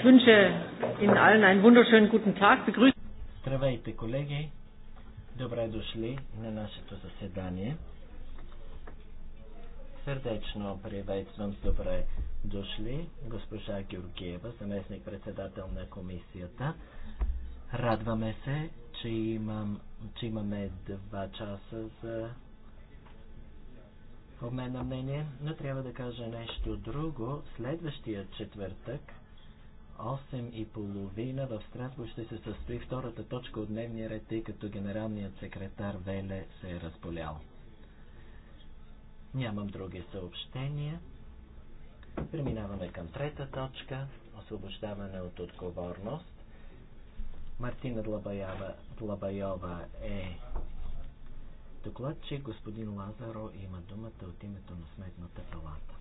Ich wünsche Ihnen allen einen wunderschönen guten Tag. Здравейте, колеги! Добре дошли на нашето заседание. Сърдечно приветствам с добре дошли госпожа Георгиева, заместник председател на комисията. Радваме се, че, имам, че имаме два часа за обмен на мнение, но трябва да кажа нещо друго. Следващия четвъртък 8.30 в Страсбург ще се състои втората точка от дневния ред, тъй като генералният секретар Веле се е разболял. Нямам други съобщения. Преминаваме към трета точка – освобождаване от отговорност. Мартина Длабаява, Длабайова е докладчик. Господин Лазаро има думата от името на Сметната палата.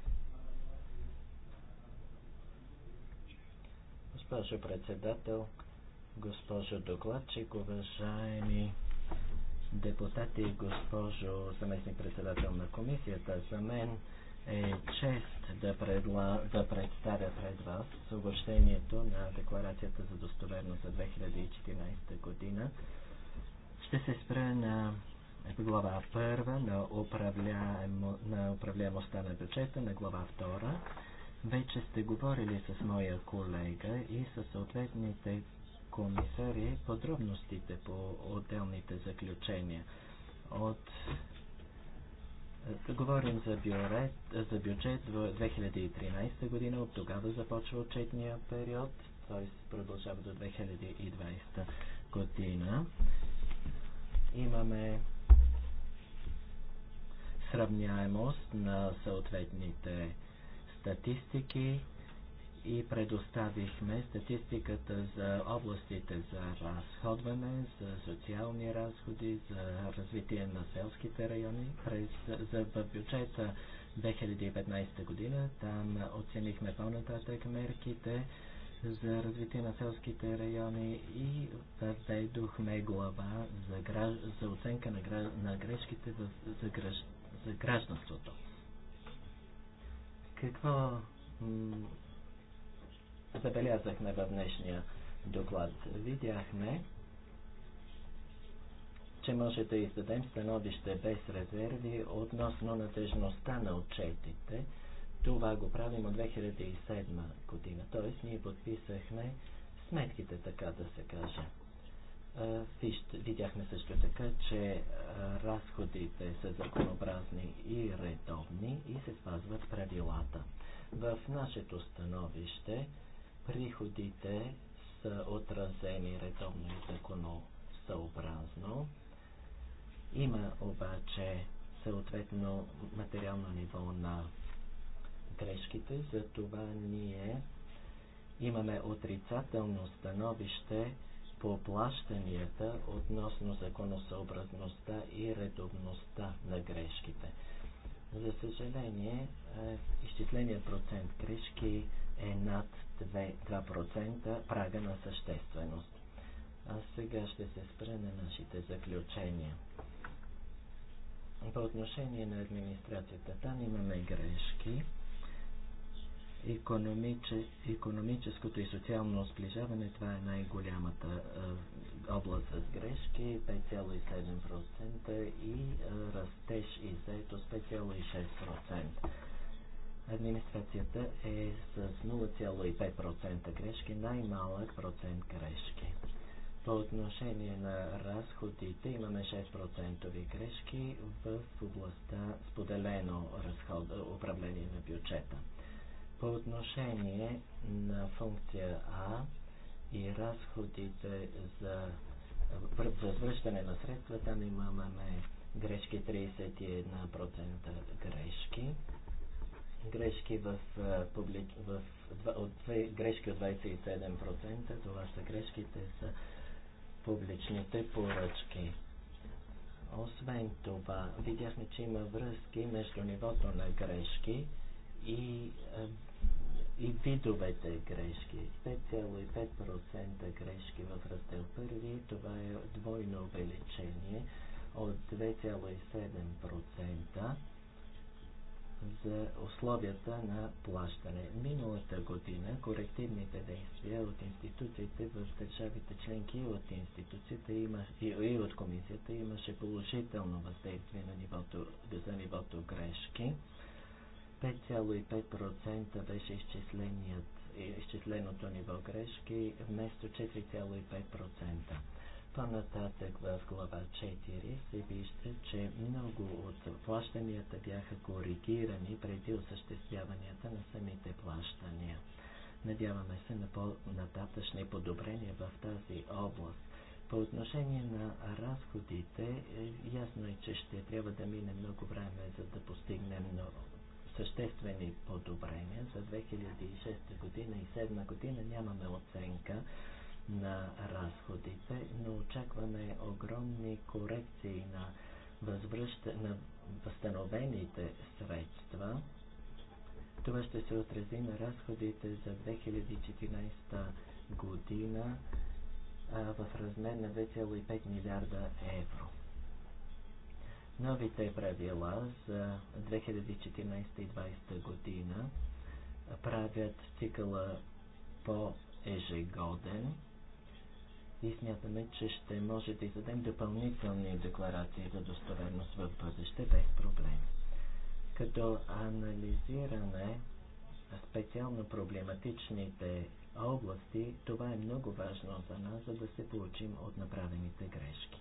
Госпожо председател, госпожо докладчик, уважаеми депутати госпожо заместник председател на комисията, за мен е чест да, предла... да представя пред вас съобщението на Декларацията за достоверност за 2014 година. Ще се спра на глава 1 на, управляемо... на управляемостта на бюджета, на глава 2 вече сте говорили с моя колега и с съответните комисари подробностите по отделните заключения. От... Е, говорим за, бюрет, за бюджет в 2013 година, от тогава започва отчетния период, т.е. продължава до 2020 година. Имаме сравняемост на съответните статистики и предоставихме статистиката за областите за разходване, за социални разходи, за развитие на селските райони. През, за, в бюджета 2015 година там оценихме по-нататък мерките за развитие на селските райони и въведохме глава за, гра за оценка на, гра... на грешките за, за, граж... за гражданството. Какво забелязахме в днешния доклад? Видяхме, че може да издадем становище без резерви относно натежността на отчетите. Това го правим от 2007 година. Тоест, ние подписахме сметките, така да се каже. Видяхме също така, че разходите са законообразни и редовни и се спазват правилата. В нашето становище приходите са отразени редовно и законосъобразно. Има обаче съответно материално ниво на грешките, Затова ние имаме отрицателно становище по плащанията относно законосъобразността и редовността на грешките. За съжаление, е, изчисленият процент грешки е над 2%, прага на същественост. А сега ще се спре на нашите заключения. По отношение на администрацията, там имаме грешки економическото и социално сближаване, това е най-голямата област с грешки, 5,7% и е, растеж и заето с 5,6%. Администрацията е с 0,5% грешки, най-малък процент грешки. По отношение на разходите имаме 6% грешки в областта споделено разход, управление на бюджета. По отношение на функция А и разходите за възвръщане на средства, там имаме грешки 31% грешки. Грешки в, публи... в, от, грешки от 27%, това са грешките за публичните поръчки. Освен това, видяхме, че има връзки между нивото на грешки и и видовете грешки. 5,5% грешки в раздел 1, това е двойно увеличение от 2,7% за условията на плащане. Миналата година корективните действия от институциите в държавите членки и от институциите и от комисията имаше положително въздействие на нивото, за нивото грешки. 5,5% беше изчисленият, изчисленото ниво грешки вместо 4,5%. По-нататък в глава 4 се вижда, че много от плащанията бяха коригирани преди осъществяванията на самите плащания. Надяваме се на по-нататъчни подобрения в тази област. По отношение на разходите, е, ясно е, че ще трябва да мине много време, за да постигнем съществени подобрения. За 2006 година и 2007 година нямаме оценка на разходите, но очакваме огромни корекции на, на възстановените средства. Това ще се отрази на разходите за 2014 година в размер на 2,5 милиарда евро. Новите правила за 2014 и 2020 година правят цикъла по-ежегоден и смятаме, че ще може да издадем допълнителни декларации за достоверност в бъдеще без проблем. Като анализираме специално проблематичните области, това е много важно за нас, за да се получим от направените грешки.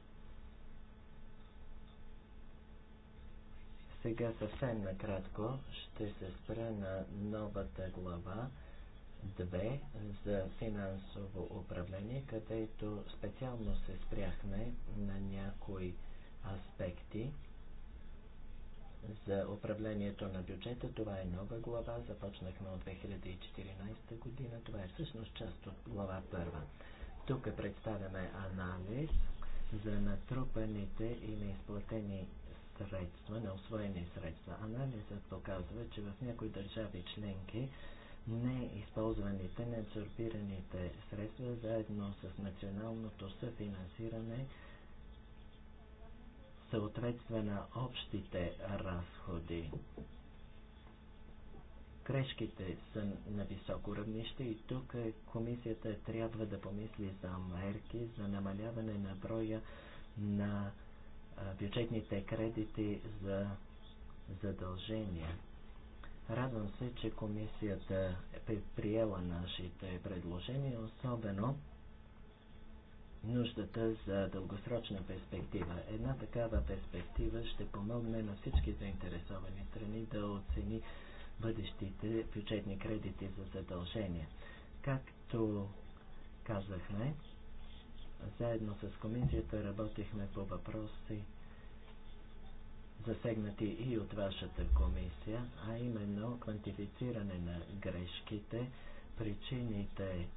Сега съвсем накратко ще се спра на новата глава 2 за финансово управление, където специално се спряхме на някои аспекти за управлението на бюджета. Това е нова глава, започнахме от 2014 година. Това е всъщност част от глава първа. Тук представяме анализ за натрупаните и неизплатени средства, на освоени средства. Анализът показва, че в някои държави членки неизползваните, неабсорбираните средства заедно с националното съфинансиране съответства на общите разходи. крешките са на високо равнище и тук е комисията трябва да помисли за мерки за намаляване на броя на бюджетните кредити за задължения. Радвам се, че комисията е приела нашите предложения, особено нуждата за дългосрочна перспектива. Една такава перспектива ще помогне на всички заинтересовани страни да оцени бъдещите бюджетни кредити за задължения. Както казахме, заедно с комисията работихме по въпроси, засегнати и от вашата комисия, а именно квантифициране на грешките, причините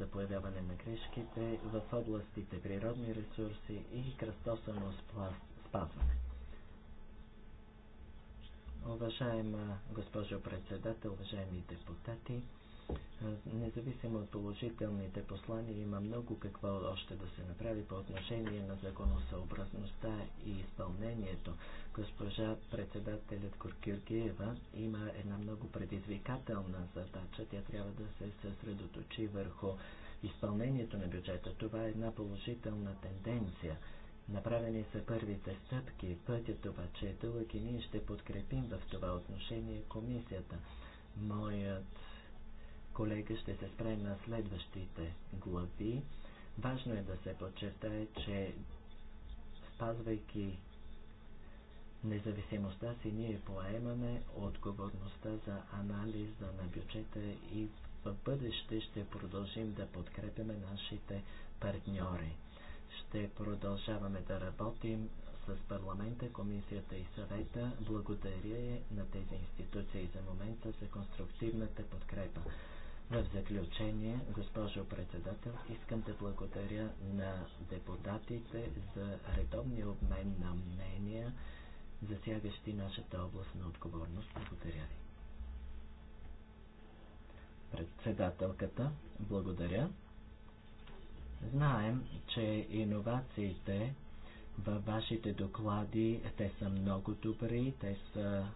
за появяване на грешките в областите природни ресурси и кръстосано спазване. Уважаема госпожо председател, уважаеми депутати, Независимо от положителните послания, има много какво още да се направи по отношение на законосъобразността и изпълнението. Госпожа председателят Куркиргиева има една много предизвикателна задача. Тя трябва да се съсредоточи върху изпълнението на бюджета. Това е една положителна тенденция. Направени са първите стъпки, пътят обаче е дълъг и ние ще подкрепим в това отношение комисията. Моят колега ще се спре на следващите глави. Важно е да се подчертае, че спазвайки независимостта си, ние поемаме отговорността за анализа на бюджета и в бъдеще ще продължим да подкрепяме нашите партньори. Ще продължаваме да работим с парламента, комисията и съвета. Благодаря на тези институции за момента за конструктивната подкрепа. В заключение, госпожо председател, искам да благодаря на депутатите за редовния обмен на мнения, засягащи нашата област на отговорност. Благодаря ви. Председателката, благодаря. Знаем, че иновациите във вашите доклади, те са много добри, те са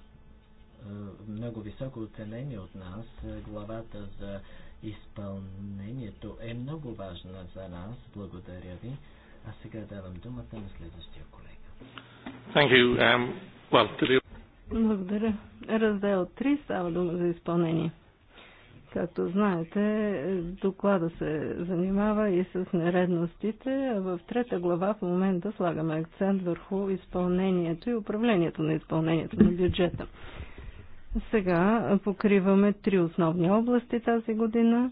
е, много високо оценени от нас. Е, главата за изпълнението е много важна за нас. Благодаря ви. А сега давам думата на следващия колега. Thank you. Um, well, Благодаря. Раздел 3 става дума за изпълнение. Както знаете, доклада се занимава и с нередностите. В трета глава в момента слагаме акцент върху изпълнението и управлението на изпълнението на бюджета. Сега покриваме три основни области тази година.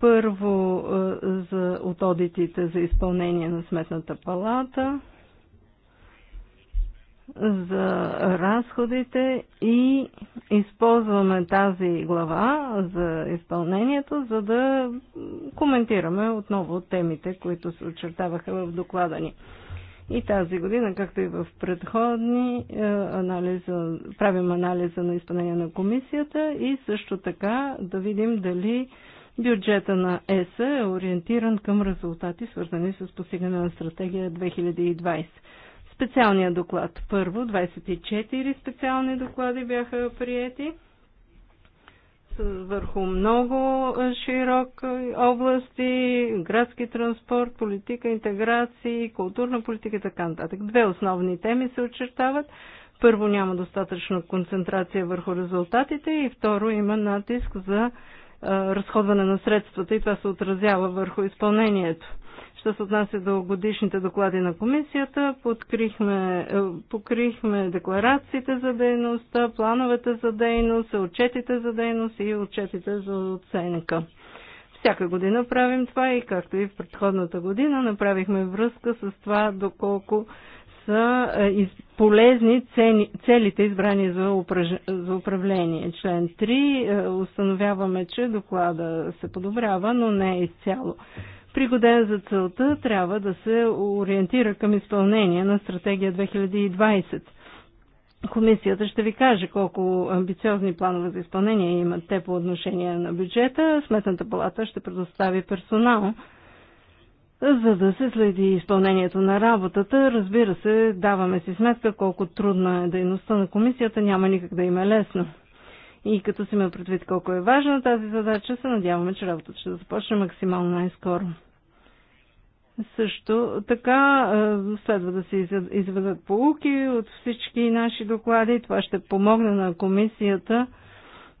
Първо е, за, от одитите за изпълнение на Сметната палата, за разходите и използваме тази глава за изпълнението, за да коментираме отново темите, които се очертаваха в доклада ни. И тази година, както и в предходни, е, анализа, правим анализа на изпълнение на комисията и също така да видим дали бюджета на ЕСА е ориентиран към резултати, свързани с постигане на стратегия 2020. Специалният доклад. Първо, 24 специални доклади бяха приети върху много широк области, градски транспорт, политика, интеграции, културна политика и така нататък. Две основни теми се очертават. Първо няма достатъчно концентрация върху резултатите и второ има натиск за разходване на средствата и това се отразява върху изпълнението. Що се отнася до годишните доклади на комисията, подкрихме, е, покрихме декларациите за дейността, плановете за дейност, отчетите за дейност и отчетите за оценка. Всяка година правим това и както и в предходната година направихме връзка с това доколко са е, полезни целите избрани за управление. Член 3 е, установяваме, че доклада се подобрява, но не е изцяло пригоден за целта, трябва да се ориентира към изпълнение на стратегия 2020. Комисията ще ви каже колко амбициозни планове за изпълнение имат те по отношение на бюджета. Сметната палата ще предостави персонал, за да се следи изпълнението на работата. Разбира се, даваме си сметка колко трудна е дейността на комисията, няма никак да им е лесно. И като се ме предвид колко е важна тази задача, се надяваме, че работата ще започне максимално най-скоро. Също така е, следва да се изведат полуки от всички наши доклади. Това ще помогне на комисията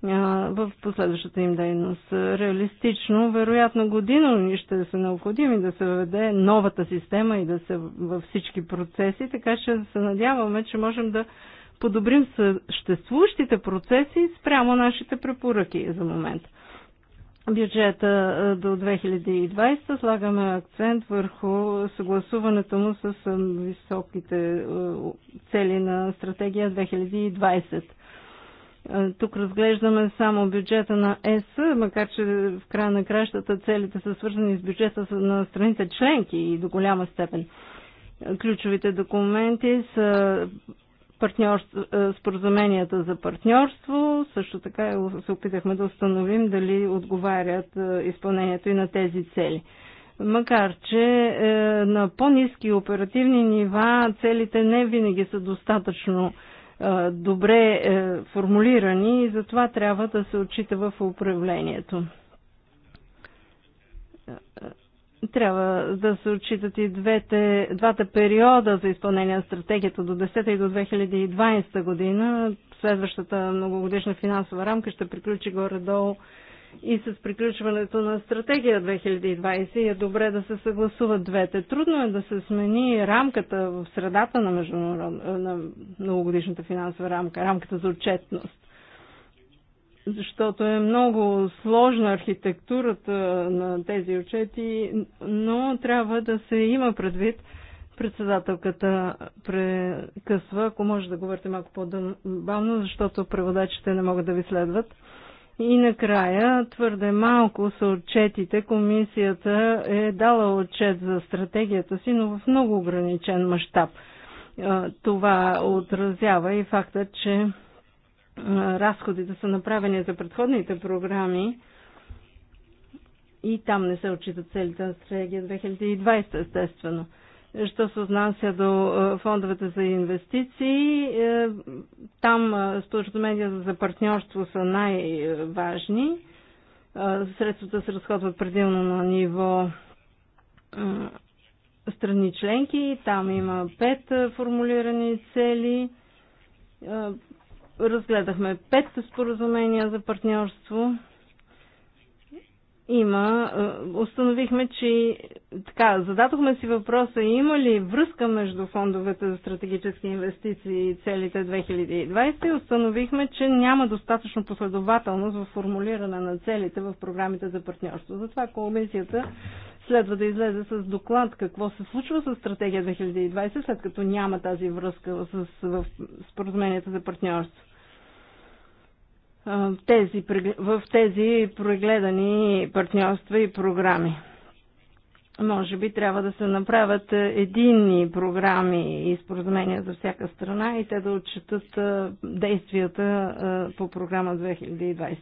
е, в последващата им дейност. Реалистично, вероятно година ще са необходими да се въведе новата система и да се във всички процеси, така че се надяваме, че можем да подобрим съществуващите процеси спрямо нашите препоръки за момент. бюджета до 2020 слагаме акцент върху съгласуването му с високите цели на стратегия 2020. Тук разглеждаме само бюджета на ЕС, макар че в края на кращата целите са свързани с бюджета на страните членки и до голяма степен. Ключовите документи са е, споразуменията за партньорство. Също така се опитахме да установим дали отговарят е, изпълнението и на тези цели. Макар, че е, на по-низки оперативни нива целите не винаги са достатъчно добре формулирани и затова трябва да се отчита в управлението трябва да се отчитат и двете, двата периода за изпълнение на стратегията до 10 и до 2020 година. Следващата многогодишна финансова рамка ще приключи горе-долу и с приключването на стратегия 2020 е добре да се съгласуват двете. Трудно е да се смени рамката в средата на, международ... на многогодишната финансова рамка, рамката за отчетност защото е много сложна архитектурата на тези отчети, но трябва да се има предвид. Председателката прекъсва, ако може да говорите малко по-бавно, защото преводачите не могат да ви следват. И накрая, твърде малко са отчетите. Комисията е дала отчет за стратегията си, но в много ограничен мащаб. Това отразява и факта, че разходите са направени за предходните програми и там не се отчитат целите на стратегия 2020, естествено. Що се отнася до фондовете за инвестиции, там споразуменията за партньорство са най-важни. Средствата се разходват предимно на ниво страни членки. Там има пет формулирани цели разгледахме пет споразумения за партньорство. Има, е, установихме, че така, зададохме си въпроса, има ли връзка между фондовете за стратегически инвестиции и целите 2020 и установихме, че няма достатъчно последователност в формулиране на целите в програмите за партньорство. Затова комисията следва да излезе с доклад какво се случва с стратегия 2020, след като няма тази връзка с, в споразуменията за партньорство тези, в тези прегледани партньорства и програми. Може би трябва да се направят единни програми и споразумения за всяка страна и те да отчитат действията по програма 2020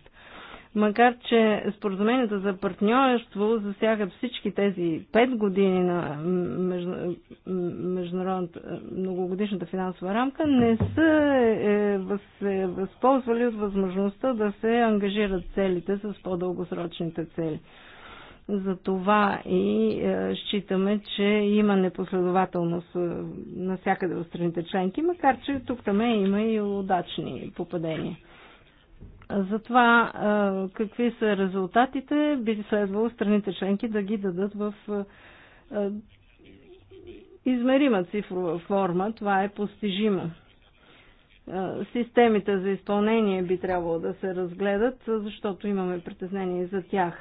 макар че споразумението за партньорство засяга всички тези 5 години на международната многогодишната финансова рамка, не са е, е, се възползвали от възможността да се ангажират целите с по-дългосрочните цели. За това и е, считаме, че има непоследователност навсякъде в страните членки, макар че тук там има и удачни попадения. Затова какви са резултатите, би следвало страните членки да ги дадат в измерима цифрова форма. Това е постижимо. Системите за изпълнение би трябвало да се разгледат, защото имаме притеснение за тях.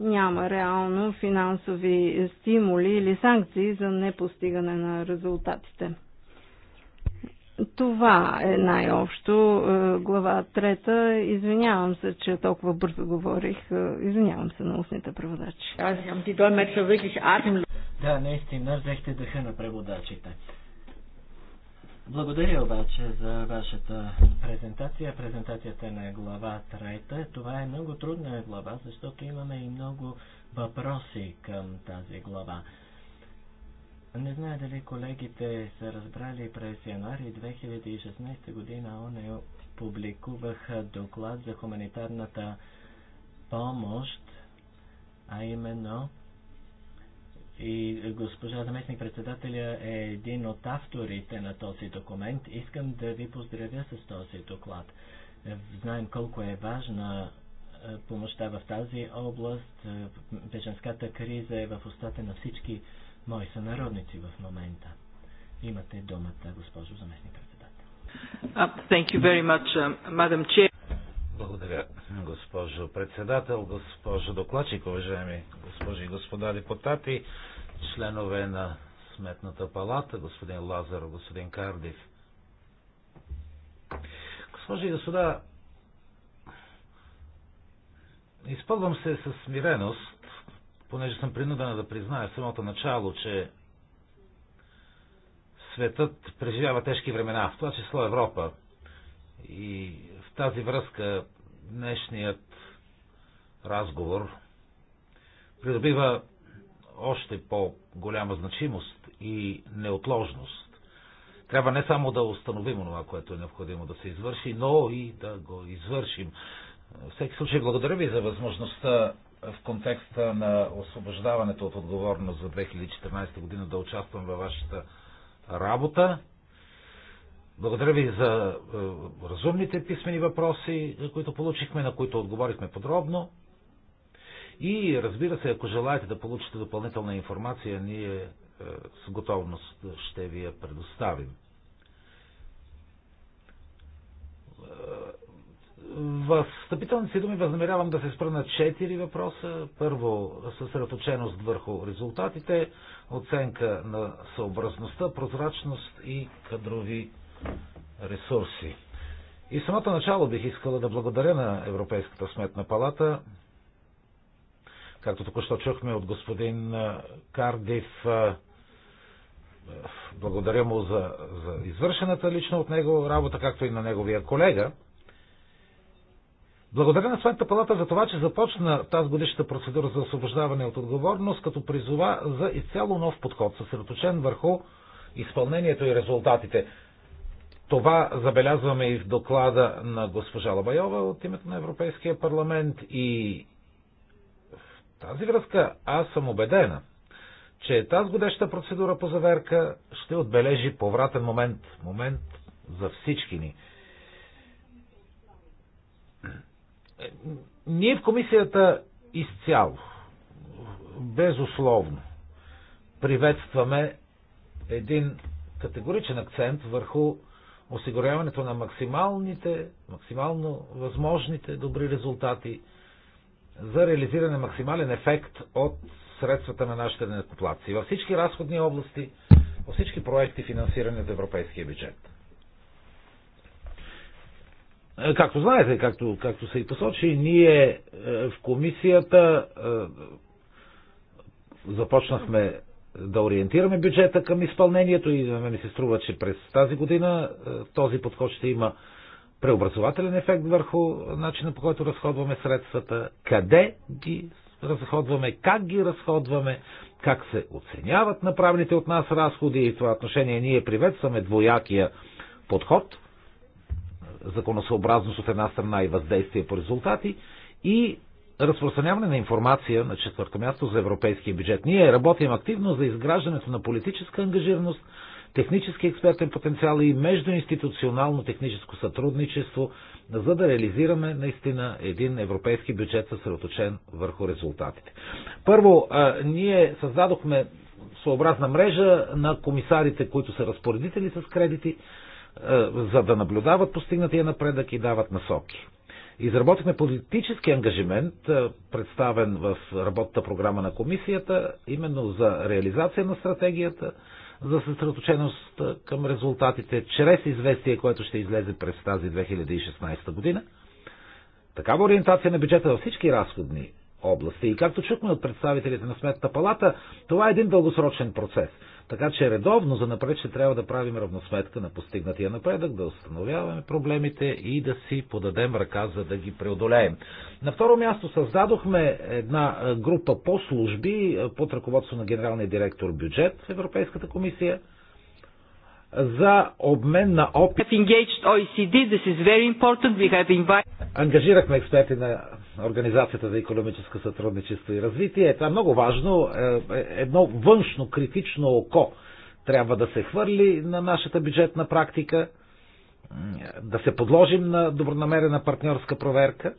Няма реално финансови стимули или санкции за непостигане на резултатите. Това е най-общо е, глава трета. Извинявам се, че толкова бързо говорих. Е, извинявам се на устните преводачи. Да, наистина, взехте дъха на преводачите. Благодаря обаче за вашата презентация. Презентацията е на глава трета. Това е много трудна глава, защото имаме и много въпроси към тази глава. Не знае дали колегите са разбрали през януари 2016 година ОНЕ публикуваха доклад за хуманитарната помощ, а именно и госпожа заместник председателя е един от авторите на този документ. Искам да ви поздравя с този доклад. Знаем колко е важна е, помощта в тази област. Е, беженската криза е в устата на всички мои сънародници в момента. Имате думата, госпожо заместник председател. uh, Благодаря, госпожо председател, госпожо докладчик, уважаеми госпожи и господа депутати, членове на Сметната палата, господин Лазар, господин Кардив. Госпожи и господа, изпълвам се с смиреност понеже съм принудена да призная в самото начало, че светът преживява тежки времена, в това число Европа. И в тази връзка днешният разговор придобива още по-голяма значимост и неотложност. Трябва не само да установим това, което е необходимо да се извърши, но и да го извършим. В всеки случай благодаря ви за възможността в контекста на освобождаването от отговорност за 2014 година да участвам във вашата работа. Благодаря ви за е, разумните писмени въпроси, е, които получихме, на които отговорихме подробно. И разбира се, ако желаете да получите допълнителна информация, ние е, с готовност ще ви я предоставим. В встъпителните си думи възнамерявам да се спра на четири въпроса. Първо, съсредоточеност върху резултатите, оценка на съобразността, прозрачност и кадрови ресурси. И самото начало бих искала да благодаря на Европейската сметна палата, както току-що чухме от господин Кардив, благодаря му за, за извършената лично от него работа, както и на неговия колега – благодаря на Сметната палата за това, че започна тази годишната процедура за освобождаване от отговорност, като призова за изцяло нов подход, съсредоточен върху изпълнението и резултатите. Това забелязваме и в доклада на госпожа Лабайова от името на Европейския парламент и в тази връзка аз съм убедена, че тази годеща процедура по заверка ще отбележи повратен момент, момент за всички ни – Ние в комисията изцяло, безусловно, приветстваме един категоричен акцент върху осигуряването на максималните, максимално възможните добри резултати за реализиране максимален ефект от средствата на нашите денекоплаци. Във всички разходни области, във всички проекти, финансирани от европейския бюджет. Е, както знаете, както, както се и посочи, ние е, в комисията е, започнахме да ориентираме бюджета към изпълнението и ми се струва, че през тази година този подход ще има преобразователен ефект върху начина по който разходваме средствата, къде ги разходваме, как ги разходваме, как се оценяват направените от нас разходи и в това отношение ние приветстваме двоякия подход – законосъобразност от една страна и въздействие по резултати и разпространяване на информация на четвърто място за европейския бюджет. Ние работим активно за изграждането на политическа ангажираност, технически експертен потенциал и междуинституционално техническо сътрудничество, за да реализираме наистина един европейски бюджет съсредоточен върху резултатите. Първо, ние създадохме съобразна мрежа на комисарите, които са разпоредители с кредити е, за да наблюдават постигнатия напредък и дават насоки. Изработихме политически ангажимент, е, представен в работната програма на комисията, именно за реализация на стратегията, за съсредоточеност е, към резултатите, чрез известие, което ще излезе през тази 2016 година. Такава ориентация на бюджета във всички разходни области. И както чухме от представителите на Сметната палата, това е един дългосрочен процес – така че редовно за напред ще трябва да правим равносметка на постигнатия напредък, да установяваме проблемите и да си подадем ръка, за да ги преодолеем. На второ място създадохме една група по служби под ръководство на генералния директор бюджет в Европейската комисия – за обмен на опит. Ангажирахме експерти на Организацията за економическо сътрудничество и развитие. Това е много важно. Е, е, едно външно критично око трябва да се хвърли на нашата бюджетна практика, да се подложим на добронамерена партньорска проверка,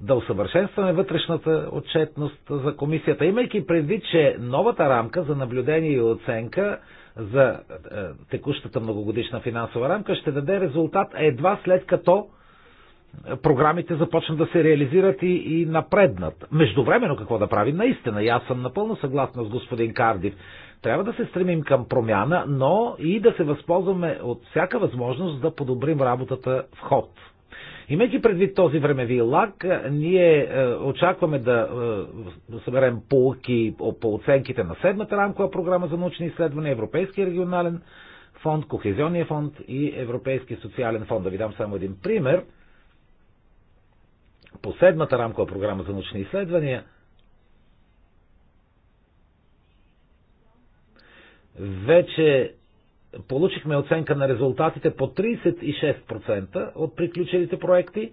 да усъвършенстваме вътрешната отчетност за комисията, имайки предвид, че новата рамка за наблюдение и оценка за е, текущата многогодишна финансова рамка ще даде резултат едва след като е, програмите започнат да се реализират и, и напреднат. Междувременно какво да правим? Наистина, и аз съм напълно съгласна с господин Кардив. Трябва да се стремим към промяна, но и да се възползваме от всяка възможност да подобрим работата в ход. Имайки предвид този времеви лак, ние е, очакваме да е, съберем полки по оценките на седмата рамкова програма за научни изследвания, Европейския регионален фонд, Кохезионния фонд и Европейския социален фонд. Да ви дам само един пример. По седмата рамкова програма за научни изследвания – вече получихме оценка на резултатите по 36% от приключилите проекти,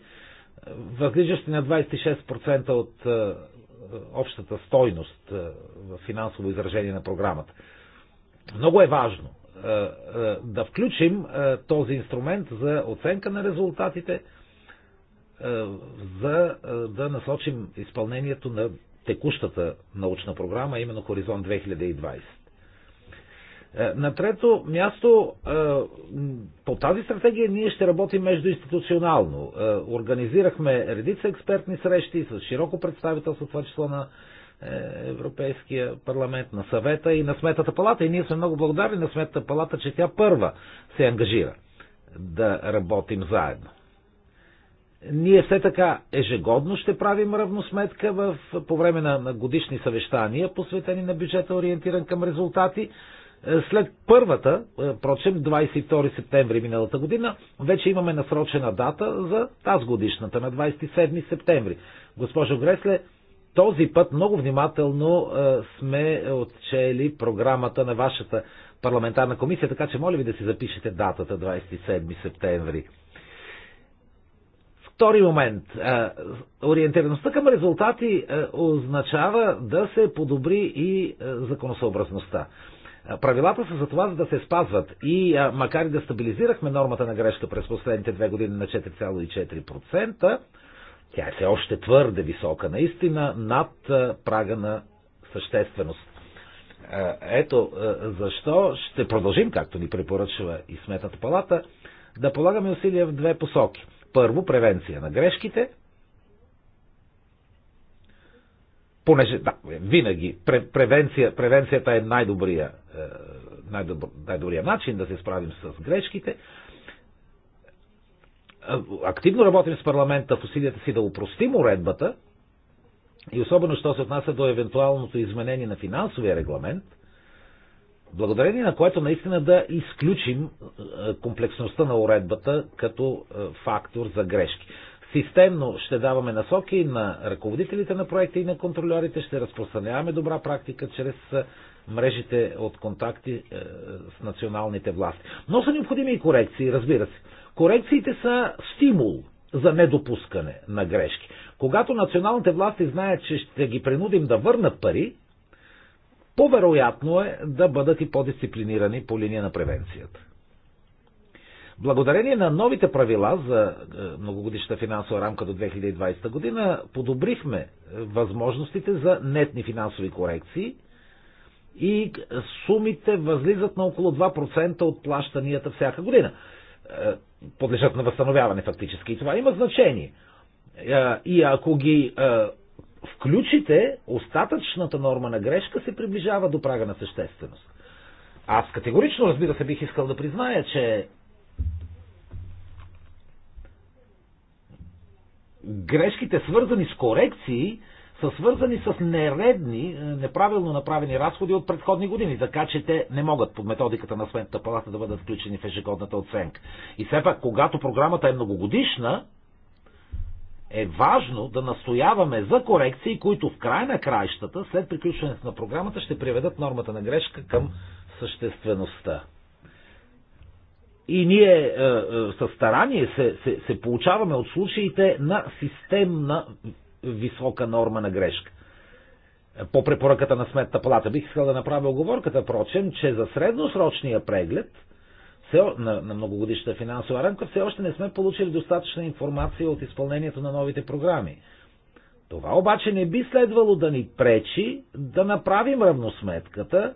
възлижащи на 26% от е, общата стойност е, в финансово изражение на програмата. Много е важно е, да включим този инструмент за оценка на резултатите, за да насочим изпълнението на текущата научна програма, именно Хоризонт 2020. Е, на трето място, е, по тази стратегия ние ще работим междуинституционално. Е, организирахме редица експертни срещи с широко представителство, това число на Европейския парламент, на съвета и на Сметата палата. И ние сме много благодарни на Сметата палата, че тя първа се ангажира да работим заедно. Ние все така ежегодно ще правим равносметка в, по време на, на годишни съвещания, посветени на бюджета, ориентиран към резултати. След първата, е, прочем, 22 септември миналата година, вече имаме насрочена дата за тази годишната, на 27 септември. Госпожо Гресле, този път много внимателно е, сме отчели програмата на вашата парламентарна комисия, така че моля ви да си запишете датата 27 септември. Втори момент. Е, ориентираността към резултати означава да се подобри и законосъобразността. Правилата са за това, за да се спазват. И а, макар и да стабилизирахме нормата на грешка през последните две години на 4,4%, тя е все още твърде висока, наистина, над прага на същественост. Ето защо ще продължим, както ни препоръчва и Сметната палата, да полагаме усилия в две посоки. Първо, превенция на грешките – понеже да, винаги превенция, превенцията е най-добрия, е, най-добр, най-добрия начин да се справим с грешките. Е, активно работим с парламента в усилията си да упростим уредбата и особено, що се отнася до евентуалното изменение на финансовия регламент, благодарение на което наистина да изключим е, комплексността на уредбата като фактор за грешки. Системно ще даваме насоки на ръководителите на проекта и на контролерите, ще разпространяваме добра практика чрез мрежите от контакти е, с националните власти. Но са необходими и корекции, разбира се. Корекциите са стимул за недопускане на грешки. Когато националните власти знаят, че ще ги принудим да върнат пари, по-вероятно е да бъдат и по-дисциплинирани по линия на превенцията. Благодарение на новите правила за е, многогодишната финансова рамка до 2020 година подобрихме е, възможностите за нетни финансови корекции и сумите възлизат на около 2% от плащанията всяка година. Е, подлежат на възстановяване фактически. И това има значение. И ако ги включите, остатъчната норма на грешка се приближава до прага на същественост. Аз категорично, разбира се, бих искал да призная, че грешките, свързани с корекции, са свързани с нередни, е, неправилно направени разходи от предходни години, така че те не могат под методиката на Сметната палата да бъдат включени в ежегодната оценка. И все пак, когато програмата е многогодишна, е важно да настояваме за корекции, които в край на краищата, след приключването на програмата, ще приведат нормата на грешка към съществеността. И ние е, е, с старание се, се, се получаваме от случаите на системна висока норма на грешка. По препоръката на Сметната палата бих искал да направя оговорката, прочем, че за средносрочния преглед все, на, на многогодишната финансова рамка все още не сме получили достатъчна информация от изпълнението на новите програми. Това обаче не би следвало да ни пречи да направим равносметката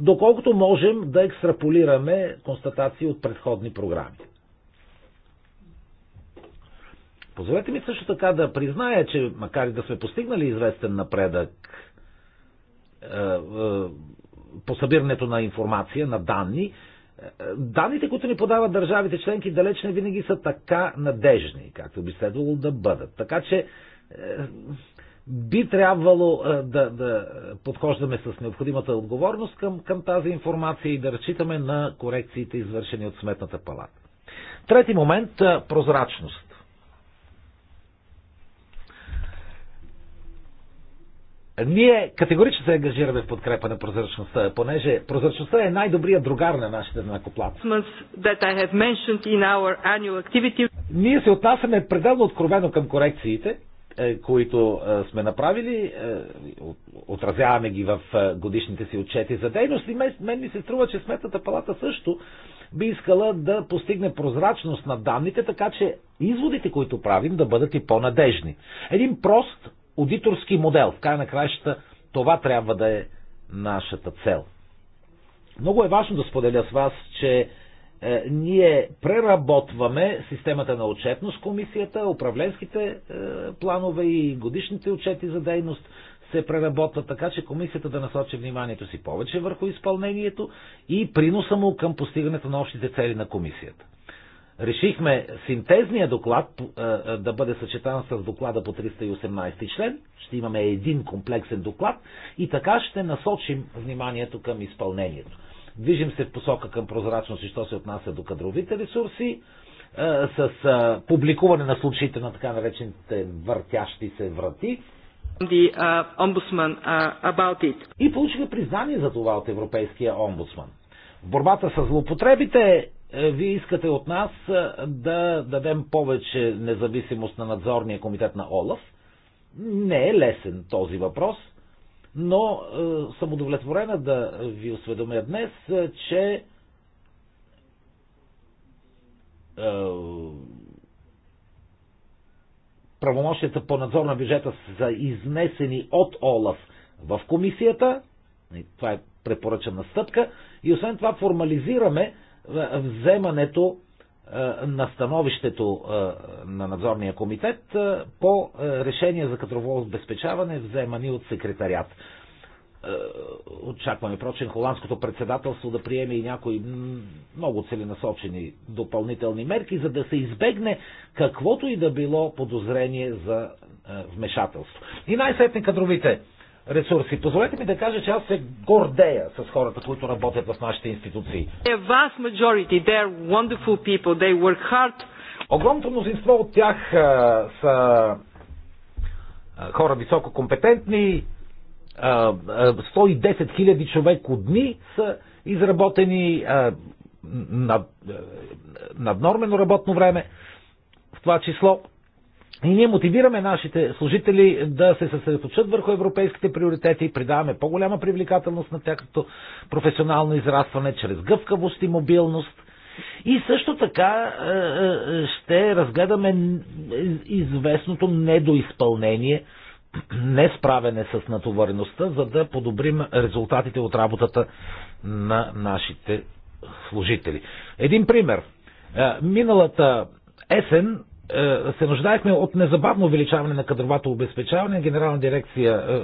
доколкото можем да екстраполираме констатации от предходни програми. Позволете ми също така да призная, че макар и да сме постигнали известен напредък е, е, по събирането на информация, на данни, е, данните, които ни подават държавите членки, далеч не винаги са така надежни, както би следвало да бъдат. Така че би трябвало е, да, да подхождаме с необходимата отговорност към, към тази информация и да разчитаме на корекциите, извършени от Сметната палата. Трети момент е, прозрачност. Ние категорично се ангажираме в подкрепа на прозрачността, понеже прозрачността е най-добрият другар на нашите накоплаци. Ние се отнасяме пределно откровено към корекциите, е, които е, сме направили, е, отразяваме ги в годишните си отчети за дейност и мен ми се струва, че Сметната палата също би искала да постигне прозрачност на данните, така че изводите, които правим, да бъдат и по-надежни. Един прост аудиторски модел. В край на краищата това трябва да е нашата цел. Много е важно да споделя с вас, че е, ние преработваме системата на отчетност, комисията, управленските е, планове и годишните отчети за дейност се преработват така, че комисията да насочи вниманието си повече върху изпълнението и приноса му към постигането на общите цели на комисията. Решихме синтезния доклад е, да бъде съчетан с доклада по 318 член. Ще имаме един комплексен доклад и така ще насочим вниманието към изпълнението. Движим се в посока към прозрачност и що се отнася до кадровите ресурси, е, с е, публикуване на случаите на така наречените въртящи се врати. The, uh, ombudsman, uh, about it. И получиха признание за това от Европейския омбудсман. В борбата с злоупотребите е, вие искате от нас да дадем повече независимост на надзорния комитет на ОЛАФ. Не е лесен този въпрос – но е, съм удовлетворена да ви осведомя днес, е, че е, правомощията по надзор на бюджета са изнесени от ОЛАФ в комисията. И това е препоръчена стъпка. И освен това формализираме е, вземането е, на становището е, на надзорния комитет е, по решение за кадрово обезпечаване, вземани от секретарят. Очакваме, прочен, холандското председателство да приеме и някои много целенасочени допълнителни мерки, за да се избегне каквото и да било подозрение за вмешателство. И най-сетне кадровите ресурси. Позволете ми да кажа, че аз се гордея с хората, които работят в нашите институции. Огромното мнозинство от тях а, са а, хора високо компетентни, а, 110 човек от дни са изработени а, над, наднормено работно време в това число. И ние мотивираме нашите служители да се съсредоточат върху европейските приоритети и придаваме по-голяма привлекателност на тяхното професионално израстване чрез гъвкавост и мобилност. И също така е, е, е, ще разгледаме известното недоизпълнение, не справене с натовареността, за да подобрим резултатите от работата на нашите служители. Един пример. Миналата есен е, се нуждаехме от незабавно увеличаване на кадровато обезпечаване на Генерална дирекция е, е,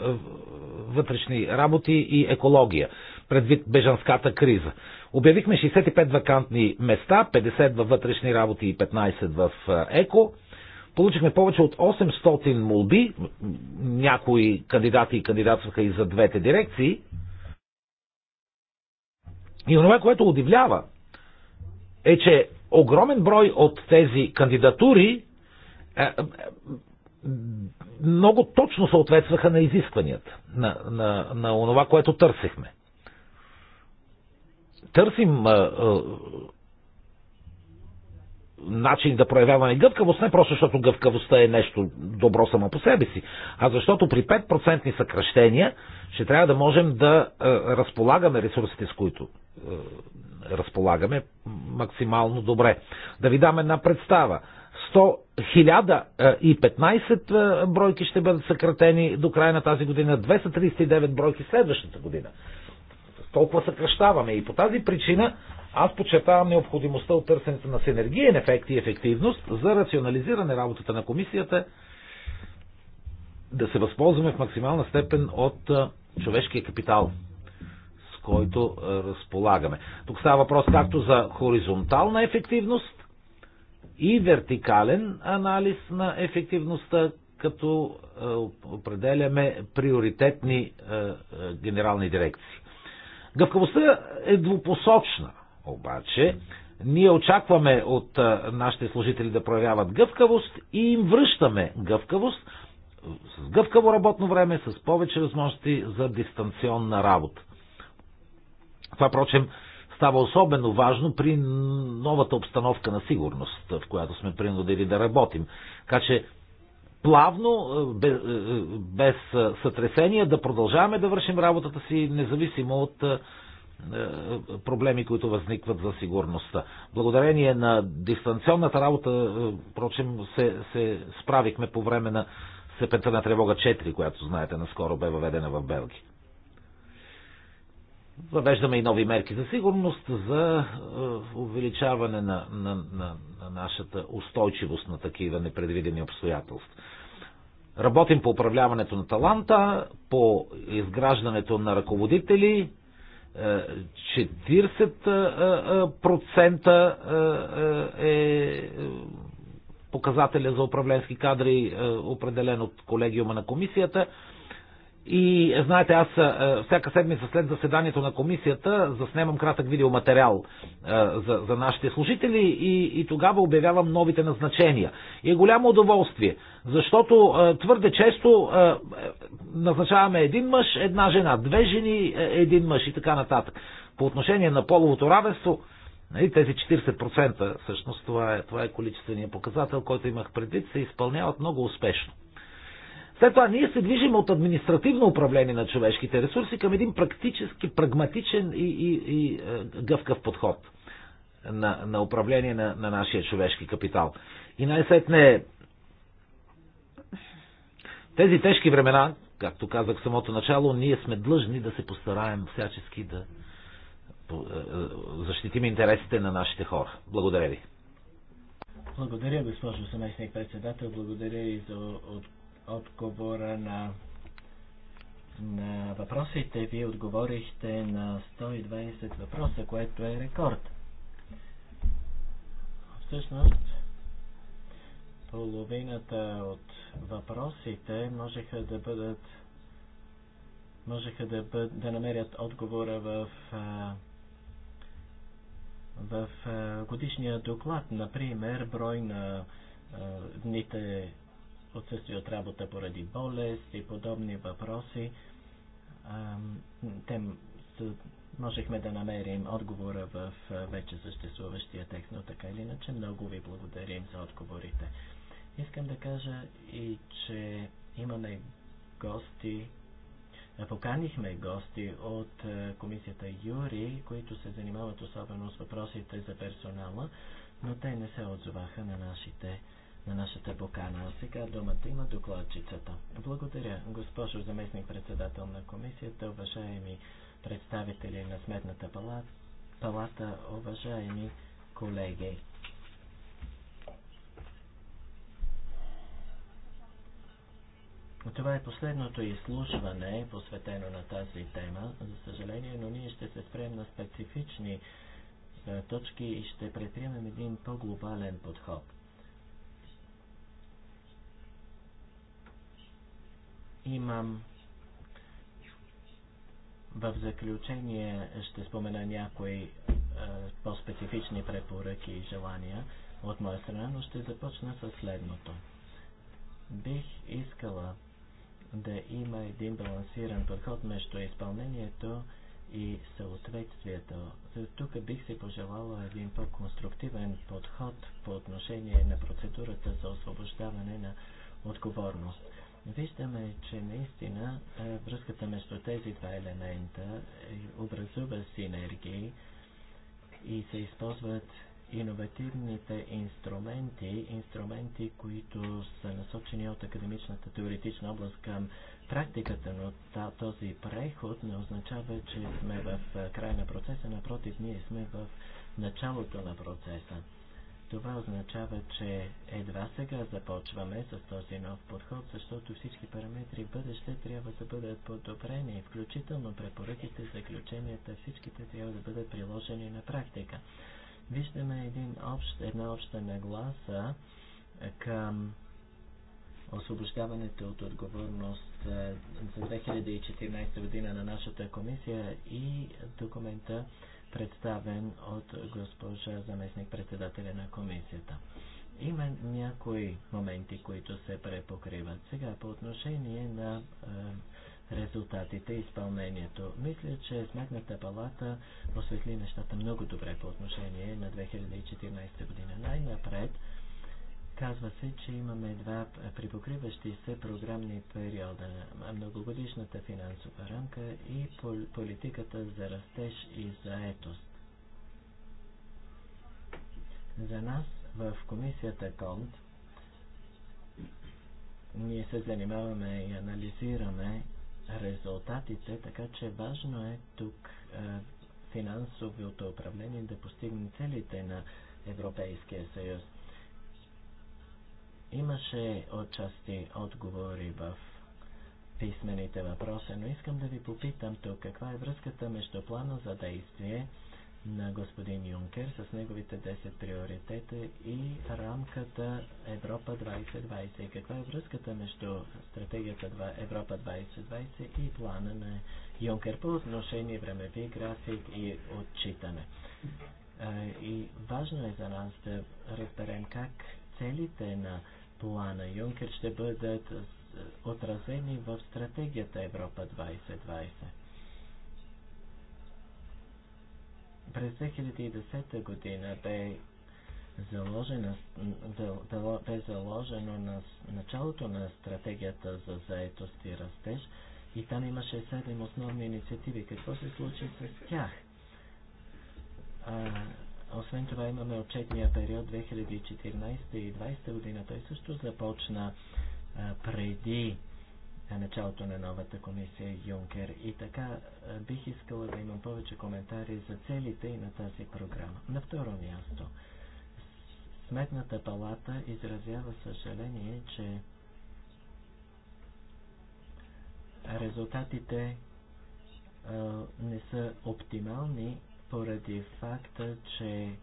вътрешни работи и екология предвид бежанската криза. Обявихме 65 вакантни места, 50 във вътрешни работи и 15 в ЕКО. Получихме повече от 800 молби, някои кандидати и кандидатстваха и за двете дирекции. И това, което удивлява, е, че огромен брой от тези кандидатури е, е, много точно съответстваха на изискванията, на, на, на онова, което търсихме. Търсим а, е, а, начин да проявяваме гъвкавост, не просто защото гъвкавостта е нещо добро само по себе си, а защото при 5% съкръщения ще трябва да можем да а, разполагаме ресурсите, с които разполагаме максимално добре. Да ви дам една представа. 100 1015 е, е, бройки ще бъдат съкратени до края на тази година, 239 бройки следващата година. Толкова съкръщаваме и по тази причина аз подчертавам необходимостта от търсенето на синергиен ефект и ефективност за рационализиране работата на комисията, да се възползваме в максимална степен от е, човешкия капитал, който е, разполагаме. Тук става въпрос както за хоризонтална ефективност и вертикален анализ на ефективността, като е, определяме приоритетни е, генерални дирекции. Гъвкавостта е двупосочна, обаче. Ние очакваме от нашите служители да проявяват гъвкавост и им връщаме гъвкавост с гъвкаво работно време, с повече възможности за дистанционна работа. Това, прочем, става особено важно при новата обстановка на сигурност, в която сме принудили да работим. Така че плавно, е, е, без, без сътресения, да продължаваме да вършим работата си, независимо от е, проблеми, които възникват за сигурността. Благодарение на дистанционната работа, впрочем, се, се справихме по време на степента на тревога 4, която, знаете, наскоро бе въведена в Белгия. Въвеждаме и нови мерки за сигурност, за е, увеличаване на, на, на, на нашата устойчивост на такива непредвидени обстоятелства. Работим по управляването на таланта, по изграждането на ръководители. 40% е, е, е показателя за управленски кадри, определен от колегиума на комисията. И знаете, аз е, всяка седмица след заседанието на комисията заснемам кратък видеоматериал е, за, за нашите служители и, и тогава обявявам новите назначения. И е голямо удоволствие, защото е, твърде често назначаваме един мъж, една жена, две жени, един мъж и така нататък. По отношение на половото равенство, нали, тези 40% всъщност, това е, това е количествения показател, който имах предвид, се изпълняват много успешно. След това ние се движим от административно управление на човешките ресурси към един практически, прагматичен и, и, и е, гъвкав подход на, на управление на, на нашия човешки капитал. И най-сетне тези тежки времена, както казах в самото начало, ние сме длъжни да се постараем всячески да е, е, защитим интересите на нашите хора. Благодаря ви. Благодаря, госпожо заместник председател. Благодаря и за от отговора на, на въпросите. Вие отговорихте на 120 въпроса, което е рекорд. Всъщност, половината от въпросите можеха да бъдат можеха да, бъд, да намерят отговора в, в годишния доклад, например, брой на дните отсъствие от работа поради болест и подобни въпроси. Те можехме да намерим отговора в вече съществуващия текст, но така или иначе много ви благодарим за отговорите. Искам да кажа и, че имаме гости, поканихме гости от комисията Юри, които се занимават особено с въпросите за персонала, но те не се отзоваха на нашите на нашата покана. А сега думата има докладчицата. Благодаря, госпожо заместник председател на комисията, уважаеми представители на Сметната палата, палата уважаеми колеги. Това е последното изслушване, посветено на тази тема. За съжаление, но ние ще се спрем на специфични точки и ще предприемем един по-глобален подход. Имам в заключение ще спомена някои е, по-специфични препоръки и желания от моя страна, но ще започна с следното. Бих искала да има един балансиран подход между изпълнението и съответствието. Тук бих си пожелала един по-конструктивен подход по отношение на процедурата за освобождаване на отговорност. Виждаме, че наистина е, връзката между тези два елемента е, образува синергии и се използват иновативните инструменти, инструменти, които са насочени от академичната теоретична област към практиката, но този преход не означава, че сме в е, края на процеса, напротив, ние сме в началото на процеса. Това означава, че едва сега започваме с този нов подход, защото всички параметри в бъдеще трябва да бъдат подобрени, включително препоръките, заключенията, всичките трябва да бъдат приложени на практика. Виждаме един общ, една обща нагласа към освобождаването от отговорност е, за 2014 година на нашата комисия и документа представен от госпожа заместник-председателя на комисията. Има някои моменти, които се препокриват. Сега по отношение на е, резултатите и изпълнението. Мисля, че Сметната палата осветли нещата много добре по отношение на 2014 година. Най-напред Казва се, че имаме два припокриващи се програмни периода многогодишната финансова рамка и политиката за растеж и заетост. За нас в комисията КОНТ ние се занимаваме и анализираме резултатите, така че важно е тук финансовото управление да постигне целите на Европейския съюз. Имаше отчасти отговори в писмените въпроси, но искам да ви попитам тук каква е връзката между плана за действие на господин Юнкер с неговите 10 приоритета и рамката Европа 2020. И каква е връзката между стратегията Европа 2020 и плана на Юнкер по отношение времеви график и отчитане? И важно е за нас да разберем как целите на плана Юнкер ще бъдат отразени в стратегията Европа 2020. През 2010 година бе заложено, бе заложено на началото на стратегията за заетост и растеж и там имаше 7 основни инициативи. Какво се случи с тях? Освен това имаме отчетния период 2014 и 2020 година. Той също започна а, преди началото на новата комисия Юнкер. И така бих искала да имам повече коментари за целите и на тази програма. На второ място, Сметната палата изразява съжаление, че резултатите не са оптимални поради факта, че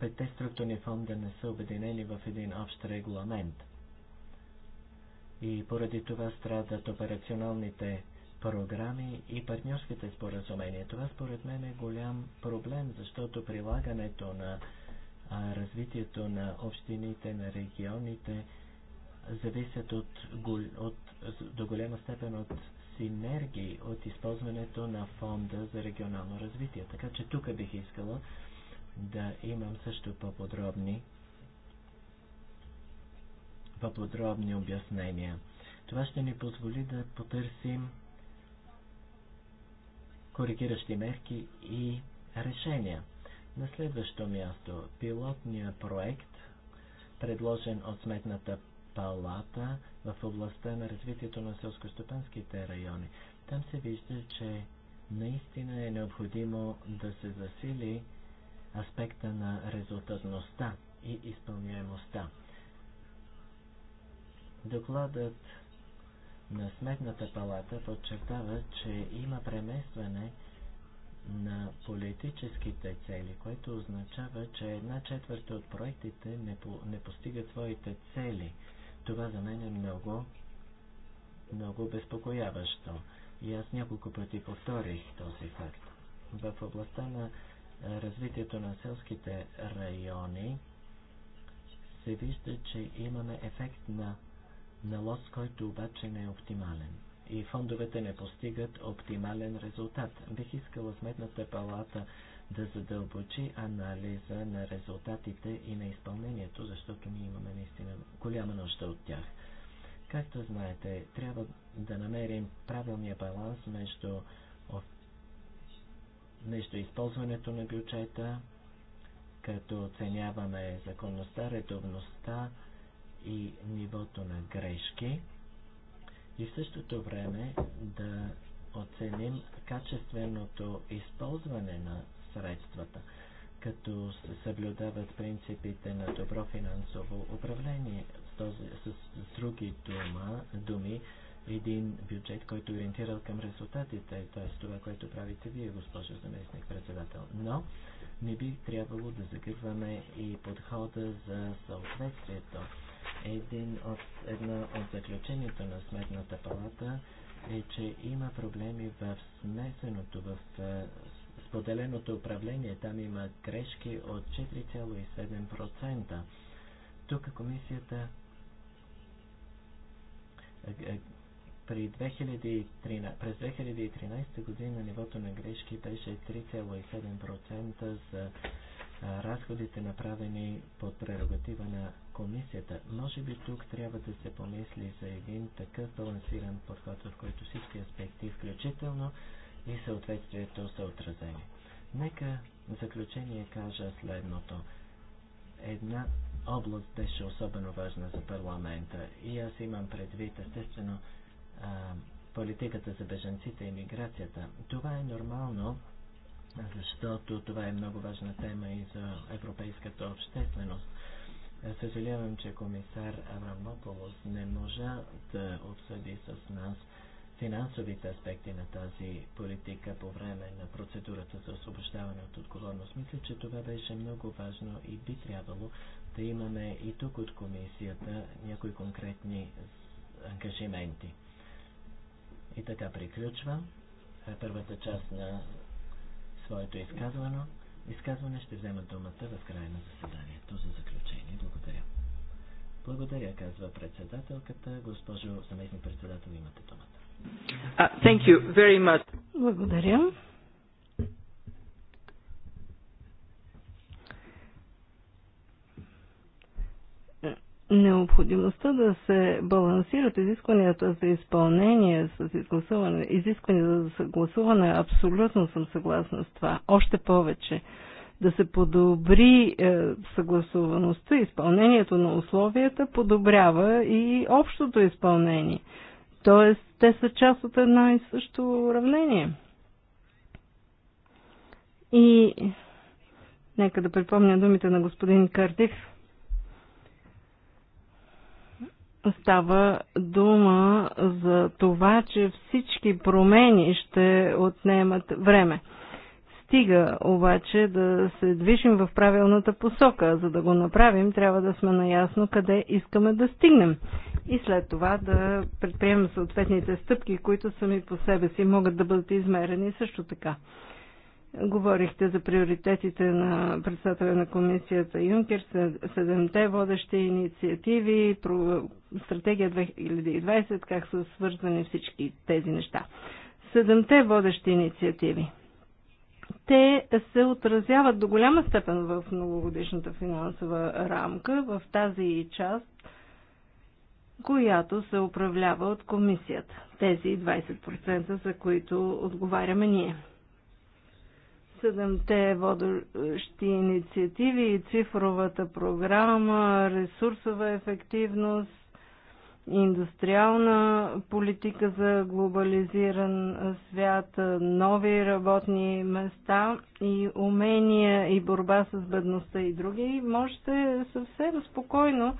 петте структурни фонда не са обединени в един общ регламент. И поради това страдат операционалните програми и партньорските споразумения. Това според мен е голям проблем, защото прилагането на а, развитието на общините, на регионите зависят от, от, до голяма степен от синергии от използването на фонда за регионално развитие. Така че тук бих искала да имам също по-подробни по-подробни обяснения. Това ще ни позволи да потърсим коригиращи мерки и решения. На следващо място, пилотният проект, предложен от Сметната палата в областта на развитието на селско-стопанските райони. Там се вижда, че наистина е необходимо да се засили аспекта на резултатността и изпълняемостта. Докладът на Сметната палата подчертава, че има преместване на политическите цели, което означава, че една четвърта от проектите не, по, не постигат своите цели – това за мен е много, много безпокояващо. И аз няколко пъти повторих този факт. В областта на развитието на селските райони се вижда, че имаме ефект на, на лос, който обаче не е оптимален. И фондовете не постигат оптимален резултат. Бих искала сметната палата да задълбочи анализа на резултатите и на изпълнението, защото ние имаме наистина голяма нужда от тях. Както знаете, трябва да намерим правилния баланс между, между използването на бюджета, като оценяваме законността, редовността и нивото на грешки и в същото време да оценим качественото използване на средствата, като се съблюдават принципите на добро финансово управление. С, този, с други дума, думи, един бюджет, който е ориентирал към резултатите, т.е. това, което правите вие, госпожо заместник председател. Но не би трябвало да загърваме и подхода за съответствието. Един от, едно от заключението на Сметната палата е, че има проблеми в смесеното, в споделеното управление. Там има грешки от 4,7%. Тук комисията при 2013, през 2013 година нивото на грешки беше 3,7% за разходите направени под прерогатива на комисията. Може би тук трябва да се помисли за един такъв балансиран подход, в който всички аспекти, включително и съответствието са отразени. Нека в заключение кажа следното. Една област беше особено важна за парламента и аз имам предвид естествено а, политиката за беженците и миграцията. Това е нормално, защото това е много важна тема и за европейската общественост. Съжалявам, че комисар Аврамополос не можа да обсъди с нас финансовите аспекти на тази политика по време на процедурата за освобождаване от отговорност. Мисля, че това беше много важно и би трябвало да имаме и тук от комисията някои конкретни ангажименти. И така приключвам е, първата част на своето изказване. Изказване ще взема думата в края на заседанието за заключение. Благодаря. Благодаря, казва председателката. Госпожо заместник председател, имате думата. Uh, thank you very much. Благодаря. Необходимостта да се балансират изискванията за изпълнение с изискванията за съгласуване, абсолютно съм съгласна с това. Още повече да се подобри е, съгласуваността, изпълнението на условията подобрява и общото изпълнение. Тоест те са част от едно и също уравнение. И нека да припомня думите на господин Кардив. Става дума за това, че всички промени ще отнемат време стига обаче да се движим в правилната посока. За да го направим, трябва да сме наясно къде искаме да стигнем. И след това да предприемем съответните стъпки, които сами по себе си могат да бъдат измерени също така. Говорихте за приоритетите на председателя на комисията Юнкер, седемте водещи инициативи, стратегия 2020, как са свързани всички тези неща. Седемте водещи инициативи те се отразяват до голяма степен в многогодишната финансова рамка, в тази част, която се управлява от комисията. Тези 20%, за които отговаряме ние. Седемте водещи инициативи и цифровата програма, ресурсова ефективност, индустриална политика за глобализиран свят, нови работни места и умения и борба с бедността и други, можете съвсем спокойно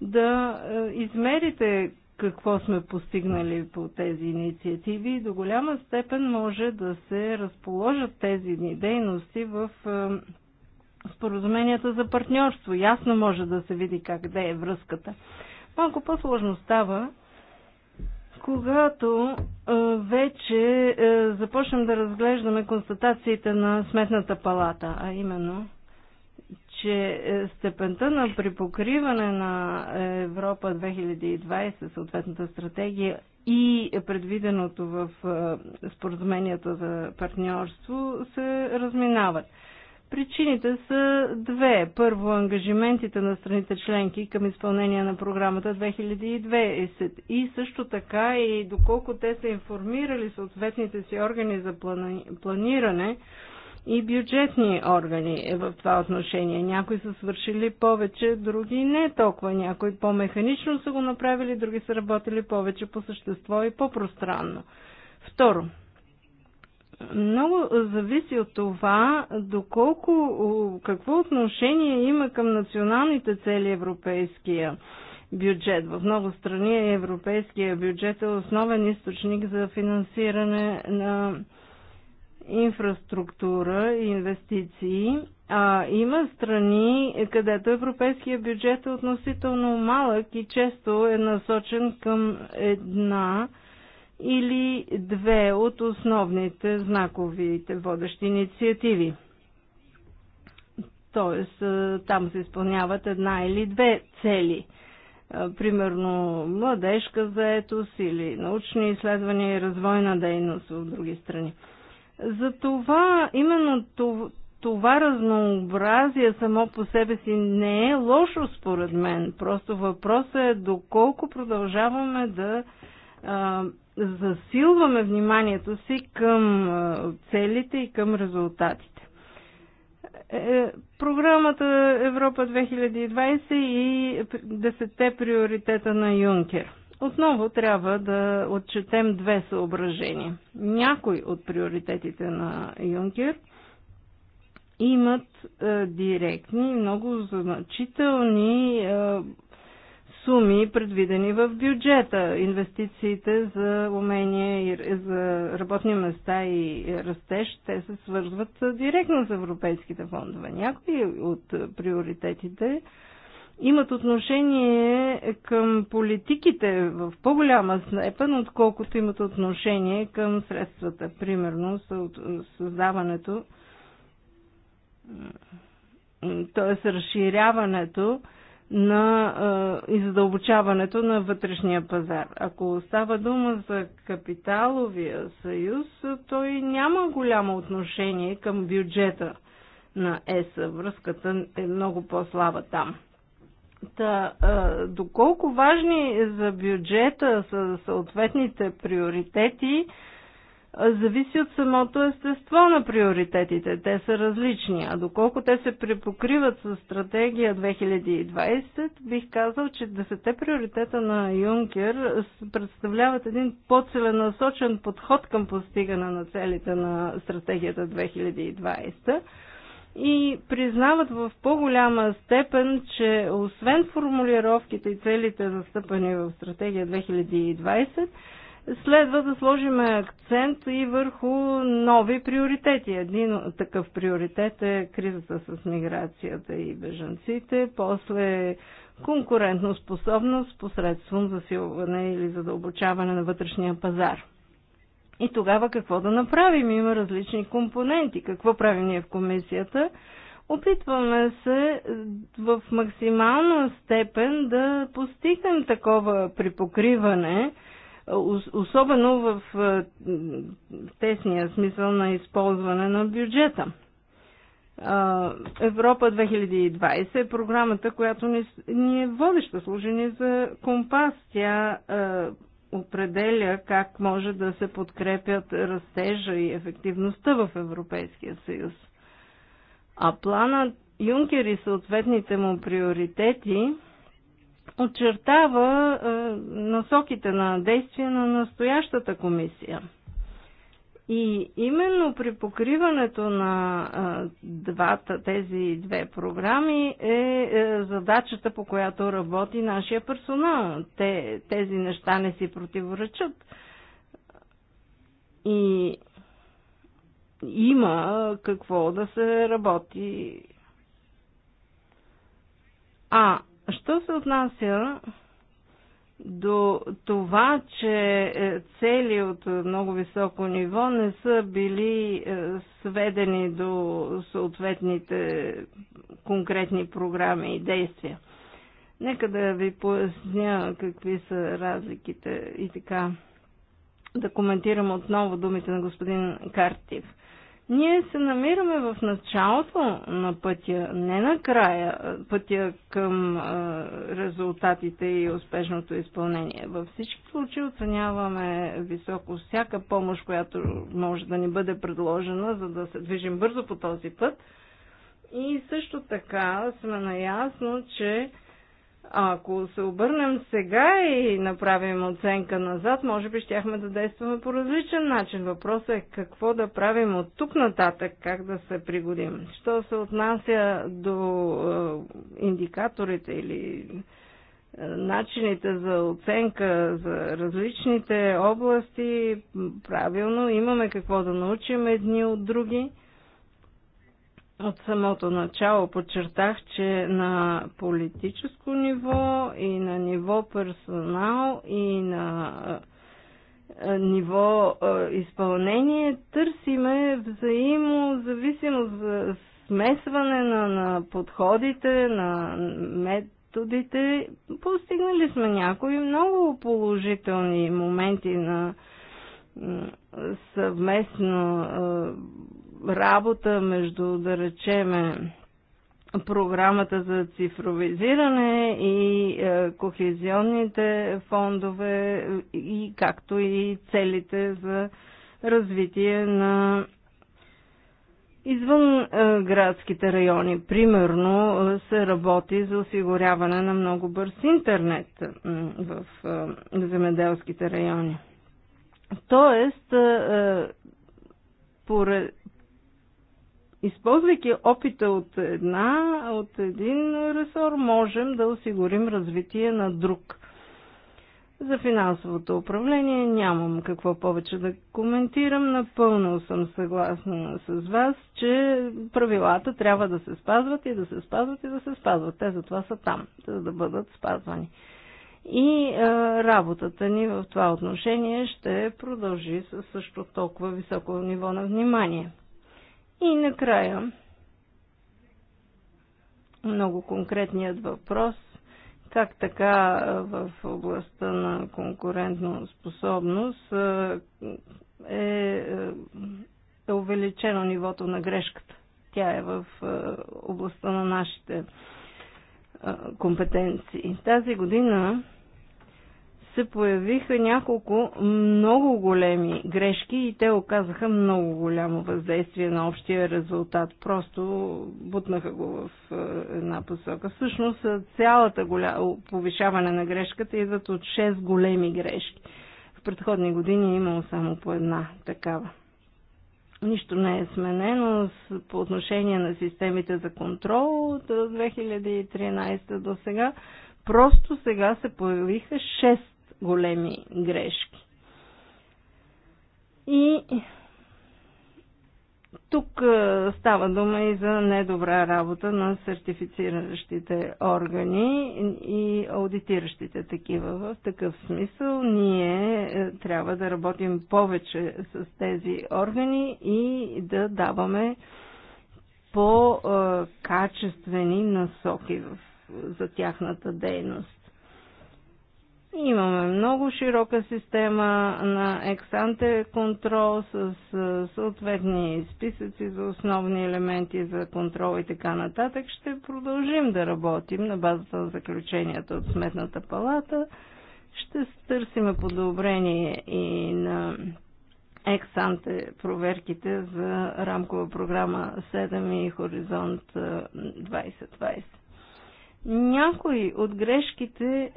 да е, измерите какво сме постигнали по тези инициативи и до голяма степен може да се разположат тези дни дейности в е, споразуменията за партньорство. Ясно може да се види как къде е връзката. Малко по-сложно става, когато вече започнем да разглеждаме констатациите на Сметната палата, а именно, че е, степента на припокриване на Европа 2020, съответната стратегия и предвиденото в споразумението за партньорство се разминават. Причините са две. Първо, ангажиментите на страните членки към изпълнение на програмата 2020 и също така и доколко те са информирали съответните си органи за плани... планиране и бюджетни органи в това отношение. Някои са свършили повече, други не толкова. Някои по-механично са го направили, други са работили повече по същество и по-пространно. Второ, много зависи от това доколко, какво отношение има към националните цели европейския бюджет. В много страни европейския бюджет е основен източник за финансиране на инфраструктура и инвестиции. А, има страни, където европейския бюджет е относително малък и често е насочен към една или две от основните знаковите водещи инициативи. Тоест, е, там се изпълняват една или две цели. Е, примерно младежка заетост или научни изследвания и развойна дейност в други страни. Затова именно това, това разнообразие само по себе си не е лошо според мен. Просто въпросът е доколко продължаваме да а, е, засилваме вниманието си към целите и към резултатите. Е, е, програмата Европа 2020 и 10 приоритета на Юнкер. Отново трябва да отчетем две съображения. Някои от приоритетите на Юнкер имат е, директни, много значителни суми, предвидени в бюджета. Инвестициите за умения и за работни места и растеж, те се свързват директно с европейските фондове. Някои от приоритетите имат отношение към политиките в по-голяма степен, отколкото имат отношение към средствата. Примерно създаването, т.е. разширяването на а, издълбочаването на вътрешния пазар. Ако става дума за капиталовия съюз, той няма голямо отношение към бюджета на ЕС, Връзката е много по-слаба там. Та, доколко важни за бюджета са съответните приоритети, зависи от самото естество на приоритетите. Те са различни, а доколко те се препокриват с стратегия 2020, бих казал, че 10 приоритета на Юнкер представляват един по-целенасочен подход към постигане на целите на стратегията 2020 и признават в по-голяма степен, че освен формулировките и целите застъпани в стратегия 2020, следва да сложим акцент и върху нови приоритети. Един такъв приоритет е кризата с миграцията и бежанците, после конкурентно способност посредством засилване или задълбочаване на вътрешния пазар. И тогава какво да направим? Има различни компоненти. Какво правим ние в комисията? Опитваме се в максимална степен да постигнем такова припокриване, покриване особено в тесния смисъл на използване на бюджета. Европа 2020 е програмата, която ни, е водеща, служени за компас. Тя определя как може да се подкрепят растежа и ефективността в Европейския съюз. А планът Юнкер и съответните му приоритети – подчертава е, насоките на действие на настоящата комисия. И именно при покриването на е, двата, тези две програми е, е задачата, по която работи нашия персонал. Те, тези неща не си противоречат. И има какво да се работи. А Що се отнася до това, че е, цели от много високо ниво не са били е, сведени до съответните конкретни програми и действия. Нека да ви поясня какви са разликите и така да коментирам отново думите на господин Картив. Ние се намираме в началото на пътя, не на края, пътя към резултатите и успешното изпълнение. Във всички случаи оценяваме високо всяка помощ, която може да ни бъде предложена, за да се движим бързо по този път. И също така сме наясно, че а ако се обърнем сега и направим оценка назад, може би щяхме да действаме по различен начин. Въпросът е какво да правим от тук нататък, как да се пригодим. Що се отнася до е, индикаторите или е, начините за оценка за различните области, правилно имаме какво да научим едни от други – от самото начало подчертах, че на политическо ниво и на ниво персонал и на е, е, ниво е, изпълнение търсиме взаимозависимост, смесване на, на подходите, на методите. Постигнали сме някои много положителни моменти на съвместно работа между, да речеме, програмата за цифровизиране и е, кохезионните фондове и както и целите за развитие на извън е, градските райони. Примерно е, се работи за осигуряване на много бърз интернет в е, земеделските райони. Тоест, е, е поред Използвайки опита от една, от един ресор, можем да осигурим развитие на друг. За финансовото управление нямам какво повече да коментирам. Напълно съм съгласна с вас, че правилата трябва да се спазват и да се спазват и да се спазват. Те затова са там, за да бъдат спазвани. И а, работата ни в това отношение ще продължи със също толкова високо ниво на внимание. И накрая, много конкретният въпрос как така в областта на конкурентна способност е, е увеличено нивото на грешката. Тя е в областта на нашите компетенции. Тази година се появиха няколко много големи грешки и те оказаха много голямо въздействие на общия резултат. Просто бутнаха го в е, една посока. Всъщност е, цялата голя... повишаване на грешката идват от 6 големи грешки. В предходни години е имало само по една такава. Нищо не е сменено по отношение на системите за контрол от 2013 до сега. Просто сега се появиха 6 големи грешки. И тук става дума и за недобра работа на сертифициращите органи и аудитиращите такива. В такъв смисъл ние трябва да работим повече с тези органи и да даваме по-качествени насоки за тяхната дейност. Имаме много широка система на ексанте контрол с съответни списъци за основни елементи за контрол и така нататък. Ще продължим да работим на базата на заключенията от Сметната палата. Ще търсим подобрение и на ексанте проверките за рамкова програма 7 и Хоризонт 2020. Някои от грешките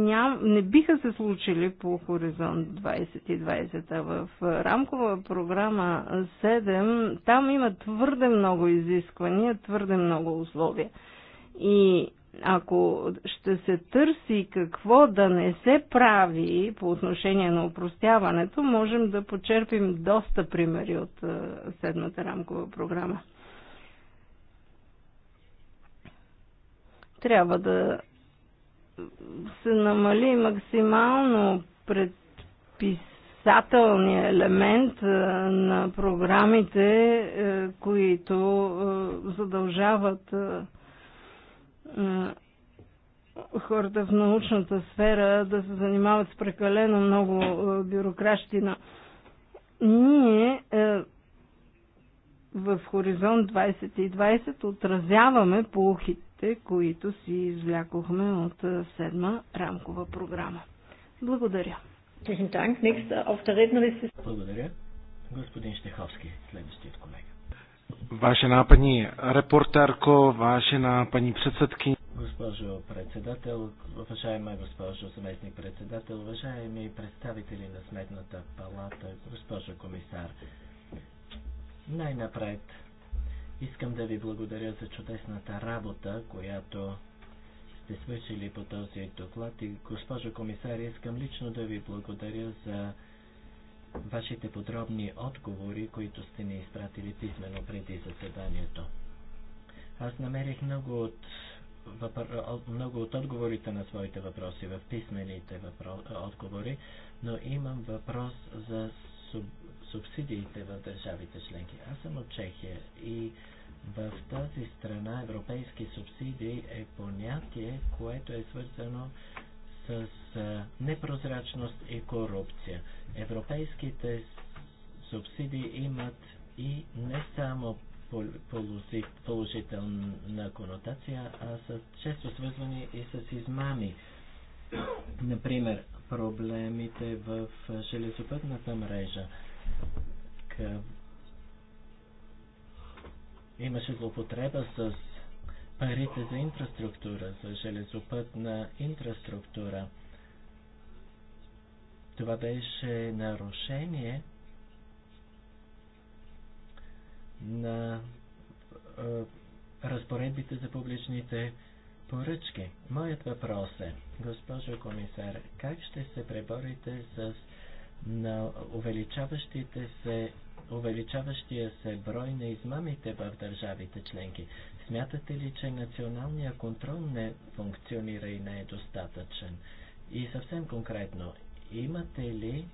ням, не биха се случили по Хоризонт 2020, а в рамкова програма 7 там има твърде много изисквания, твърде много условия. И ако ще се търси какво да не се прави по отношение на упростяването, можем да почерпим доста примери от седмата рамкова програма. Трябва да се намали максимално предписателния елемент на програмите, които задължават хората в научната сфера да се занимават с прекалено много бюрокращина. Ние в Хоризонт 2020 отразяваме ухите полуките, които си извлякохме от седма рамкова програма. Благодаря. Благодаря. Господин Штеховски, следващият колега. Ваше напани, репортерко, ваше напани, předsedkyně. Госпожо председател, уважаема госпожо заместник председател, уважаеми представители на Сметната палата, госпожо комисар, най-напред Искам да ви благодаря за чудесната работа, която сте свършили по този доклад. И, госпожо комисар, искам лично да ви благодаря за вашите подробни отговори, които сте ни изпратили писменно преди заседанието. Аз намерих много от, много от отговорите на своите въпроси в писмените въпро... отговори, но имам въпрос за субсидиите в държавите членки. Аз съм от Чехия и в тази страна европейски субсидии е понятие, което е свързано с непрозрачност и корупция. Европейските субсидии имат и не само положителна конотация, а са често свързвани и с измами. Например, проблемите в железопътната мрежа Имаше злоупотреба с парите за инфраструктура, за железопътна инфраструктура. Това беше нарушение на е, разпоредбите за публичните поръчки. Моят въпрос е, госпожо комисар, как ще се преборите с на увеличаващите се увеличаващия се брой на измамите в държавите членки. Смятате ли, че националния контрол не функционира и не е достатъчен? И съвсем конкретно, имате ли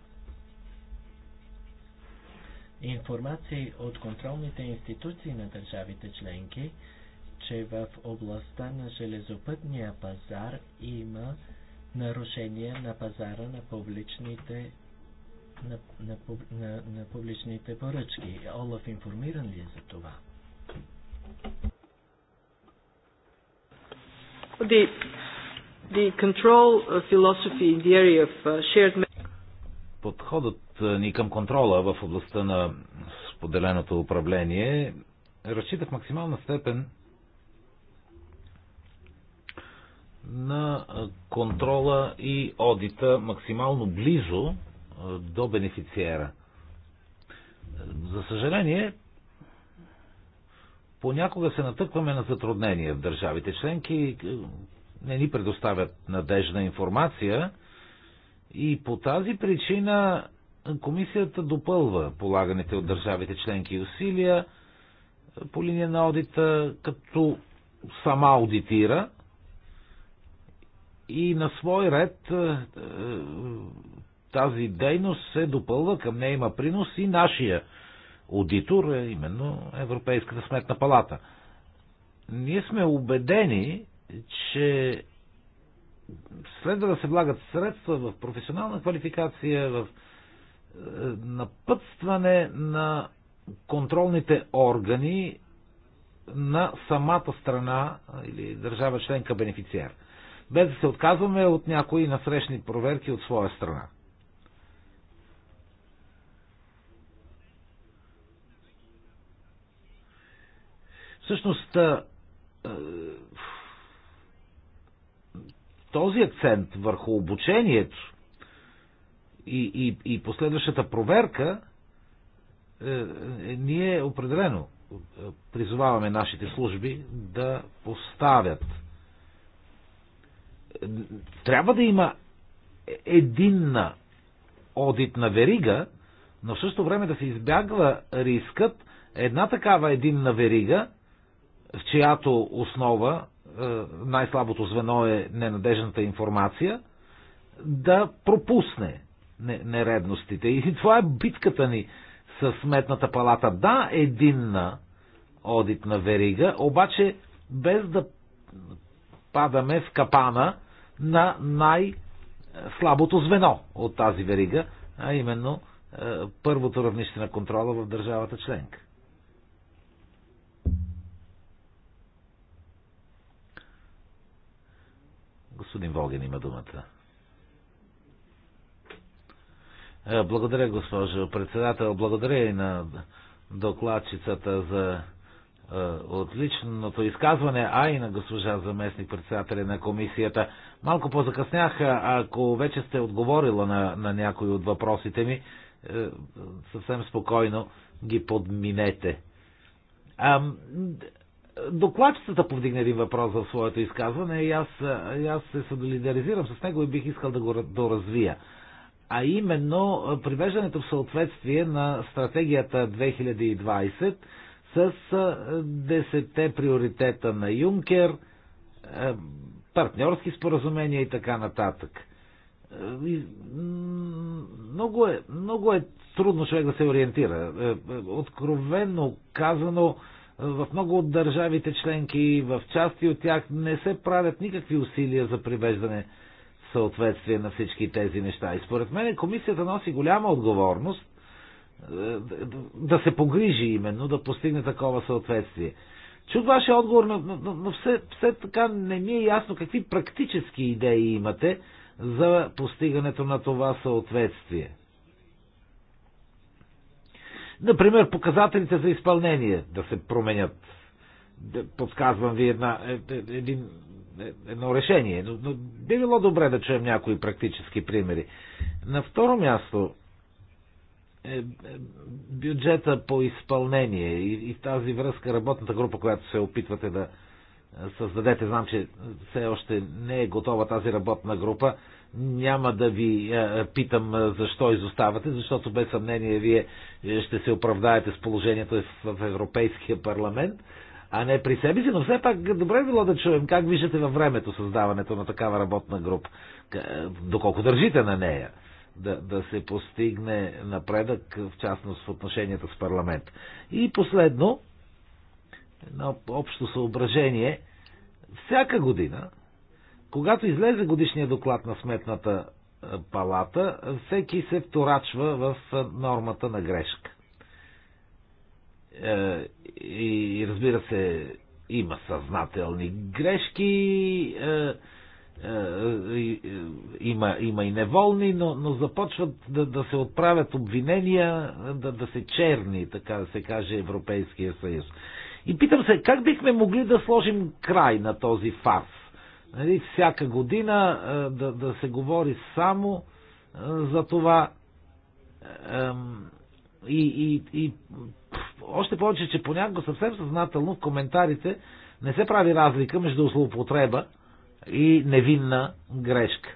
информации от контролните институции на държавите членки, че в областта на железопътния пазар има нарушения на пазара на публичните на, на, на, на публичните поръчки. Олаф информиран ли е за това? The, the control uh, philosophy in the area of uh, shared Подходът ни към контрола в областта на споделеното управление разчита в максимална степен на контрола и одита максимално близо до бенефициера. За съжаление, понякога се натъкваме на затруднения в държавите членки, не ни предоставят надежна информация и по тази причина комисията допълва полаганите от държавите членки усилия по линия на аудита, като сама аудитира и на свой ред е, тази дейност се допълва, към нея има принос и нашия аудитор, е именно Европейската сметна палата. Ние сме убедени, че следва да се влагат средства в професионална квалификация, в е, напътстване на контролните органи на самата страна или държава членка бенефициар. Без да се отказваме от някои насрещни проверки от своя страна. Всъщност, този акцент върху обучението и, и, и последващата проверка, е, е, ние определено е, призоваваме нашите служби да поставят. Трябва да има единна одитна верига, но в същото време да се избягва рискът една такава единна верига в чиято основа е, най-слабото звено е ненадежната информация, да пропусне нередностите. И това е битката ни с сметната палата. Да, единна одитна верига, обаче без да падаме в капана на най-слабото звено от тази верига, а именно е, първото равнище на контрола в държавата членка. Господин Волгин има думата. Е, благодаря, госпожо председател. Благодаря и на докладчицата за е, отличното изказване, а и на госпожа заместник председателя на комисията. Малко по-закъснях, ако вече сте отговорила на, на някои от въпросите ми, е, съвсем спокойно ги подминете докладчицата повдигна един въпрос в своето изказване и аз, и аз се солидаризирам с него и бих искал да го доразвия. А именно привеждането в съответствие на стратегията 2020 с 10 приоритета на Юнкер, партньорски споразумения и така нататък. Много е, много е трудно човек да се ориентира. Е, е, Откровенно казано, в много от държавите членки, в части от тях не се правят никакви усилия за привеждане в съответствие на всички тези неща. И според мен комисията носи голяма отговорност е, да се погрижи именно да постигне такова съответствие. Чух вашия отговор, но, но, но все, все така не ми е ясно какви практически идеи имате за постигането на това съответствие. Например, показателите за изпълнение да се променят. Подсказвам ви една, е, е, един, е, едно решение, но, но би било добре да чуем някои практически примери. На второ място, бюджета по изпълнение и, и в тази връзка работната група, която се опитвате да създадете, знам, че все още не е готова тази работна група, няма да ви е, питам е, защо изоставате, защото без съмнение вие е, ще се оправдаете с положението в Европейския парламент, а не при себе си, но все пак добре било да чуем как виждате във времето създаването на такава работна група, доколко държите на нея да, да се постигне напредък, в частност в отношенията с парламент. И последно, едно общо съображение. Всяка година когато излезе годишния доклад на сметната е, палата, всеки се вторачва в е, нормата на грешка. Е, и разбира се, има съзнателни грешки, има, има и неволни, но, но започват да, да се отправят обвинения, да, да се черни, така да се каже, Европейския съюз. И питам се, как бихме могли да сложим край на този фарс? нали, всяка година да, да се говори само за това и, и, и още повече, че понякога съвсем съзнателно в коментарите не се прави разлика между злоупотреба и невинна грешка.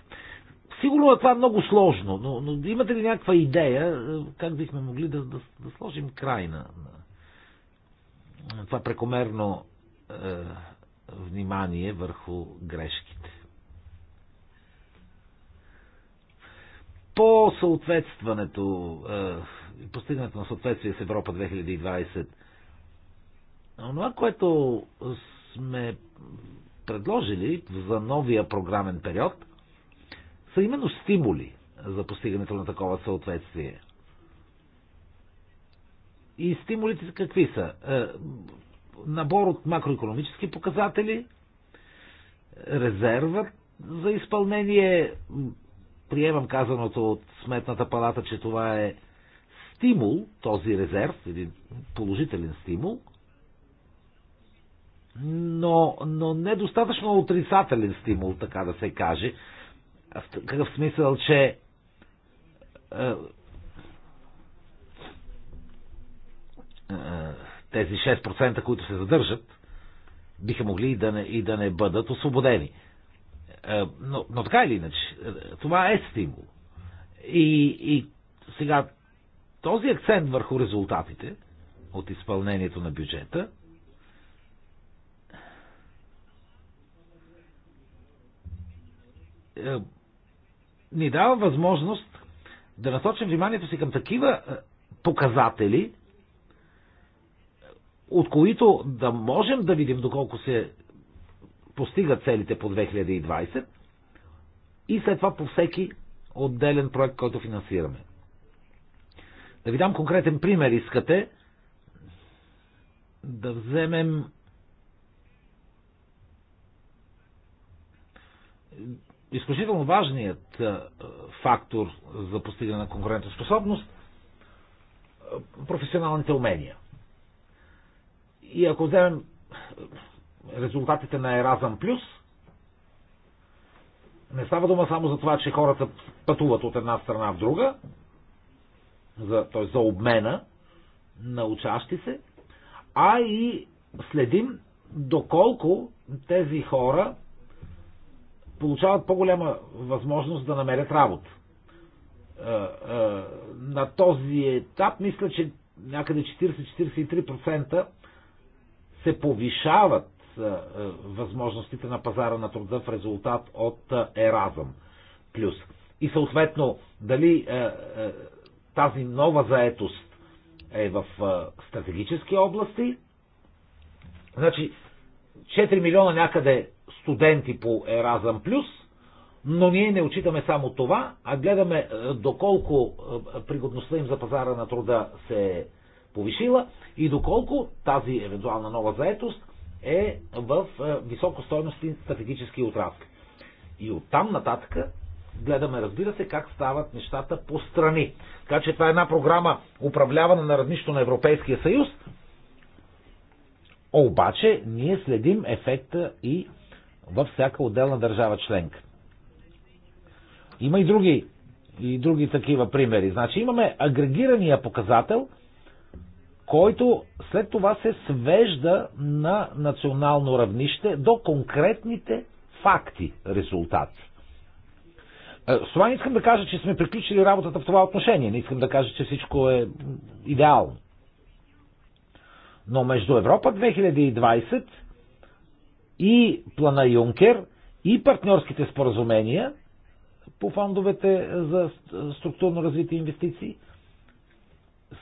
Сигурно е това много сложно, но, но имате ли някаква идея как бихме могли да, да, да сложим край на, на това прекомерно е, внимание върху грешките. По съответстването, е, постигането на съответствие с Европа 2020, това, което сме предложили за новия програмен период, са именно стимули за постигането на такова съответствие. И стимулите какви са? Е, набор от макроекономически показатели, резерва за изпълнение, приемам казаното от Сметната палата, че това е стимул, този резерв, един положителен стимул, но, но недостатъчно отрицателен стимул, така да се каже. В такъв смисъл, че е, е, тези 6%, които се задържат, биха могли и да не, и да не бъдат освободени. Е, но, но така или иначе, е, това е стимул. И, и сега този акцент върху резултатите от изпълнението на бюджета е, ни дава възможност да насочим вниманието си към такива показатели, от които да можем да видим доколко се постигат целите по 2020 и след това по всеки отделен проект, който финансираме. Да ви дам конкретен пример, искате да вземем изключително важният фактор за постигане на конкурентоспособност професионалните умения. И ако вземем е, резултатите на Еразъм Плюс, не става дума само за това, че хората пътуват от една страна в друга, за, т.е. за обмена на учащи се, а и следим доколко тези хора получават по-голяма възможност да намерят работа. Е, е, на този етап мисля, че някъде 40-43% се повишават възможностите на пазара на труда в резултат от Еразъм плюс. И съответно, дали тази нова заетост е в стратегически области, значи 4 милиона някъде студенти по Еразъм плюс, но ние не очитаме само това, а гледаме доколко пригодността им за пазара на труда се е повишила и доколко тази евентуална нова заетост е в е, високостойности стратегически отрасли. И оттам нататък гледаме, разбира се, как стават нещата по страни. Така че това е една програма, управлявана на равнището на Европейския съюз. Обаче, ние следим ефекта и във всяка отделна държава членка. Има и други, и други такива примери. Значи имаме агрегирания показател – който след това се свежда на национално равнище до конкретните факти, резултати. Е, с това не искам да кажа, че сме приключили работата в това отношение. Не искам да кажа, че всичко е идеално. Но между Европа 2020 и плана Юнкер и партньорските споразумения по фондовете за структурно развитие инвестиции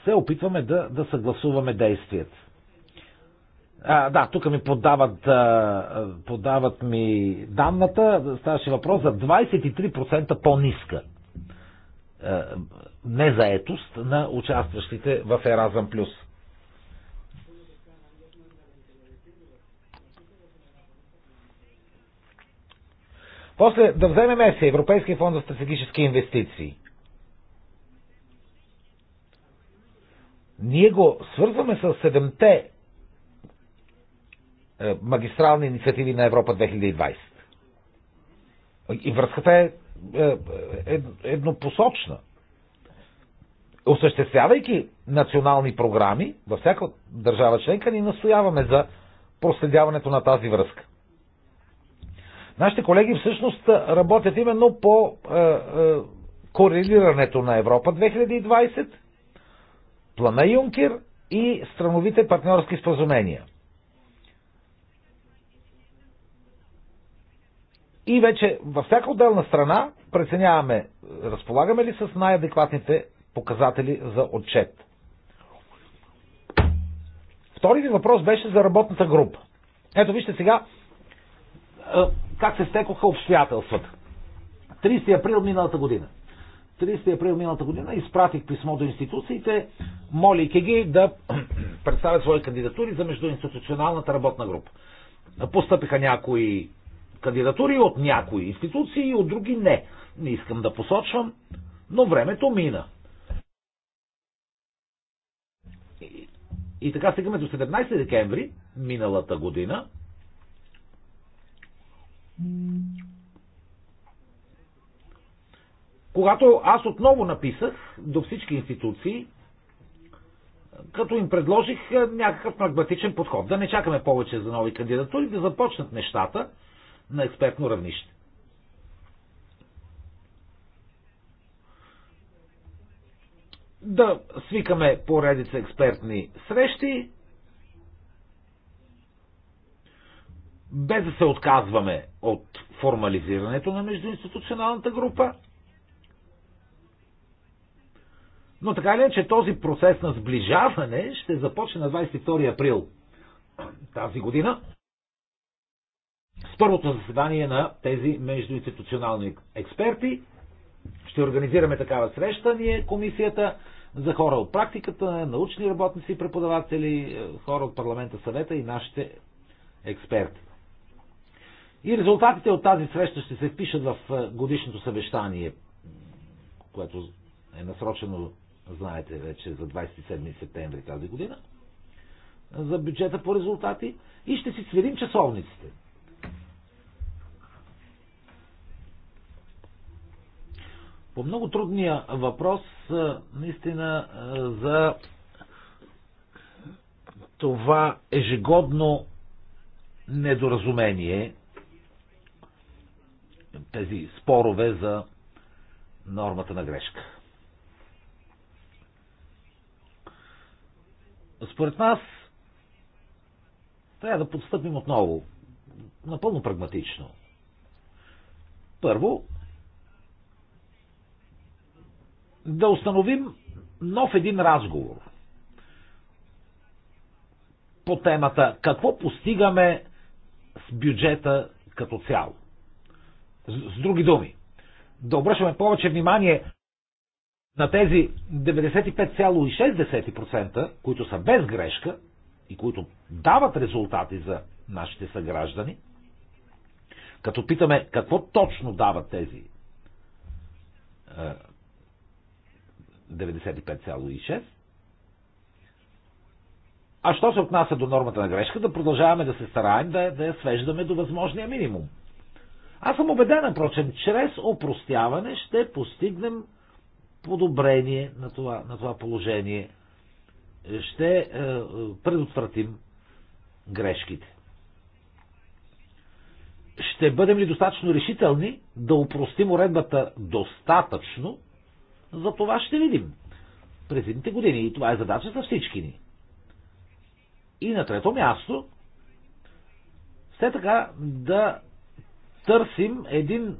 се опитваме да, да съгласуваме действията. А, да, тук ми подават, а, подават ми данната, ставаше въпрос за 23% по-ниска незаетост на участващите в Еразъм Плюс. После да вземем ЕСЕ, Европейския фонд за стратегически инвестиции. ние го свързваме с седемте е, магистрални инициативи на Европа 2020. И връзката е, е, е еднопосочна. Осъществявайки национални програми, във всяка държава членка ни настояваме за проследяването на тази връзка. Нашите колеги всъщност работят именно по корелирането на Европа 2020 плана Юнкер и страновите партньорски споразумения. И вече във всяка отделна страна преценяваме, разполагаме ли с най-адекватните показатели за отчет. Втори ви въпрос беше за работната група. Ето вижте сега как се стекоха обстоятелствата. 30 април миналата година. 30 април миналата година изпратих писмо до институциите, молейки ги да представят свои кандидатури за междуинституционалната работна група. Постъпиха някои кандидатури от някои институции и от други не. Не искам да посочвам, но времето мина. И, и така стигаме до 17 декември миналата година когато аз отново написах до всички институции, като им предложих е, някакъв прагматичен подход. Да не чакаме повече за нови кандидатури, да започнат нещата на експертно равнище. Да свикаме поредица експертни срещи, без да се отказваме от формализирането на междуинституционалната група, Но така ли е, че този процес на сближаване ще започне на 22 април тази година с първото заседание на тези междуинституционални експерти. Ще организираме такава среща ние, комисията, за хора от практиката, научни работници преподаватели, хора от парламента съвета и нашите експерти. И резултатите от тази среща ще се впишат в годишното съвещание, което е насрочено знаете вече за 27 септември тази година, за бюджета по резултати и ще си сверим часовниците. По много трудния въпрос, наистина, за това ежегодно недоразумение, тези спорове за нормата на грешка. Според нас трябва да подстъпим отново, напълно прагматично. Първо, да установим нов един разговор по темата какво постигаме с бюджета като цяло. С, с други думи, да обръщаме повече внимание на тези 95,6%, които са без грешка и които дават резултати за нашите съграждани, като питаме какво точно дават тези 95,6%, е, а що се отнася до нормата на грешка, да продължаваме да се стараем да, да я свеждаме до възможния минимум. Аз съм убеден, прочен, чрез опростяване ще постигнем подобрение на това, на това положение ще е, предотвратим грешките. Ще бъдем ли достатъчно решителни да упростим уредбата достатъчно, за това ще видим през едните години. И това е задача за всички ни. И на трето място, все така да търсим един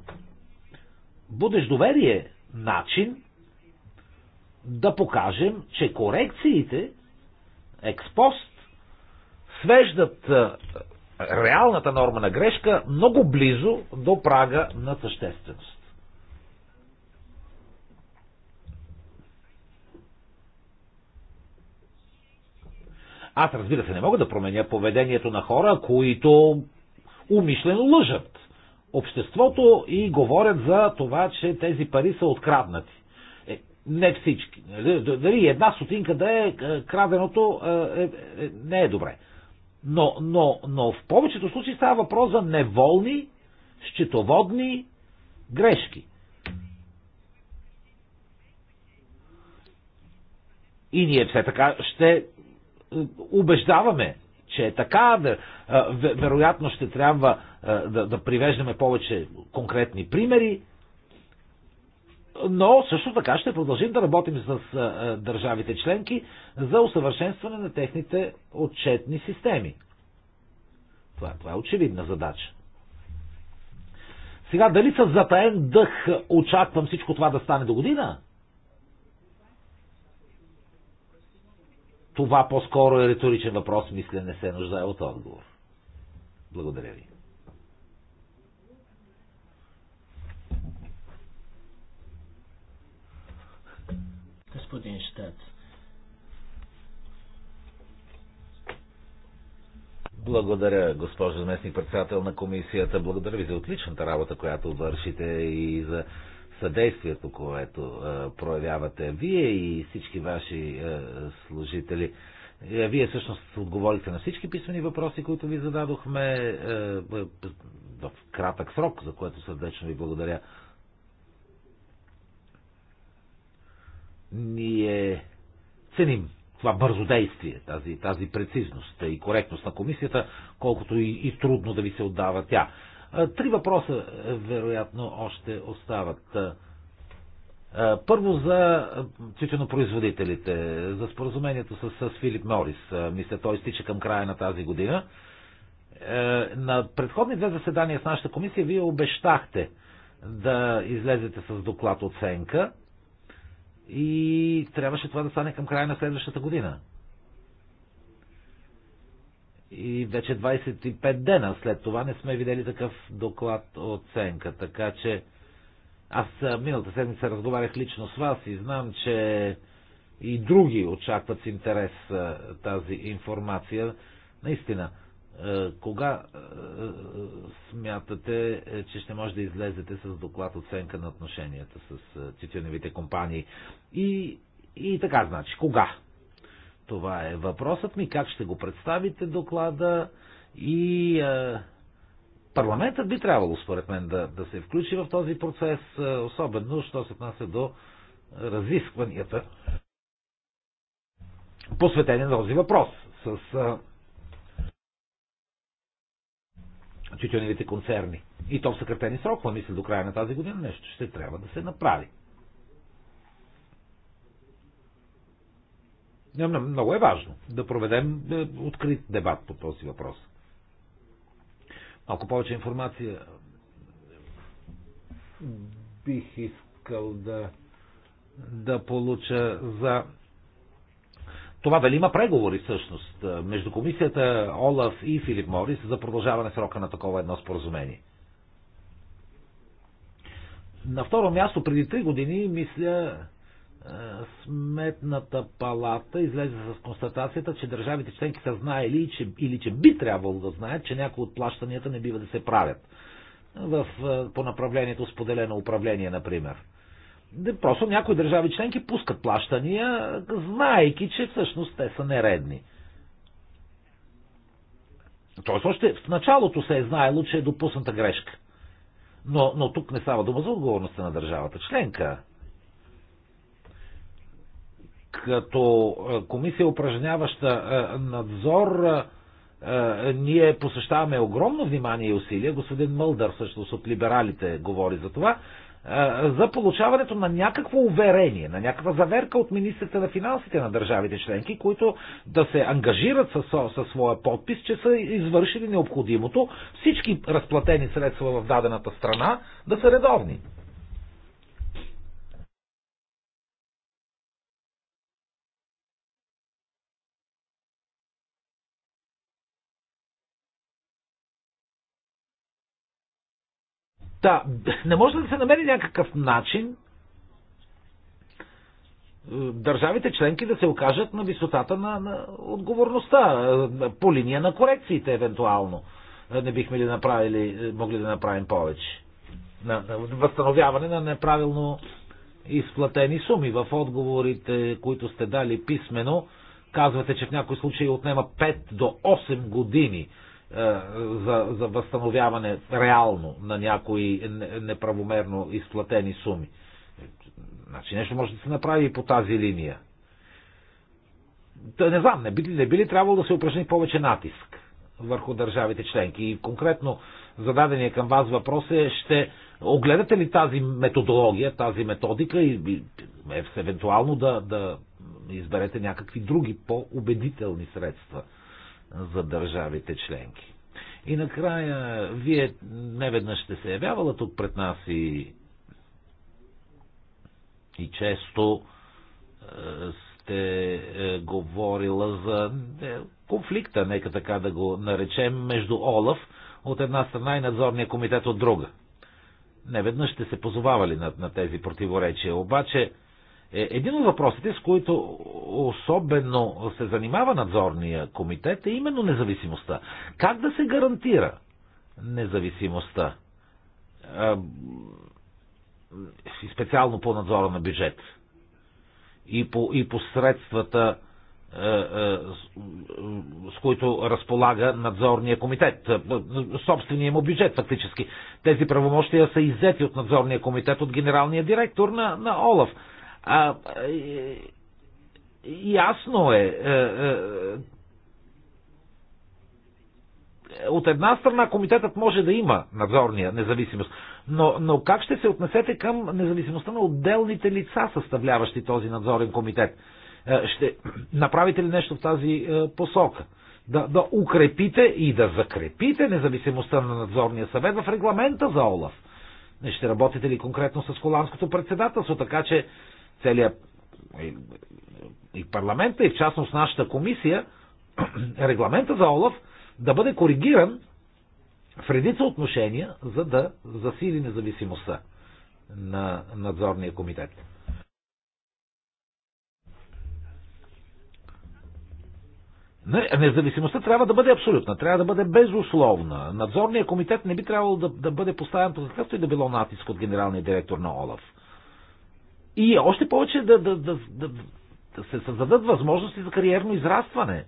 будеш доверие начин да покажем, че корекциите експост свеждат е, реалната норма на грешка много близо до прага на същественост. Аз разбира се не мога да променя поведението на хора, които умишлено лъжат обществото и говорят за това, че тези пари са откраднати не всички. Нали? Дали една сотинка да е, е краденото, е, е, е, не е добре. Но, но, но в повечето случаи става въпрос за неволни, счетоводни грешки. И ние все така ще е, убеждаваме, че е така. Вероятно ще трябва да, да привеждаме повече конкретни примери но също така ще продължим да работим с държавите членки за усъвършенстване на техните отчетни системи. Това, това е очевидна задача. Сега, дали с затаен дъх очаквам всичко това да стане до година? Това по-скоро е риторичен въпрос, мисля, не се нуждае от отговор. Благодаря ви. господин Штац. Благодаря, госпожо заместник председател на комисията. Благодаря ви за отличната работа, която вършите и за съдействието, което е, проявявате. Вие и всички ваши е, служители. вие всъщност отговорите на всички писмени въпроси, които ви зададохме е, в кратък срок, за което сърдечно ви благодаря. Ние ценим това бързо действие, тази, тази прецизност и коректност на комисията, колкото и, и трудно да ви се отдава тя. Три въпроса, е, вероятно, още остават. Първо за тютюнопроизводителите, за споразумението с, с Филип Морис. Мисля, той стича към края на тази година. На предходни две заседания с нашата комисия вие обещахте да излезете с доклад оценка и трябваше това да стане към края на следващата година. И вече 25 дена след това не сме видели такъв доклад оценка, така че аз миналата седмица разговарях лично с вас и знам, че и други очакват с интерес тази информация. Наистина, е, кога е, е, смятате, че ще може да излезете с доклад оценка на отношенията с тютюневите компании? И, и така, значи, кога? Това е въпросът ми. Как ще го представите доклада? И е, парламентът би трябвало, според мен, да, да се включи в този процес, особено, що се отнася до разискванията, посветени на този въпрос с тютюневите концерни. И то в съкратени срокове, мисля, до края на тази година нещо ще трябва да се направи. Много е важно да проведем е, открит дебат по този въпрос. Малко повече информация бих искал да, да получа за това дали има преговори всъщност между комисията Олаф и Филип Морис за продължаване срока на такова едно споразумение. На второ място, преди три години, мисля, Сметната палата излезе с констатацията, че държавите членки са знаели че, или че би трябвало да знаят, че някои от плащанията не бива да се правят. В, по направлението споделено управление, например. Просто някои държави членки пускат плащания, знаейки, че всъщност те са нередни. Тоест още в началото се е знаело, че е допусната грешка. Но, но тук не става дума за отговорността на държавата членка. Като е, комисия, упражняваща е, надзор, е, ние посещаваме огромно внимание и усилия. Господин Мълдър, всъщност от либералите, говори за това за получаването на някакво уверение, на някаква заверка от министрите на финансите на държавите членки, които да се ангажират със, със своя подпис, че са извършили необходимото всички разплатени средства в дадената страна да са редовни. Та, да, не може ли да се намери някакъв начин е, държавите членки да се окажат на висотата на, на отговорността, е, по линия на корекциите евентуално. Е, не бихме ли направили, могли да направим повече? На, на възстановяване на неправилно изплатени суми. В отговорите, които сте дали писмено, казвате, че в някои случаи отнема 5 до 8 години е, за, за възстановяване реално на някои неправомерно изплатени суми. Значи нещо може да се направи и по тази линия. Та, не знам, не би, не би ли трябвало да се упражни повече натиск върху държавите членки? И конкретно зададения към вас въпрос е, ще огледате ли тази методология, тази методика и е, евентуално да, да изберете някакви други по-убедителни средства? за държавите членки. И накрая, вие неведнъж ще се явявала тук пред нас и, и често е, сте е, говорила за е, конфликта, нека така да го наречем, между Олаф от една страна и надзорния комитет от друга. Не веднъж ще се позовавали на, на тези противоречия, обаче е, един от въпросите, с които особено се занимава надзорния комитет, е именно независимостта. Как да се гарантира независимостта? Е, и специално по надзора на бюджет. И по, и по средствата, е, с които разполага надзорния комитет. Собствения му бюджет, фактически. Тези правомощия са иззети от надзорния комитет от генералния директор на, на ОЛАФ. А, ясно е, е, е, от една страна комитетът може да има надзорния независимост, но, но как ще се отнесете към независимостта на отделните лица, съставляващи този надзорен комитет? Е, ще направите ли нещо в тази посока? Да, да укрепите и да закрепите независимостта на надзорния съвет в регламента за ОЛАФ. Ще работите ли конкретно с холандското председателство, така че Целия е, и парламента, и в частност нашата комисия, регламента за ОЛАФ да бъде коригиран в редица отношения, за да засили независимостта на надзорния комитет. Независимостта трябва да бъде абсолютна, трябва да бъде безусловна. Надзорният комитет не би трябвало да, да бъде поставен под какъвто и да било натиск от генералния директор на ОЛАФ и още повече да, да, да, да, да се създадат възможности за кариерно израстване, е,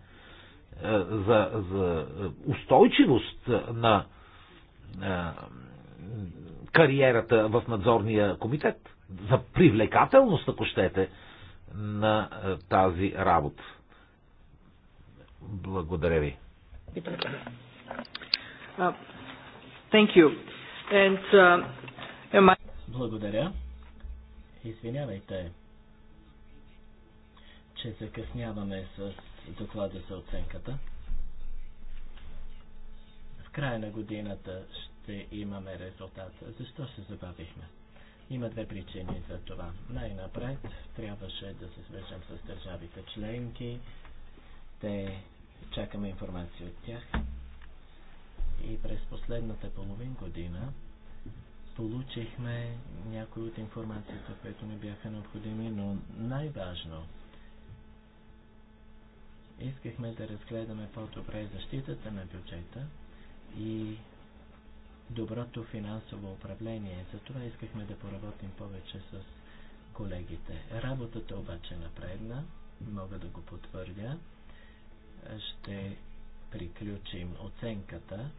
за, за устойчивост на е, кариерата в надзорния комитет, за привлекателност, ако щете, на е, тази работа. Благодаря ви. Uh, uh, Благодаря. Благодаря. Извинявайте, че закъсняваме с доклада за оценката. В края на годината ще имаме резултата. Защо се забавихме? Има две причини за това. Най-напред трябваше да се свържем с държавите членки. Те чакаме информация от тях. И през последната половин година получихме някои от информацията, които ни бяха необходими, но най-важно искахме да разгледаме по-добре защитата на бюджета и доброто финансово управление. Затова искахме да поработим повече с колегите. Работата обаче е напредна, мога да го потвърдя. Ще приключим оценката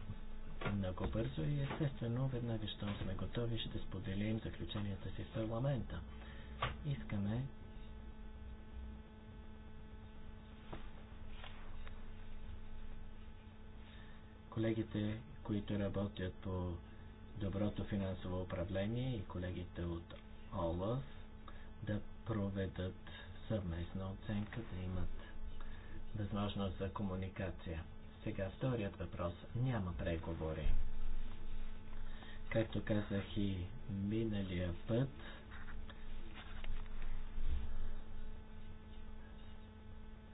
много бързо и естествено, веднага, щом сме готови, ще споделим заключенията си в парламента. Искаме колегите, които работят по доброто финансово управление и колегите от ОЛАФ да проведат съвместна оценка, да имат възможност за комуникация. Сега вторият въпрос. Няма преговори. Както казах и миналия път,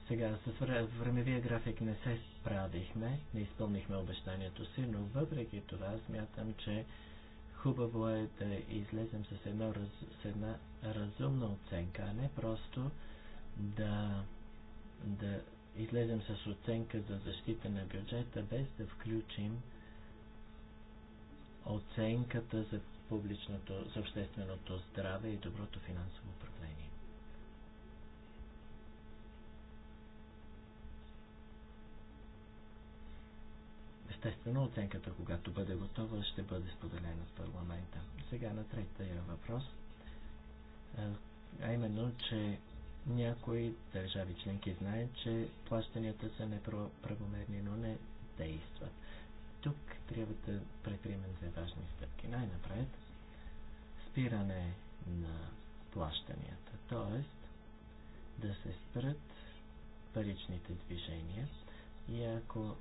Сега с времевия график не се справихме, не изпълнихме обещанието си, но въпреки това смятам, че хубаво е да излезем с, едно, с една разумна оценка, а не просто да, да излезем с оценка за защита на бюджета, без да включим оценката за публичното, за общественото здраве и доброто финансово управление. Естествено, оценката, когато бъде готова, ще бъде споделена с парламента. Сега на третия въпрос, а именно, че някои държави членки знаят, че плащанията са неправомерни, но не действат. Тук трябва да предприемем две важни стъпки. Най-напред спиране на плащанията, т.е. да се спрат паричните движения и ако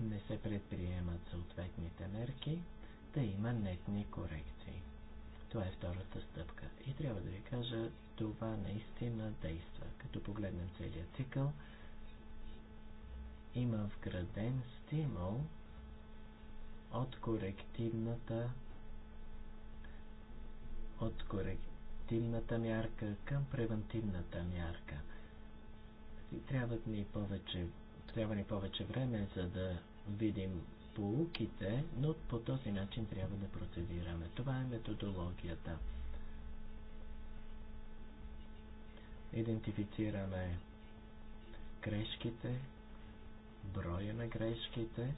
не се предприемат съответните мерки, да има нетни корекции. Това е втората стъпка. И трябва да ви кажа, това наистина действа. Като погледнем целият цикъл, има вграден стимул от корективната от корективната мярка към превентивната мярка. Трябва ни повече, трябва ни повече време, за да видим полуките, но по този начин трябва да процедираме. Това е методологията. Идентифицираме грешките, броя на грешките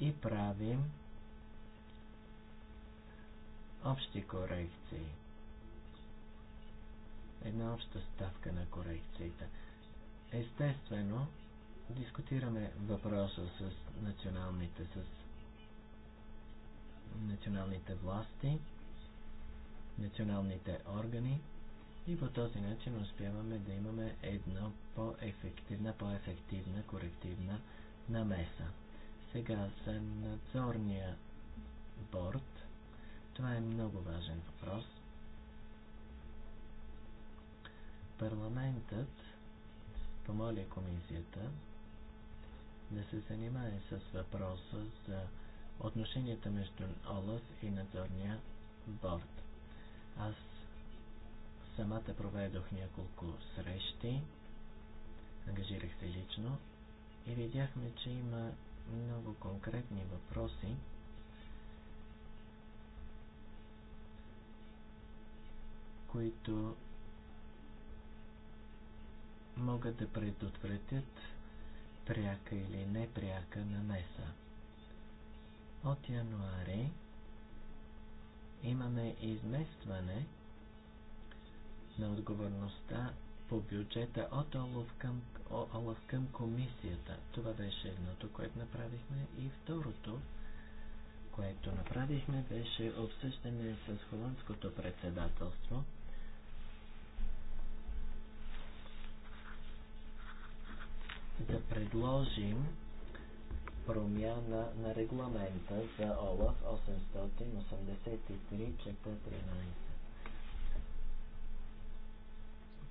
и правим общи корекции. Една обща ставка на корекцията. Естествено, дискутираме въпроса с националните, с националните власти, националните органи и по този начин успяваме да имаме една по-ефективна, по-ефективна корективна намеса. Сега за надзорния борт. Това е много важен въпрос. Парламентът помоли комисията да се занимае с въпроса за отношенията между ОЛАФ и надзорния борт. Аз самата проведох няколко срещи, ангажирах се лично и видяхме, че има много конкретни въпроси, които могат да предотвратят пряка или непряка намеса. От януари имаме изместване на отговорността по бюджета от Олов към, Олаф към комисията. Това беше едното, което направихме. И второто, което направихме, беше обсъждане с холандското председателство – предложим промяна на регламента за ОЛАФ 883 413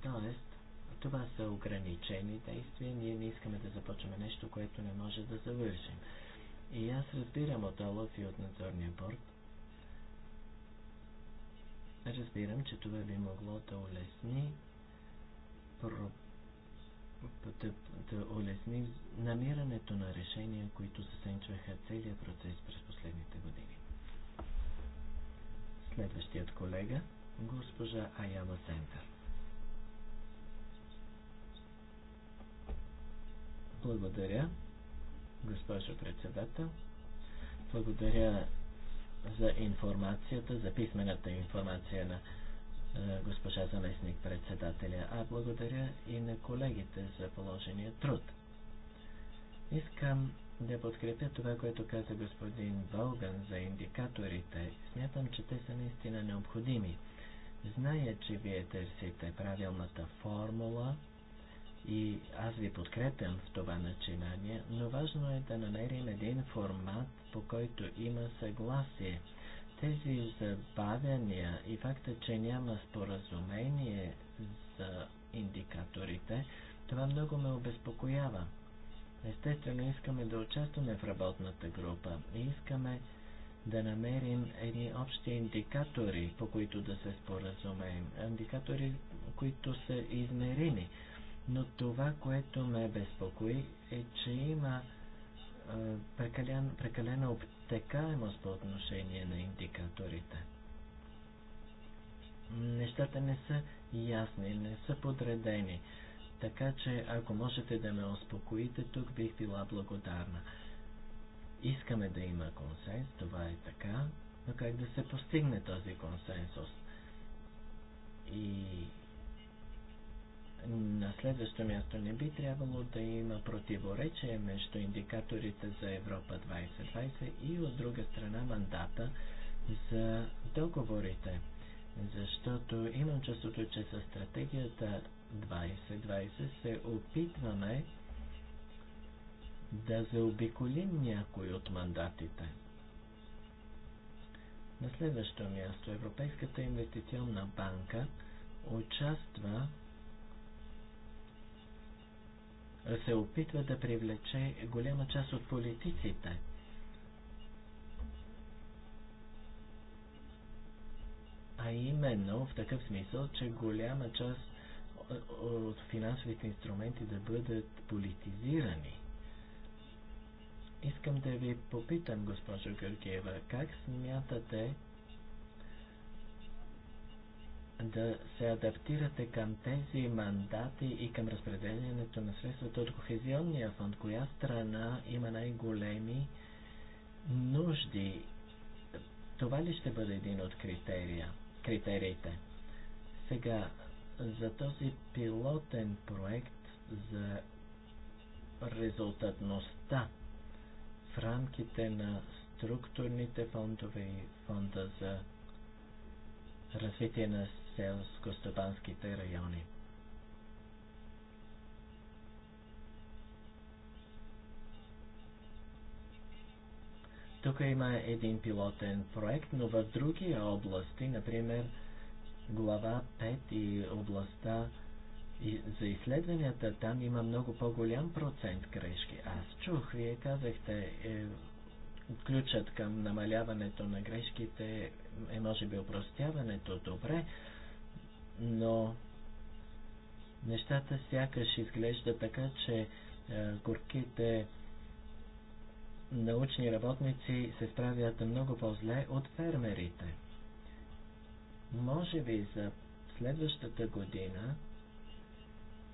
Тоест, това са ограничени действия. Ние не искаме да започваме нещо, което не може да завършим. И аз разбирам от Олаф и от надзорния борт. Разбирам, че това би могло да улесни да, да намирането на решения, които съсенчваха целият процес през последните години. Следващият колега, госпожа Аяла Сентър. Благодаря, госпожо председател. Благодаря за информацията, за писмената информация на е, госпожа заместник председателя, а благодаря и на колегите за положения труд. Искам да подкрепя това, което каза господин Болган за индикаторите. Смятам, че те са наистина необходими. Зная, че вие търсите правилната формула и аз ви подкрепям в това начинание, но важно е да намерим един формат, по който има съгласие – тези забавяния и факта, че няма споразумение за индикаторите, това много ме обезпокоява. Естествено, искаме да участваме в работната група и искаме да намерим едни общи индикатори, по които да се споразумеем. Индикатори, които са измерими. Но това, което ме безпокои, е, че има е, прекален, изтекаемост по отношение на индикаторите. Нещата не са ясни, не са подредени, така че ако можете да ме успокоите, тук бих била благодарна. Искаме да има консенс, това е така, но как да се постигне този консенсус? И на следващо място не би трябвало да има противоречие между индикаторите за Европа 2020 и от друга страна мандата за договорите. Защото имам чувството, че със стратегията 2020 се опитваме да заобиколим някой от мандатите. На следващо място Европейската инвестиционна банка участва се опитва да привлече голяма част от политиците. А именно в такъв смисъл, че голяма част от финансовите инструменти да бъдат политизирани. Искам да ви попитам, госпожо Гъргева, как смятате да се адаптирате към тези мандати и към разпределението на средствата от Кохезионния фонд? Коя страна има най-големи нужди? Това ли ще бъде един от критерия, критериите? Сега, за този пилотен проект за резултатността в рамките на структурните фондове и фонда за развитие на селско-стопанските райони. Тук има един пилотен проект, но в други области, например глава 5 и областта за изследванията, там има много по-голям процент грешки. Аз чух, вие казахте, е, ключът към намаляването на грешките е може би упростяването добре, но нещата сякаш изглежда така, че е, горките научни работници се справят много по-зле от фермерите. Може би за следващата година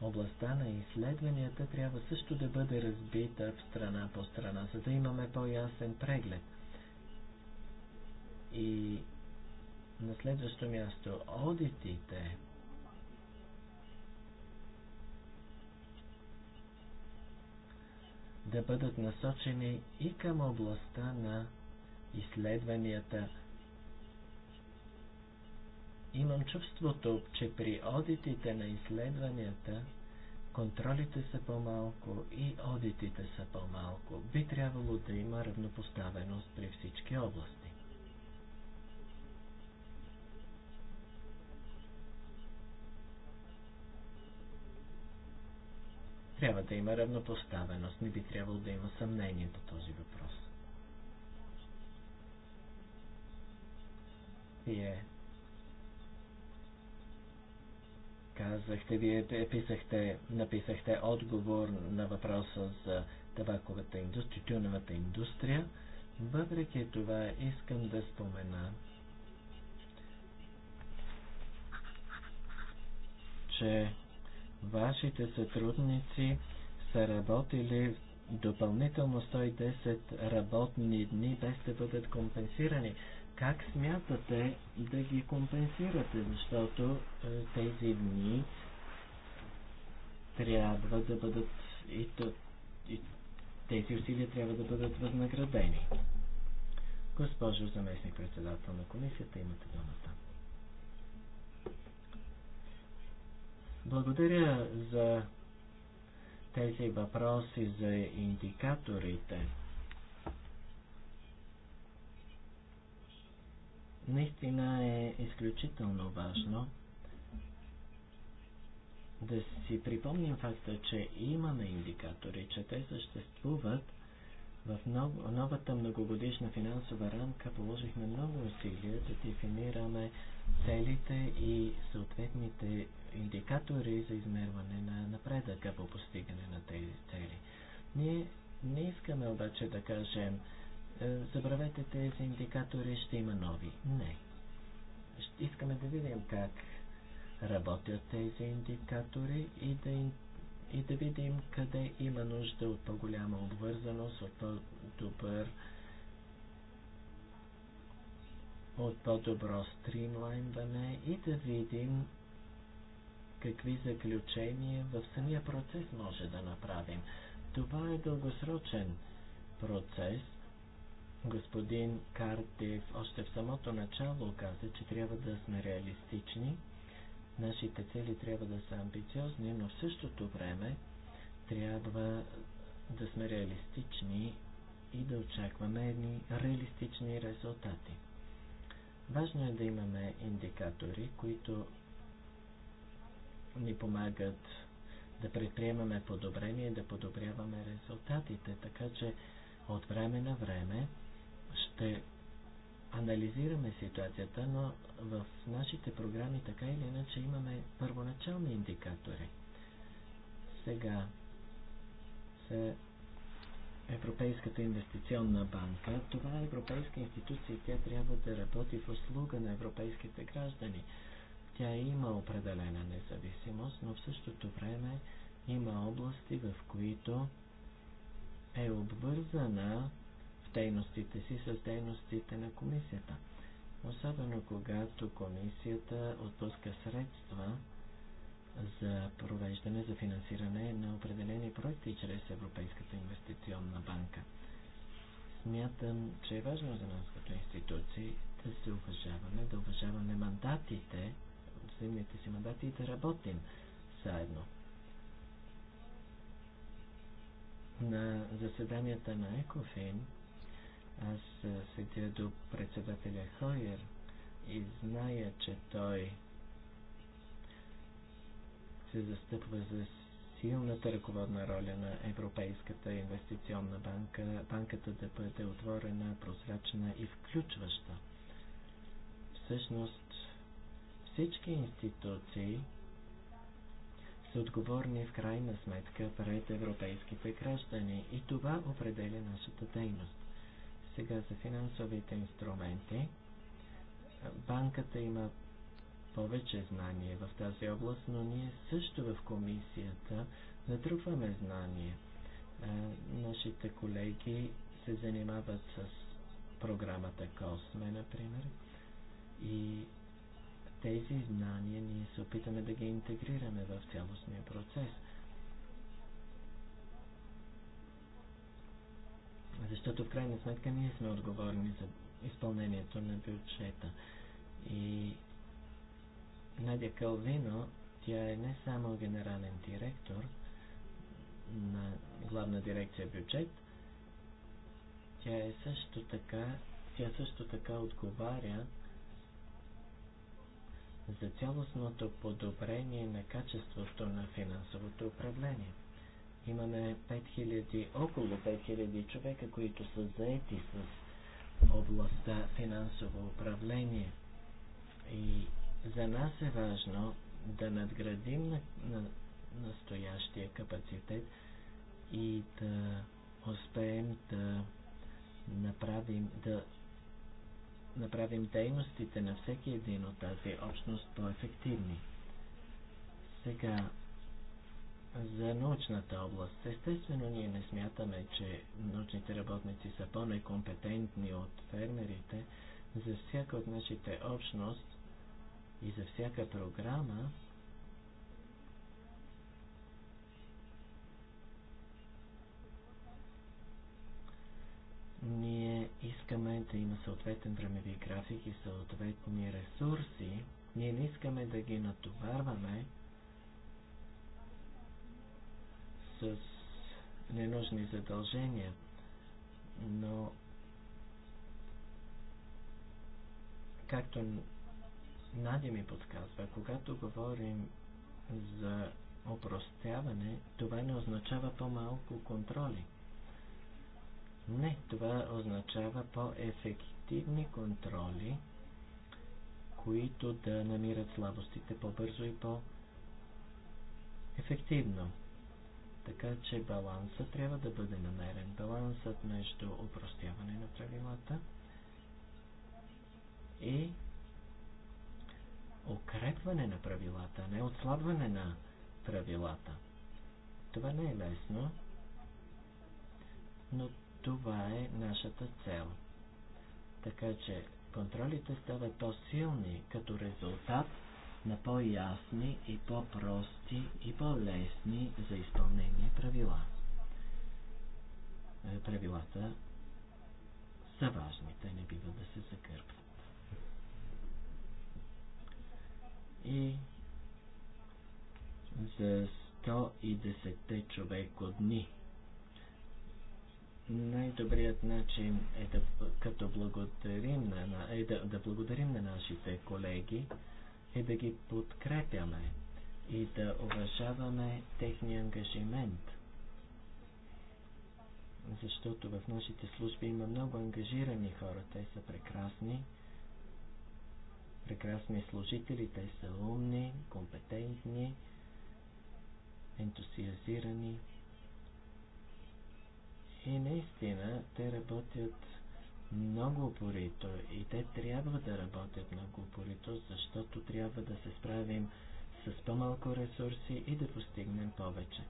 областта на изследванията трябва също да бъде разбита в страна по страна, за да имаме по-ясен преглед. И на следващо място, одитите. да бъдат насочени и към областта на изследванията. Имам чувството, че при одитите на изследванията контролите са по-малко и одитите са по-малко. Би трябвало да има равнопоставеност при всички области. Трябва да има равнопоставеност. Не би трябвало да има съмнение по този въпрос. Вие казахте, вие е, писахте, написахте отговор на въпроса за табаковата индустрия, тютюновата индустрия. Въпреки това искам да спомена, че Вашите сътрудници са работили допълнително 110 работни дни без да бъдат компенсирани. Как смятате да ги компенсирате? Защото е, тези дни трябва да бъдат и, то, и тези усилия трябва да бъдат възнаградени. Госпожо заместник председател на комисията, имате думата. Благодаря за тези въпроси за индикаторите. Наистина е изключително важно да си припомним факта, че имаме индикатори, че те съществуват в новата многогодишна финансова рамка положихме много усилия да дефинираме целите и съответните индикатори за измерване на напредъка по постигане на тези цели. Ние не искаме обаче да кажем, е, забравете тези индикатори, ще има нови. Не. Искаме да видим как работят тези индикатори и да, и да видим къде има нужда от по-голяма обвързаност, от по-добър от по-добро стримлайнване и да видим какви заключения в самия процес може да направим. Това е дългосрочен процес. Господин Картев още в самото начало каза, че трябва да сме реалистични, нашите цели трябва да са амбициозни, но в същото време трябва да сме реалистични и да очакваме едни реалистични резултати. Важно е да имаме индикатори, които ни помагат да предприемаме подобрение, да подобряваме резултатите. Така че от време на време ще анализираме ситуацията, но в нашите програми така или иначе имаме първоначални индикатори. Сега се Европейската инвестиционна банка. Това е европейска институция, тя трябва да работи в услуга на европейските граждани. Тя има определена независимост, но в същото време има области, в които е обвързана в дейностите си с дейностите на комисията. Особено когато комисията отпуска средства за провеждане, за финансиране на определени проекти чрез Европейската инвестиционна банка. Смятам, че е важно за нас като институции да се уважаваме, да уважаваме мандатите, съседните си мандати и да работим заедно. На заседанията на Екофин аз седя до председателя Хойер и зная, че той се застъпва за силната ръководна роля на Европейската инвестиционна банка, банката да бъде отворена, прозрачна и включваща. Всъщност, всички институции са отговорни в крайна сметка пред европейските граждани и това определя нашата дейност. Сега за финансовите инструменти. Банката има повече знание в тази област, но ние също в комисията натрупваме знание. Нашите колеги се занимават с програмата Косме, например, и тези знания ние се опитаме да ги интегрираме в цялостния процес. Защото в крайна сметка ние сме отговорни за изпълнението на бюджета. И Надя Калвино, тя е не само генерален директор на главна дирекция бюджет, тя е също така, тя също така отговаря за цялостното подобрение на качеството на финансовото управление. Имаме 5000, около 5000 човека, които са заети с областта финансово управление. И за нас е важно да надградим на, на настоящия капацитет и да успеем да направим, да направим дейностите на всеки един от тази общност по-ефективни. Сега, за научната област. Естествено, ние не смятаме, че научните работници са по-некомпетентни от фермерите. За всяка от нашите общност и за всяка програма Ние искаме да има съответен времеви график и съответни ресурси. Ние не искаме да ги натоварваме с ненужни задължения, но както Надя ми подсказва, когато говорим за опростяване, това не означава по-малко контроли. Не, това означава по-ефективни контроли, които да намират слабостите по-бързо и по-ефективно. Така че баланса трябва да бъде намерен. Балансът между упростяване на правилата и укрепване на правилата, не отслабване на правилата. Това не е лесно, но това е нашата цел. Така че контролите стават по-силни като резултат на по-ясни и по-прости и по-лесни за изпълнение правила. Е, правилата са важни, те не бива да се закърпват. И за 110 човеко дни най-добрият начин е да, като благодарим на, е да, да благодарим на нашите колеги, е да ги подкрепяме и да уважаваме техния ангажимент. Защото в нашите служби има много ангажирани хора. Те са прекрасни, прекрасни служители, те са умни, компетентни, ентусиазирани. И наистина те работят много упорито и те трябва да работят много упорито, защото трябва да се справим с по-малко ресурси и да постигнем повече.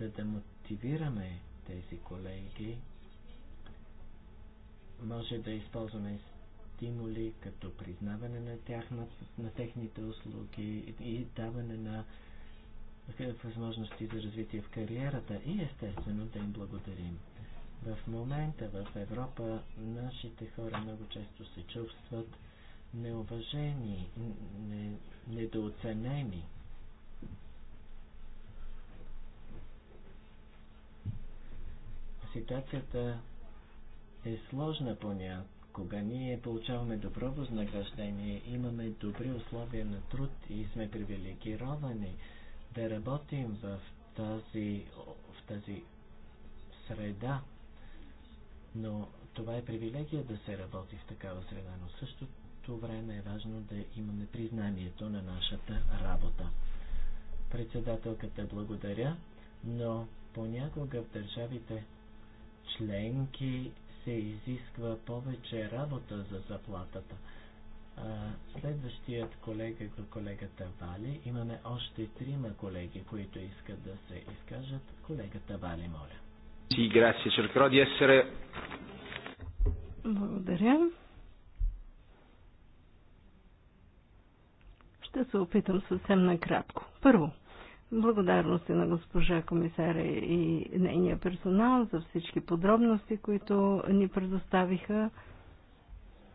За да мотивираме тези колеги, може да използваме стимули като признаване на, тях, на, на техните услуги и даване на възможности за развитие в кариерата и естествено да им благодарим. В момента в Европа нашите хора много често се чувстват неуважени, не, недооценени. Ситуацията е сложна понякога. Ние получаваме добро възнаграждение, имаме добри условия на труд и сме привилегировани да работим в тази, в тази среда. Но това е привилегия да се работи в такава среда, но същото време е важно да имаме признанието на нашата работа. Председателката благодаря, но понякога в държавите членки се изисква повече работа за заплатата. Следващият колега, колегата Вали, имаме още трима колеги, които искат да се изкажат. Колегата Вали, моля. Sì, grazie. Cercherò di essere... Благодаря. Ще се опитам съвсем накратко. Първо, благодарности на госпожа комисаря и нейния персонал за всички подробности, които ни предоставиха.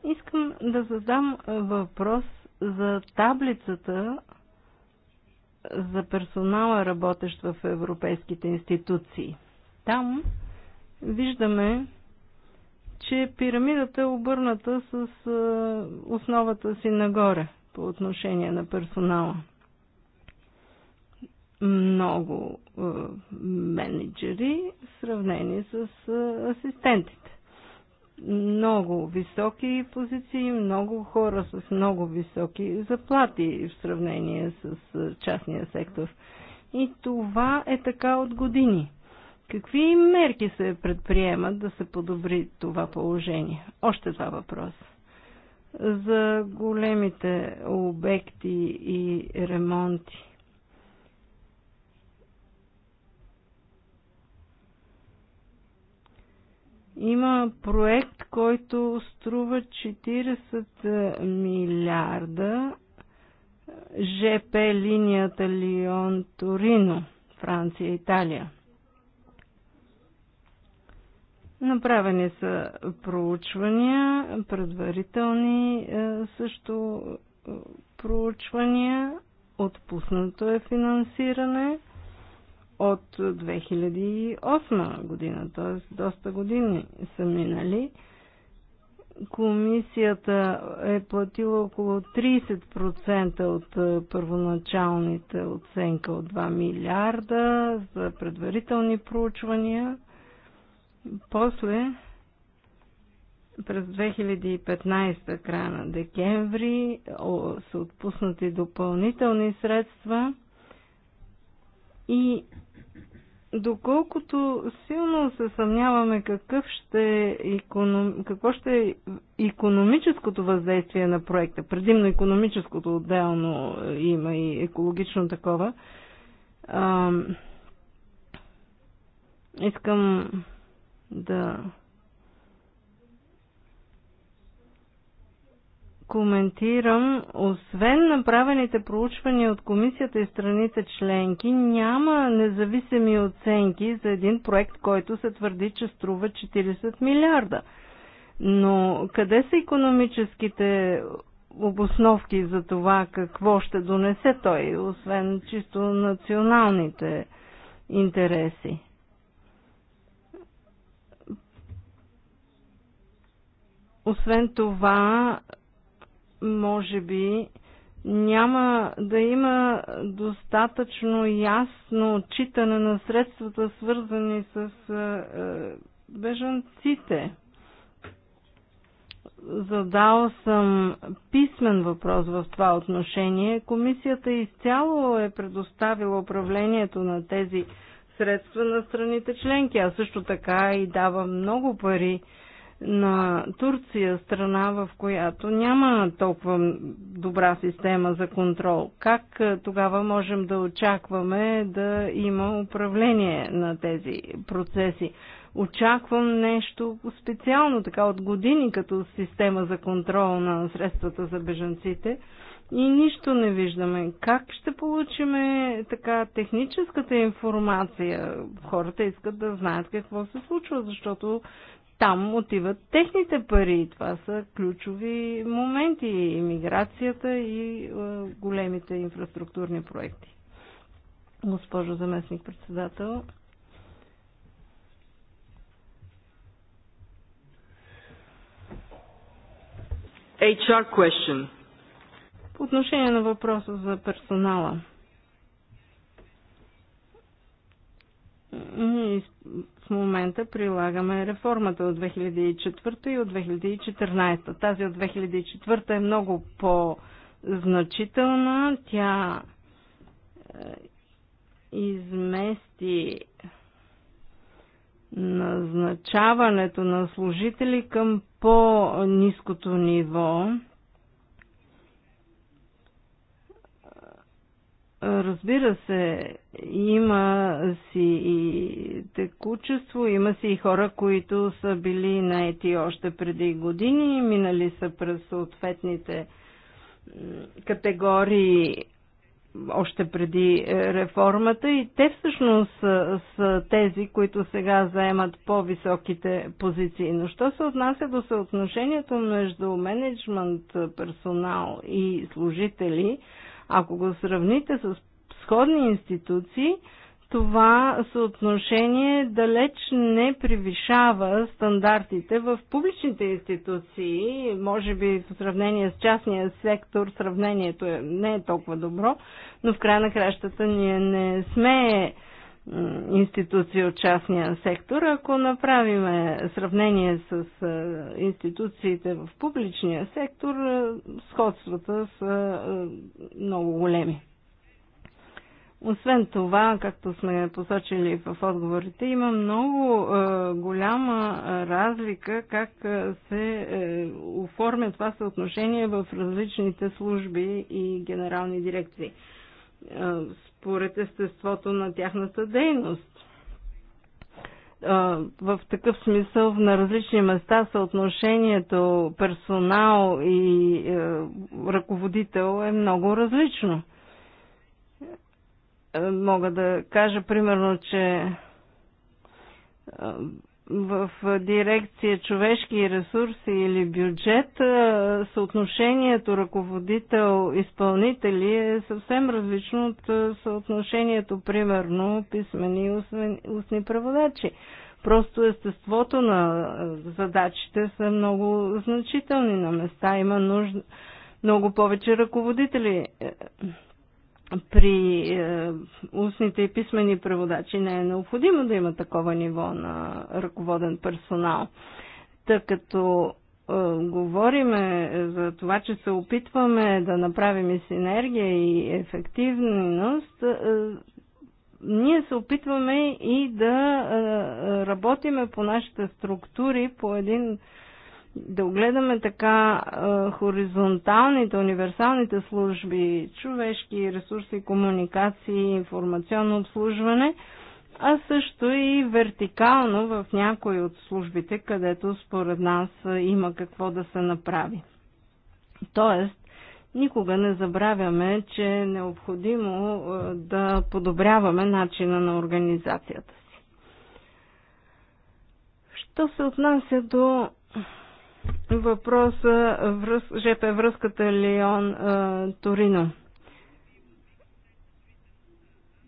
Искам да задам въпрос за таблицата за персонала, работещ в европейските институции там виждаме, че пирамидата е обърната с е, основата си нагоре по отношение на персонала. Много е, менеджери, в сравнение с е, асистентите. Много високи позиции, много хора с много високи заплати в сравнение с частния сектор. И това е така от години. Какви мерки се предприемат да се подобри това положение? Още два въпроса. За големите обекти и ремонти. Има проект, който струва 40 милиарда ЖП линията Лион-Торино, Франция-Италия. Направени са проучвания, предварителни е, също е, проучвания, отпуснато е финансиране от 2008 година, т.е. доста години са минали. Комисията е платила около 30% от е, първоначалните оценка от 2 милиарда за предварителни проучвания – после, през 2015, края на декември, са отпуснати допълнителни средства и Доколкото силно се съмняваме какъв ще економ... какво ще е економическото въздействие на проекта, предимно економическото отделно е, има и екологично такова, а, искам да коментирам, освен направените проучвания от комисията и страните членки, няма независими оценки за един проект, който се твърди, че струва 40 милиарда. Но къде са економическите обосновки за това какво ще донесе той, освен чисто националните интереси? Освен това, може би няма да има достатъчно ясно отчитане на средствата, свързани с е, е, бежанците. Задал съм писмен въпрос в това отношение. Комисията изцяло е предоставила управлението на тези средства на страните членки, а също така и дава много пари на Турция, страна в която няма толкова добра система за контрол. Как е, тогава можем да очакваме да има управление на тези процеси? Очаквам нещо специално, така от години, като система за контрол на средствата за бежанците и нищо не виждаме. Как ще получим е, така техническата информация? Хората искат да знаят какво се случва, защото там отиват техните пари. Това са ключови моменти имиграцията и е, големите инфраструктурни проекти. Госпожо заместник председател, HR question. По отношение на въпроса за персонала. Ние в момента прилагаме реформата от 2004 и от 2014. Тази от 2004 е много по-значителна. Тя е, измести назначаването на служители към по-низкото ниво Разбира се, има си и текучество, има си и хора, които са били наети още преди години, минали са през съответните категории още преди е, реформата и те всъщност са, са тези, които сега заемат по-високите позиции. Но що се отнася до съотношението между менеджмент, персонал и служители – ако го сравните с сходни институции, това съотношение далеч не превишава стандартите в публичните институции. Може би в сравнение с частния сектор сравнението е- не е толкова добро, но в края на кращата ние не сме институции от частния сектор. Ако направим сравнение с институциите в публичния сектор, сходствата са много големи. Освен това, както сме посочили в отговорите, има много голяма разлика как се е, оформя това съотношение в различните служби и генерални дирекции според естеството на тяхната дейност. В такъв смисъл на различни места съотношението персонал и е, ръководител е много различно. Е, мога да кажа примерно, че е, в дирекция човешки ресурси или бюджет, съотношението ръководител-изпълнители е съвсем различно от съотношението, примерно, писмени и устни, устни преводачи. Просто естеството на задачите са много значителни на места. Има нужда много повече ръководители. Е, при е, устните и писмени преводачи не е необходимо да има такова ниво на ръководен персонал. Тъй като е, говориме за това, че се опитваме да направим и синергия и ефективност, е, ние се опитваме и да е, работиме по нашите структури по един е, да огледаме така а, хоризонталните, универсалните служби, човешки ресурси, комуникации, информационно обслужване, а също и вертикално в някои от службите, където според нас има какво да се направи. Тоест, никога не забравяме, че е необходимо да подобряваме начина на организацията си. Що се отнася до въпроса връз, ЖП е връзката Лион Торино.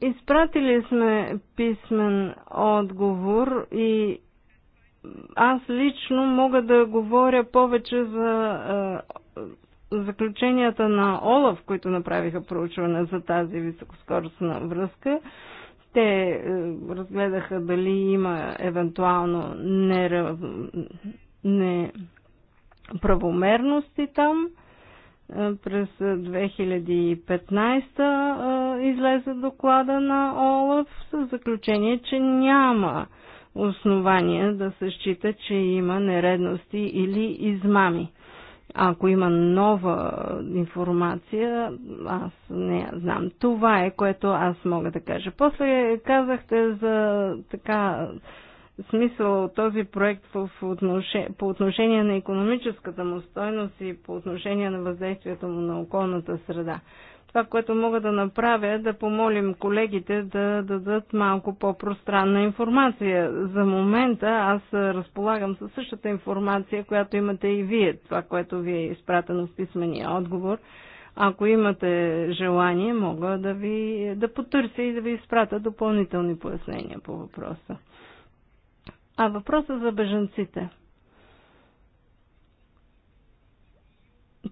Изпратили сме писмен отговор и аз лично мога да говоря повече за заключенията на Олаф, които направиха проучване за тази високоскоростна връзка. Те е, разгледаха дали има евентуално нерав... не правомерности там. Е, през 2015 е, излезе доклада на ОЛАФ с заключение, че няма основания да се счита, че има нередности или измами. Ако има нова информация, аз не я знам. Това е, което аз мога да кажа. После казахте за така смисъл този проект в отношение, по отношение на економическата му стойност и по отношение на въздействието му на околната среда. Това, което мога да направя е да помолим колегите да дадат малко по-пространна информация. За момента аз разполагам със същата информация, която имате и вие, това, което ви е изпратено в писмения отговор. Ако имате желание, мога да ви да потърся и да ви изпратя допълнителни пояснения по въпроса. А въпроса за бежанците.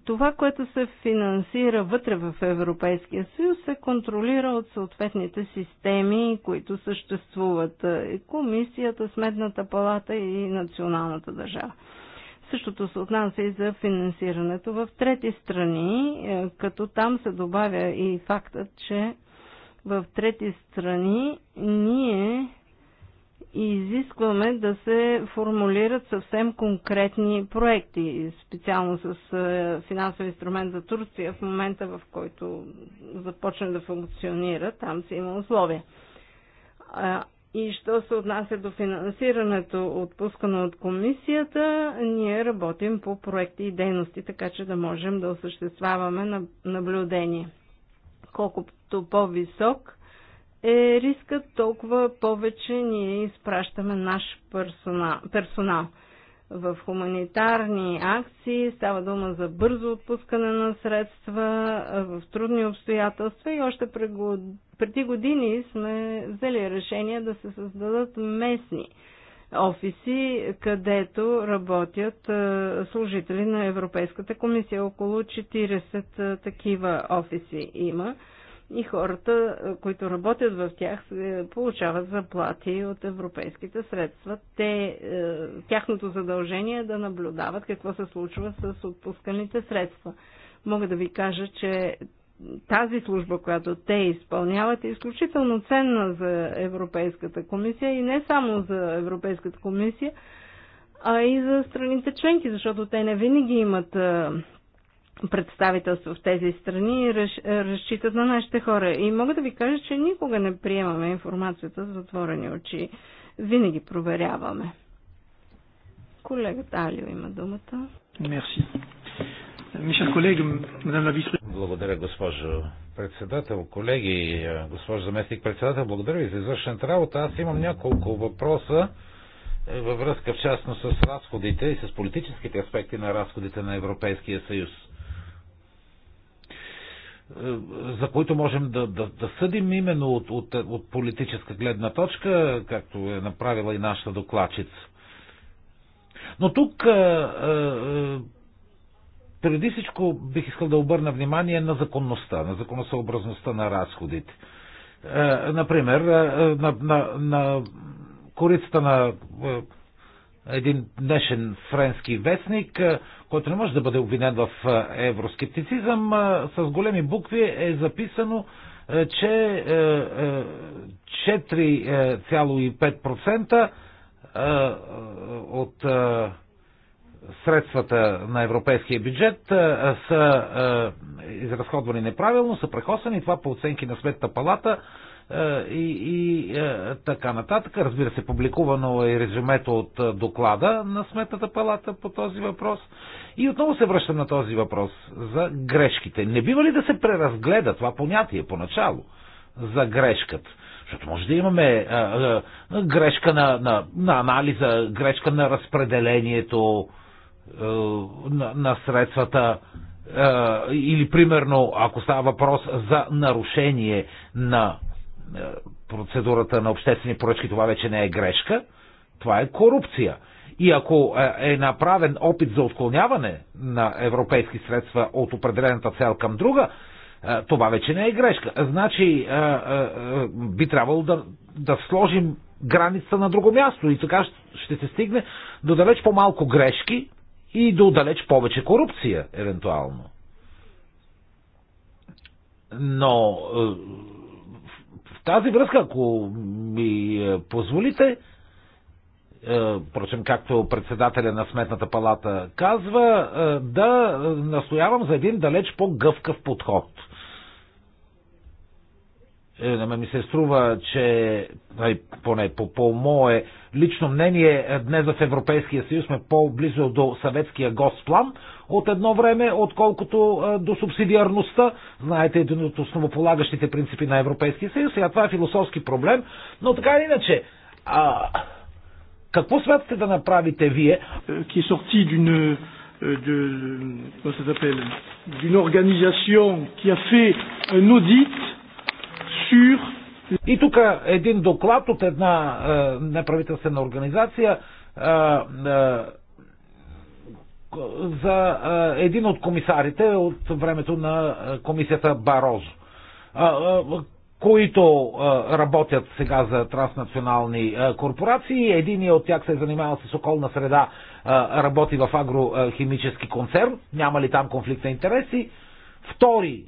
Това, което се финансира вътре в Европейския съюз, се контролира от съответните системи, които съществуват. и е, Комисията, Сметната палата и националната държава. Същото се отнася и за финансирането в трети страни, е, като там се добавя и фактът, че в трети страни ние изискваме да се формулират съвсем конкретни проекти, специално с е, финансов инструмент за Турция, в момента в който започне да функционира, там си има условия. И що се отнася до финансирането, отпускано от комисията, ние работим по проекти и дейности, така че да можем да осъществяваме наблюдение. Колкото по-висок, е рискът, толкова повече ние изпращаме наш персонал. персонал. В хуманитарни акции става дума за бързо отпускане на средства в трудни обстоятелства и още преди години сме взели решение да се създадат местни офиси, където работят е, служители на Европейската комисия. Около 40 е, такива офиси има и хората, е, които работят в тях, е, получават заплати от европейските средства. Те, е, тяхното задължение е да наблюдават какво се случва с отпусканите средства. Мога да ви кажа, че тази служба, която те изпълняват, е изключително ценна за Европейската комисия и не само за Европейската комисия, а и за страните членки, защото те не винаги имат представителство в тези страни и раз, разчитат на нашите хора. И мога да ви кажа, че никога не приемаме информацията с затворени очи. Винаги проверяваме. Колегата Алио има думата. Мерси. Миша колега, мадам на Благодаря, госпожо председател, колеги, госпожо заместник председател, благодаря ви за извършената работа. Аз имам няколко въпроса е, във връзка в частност с разходите и с политическите аспекти на разходите на Европейския съюз за които можем да, да, да съдим именно от, от, от политическа гледна точка, както е направила и нашата докладчица. Но тук а, а, преди всичко бих искал да обърна внимание на законността, на законосъобразността на разходите. А, например, на, на, на корицата на един днешен френски вестник а, който не може да бъде обвинен в евроскептицизъм, с големи букви е записано, че 4,5% от средствата на европейския бюджет са изразходвани неправилно, са прехосани. Това по оценки на Сметната палата е, и, и е, така нататък. Разбира се, публикувано е резюмето от е, доклада на Сметната палата по този въпрос. И отново се връщам на този въпрос за грешките. Не бива ли да се преразгледа това понятие поначало за грешката? Защото може да имаме а, а, грешка на, на, на анализа, грешка на разпределението а, на, на средствата или примерно, ако става въпрос за нарушение на процедурата на обществени поръчки, това вече не е грешка, това е корупция. И ако е, е направен опит за отклоняване на европейски средства от определената цел към друга, е, това вече не е грешка. Значи е, би трябвало да, да сложим граница на друго място и така ще се стигне до далеч по-малко грешки и до далеч повече корупция, евентуално. Но тази връзка, ако ми е, позволите, е, впрочем, както председателя на Сметната палата казва, е, да настоявам за един далеч по-гъвкав подход. На мен ми се струва, че поне по, по мое лично мнение, днес в Европейския съюз сме по-близо до съветския госплан, от едно време, отколкото до субсидиарността. Знаете, един от основополагащите принципи на Европейския съюз. Сега това е философски проблем, но така или иначе. А, какво смятате да направите вие? Ки е сорти d'une d'une organisation qui a fait un audit sur и тук един доклад от една е, неправителствена организация е, е, за един от комисарите от времето на комисията Барозо, които работят сега за транснационални корпорации. Един от тях се е занимавал с околна среда, работи в агрохимически концерн, няма ли там конфликт на интереси. Втори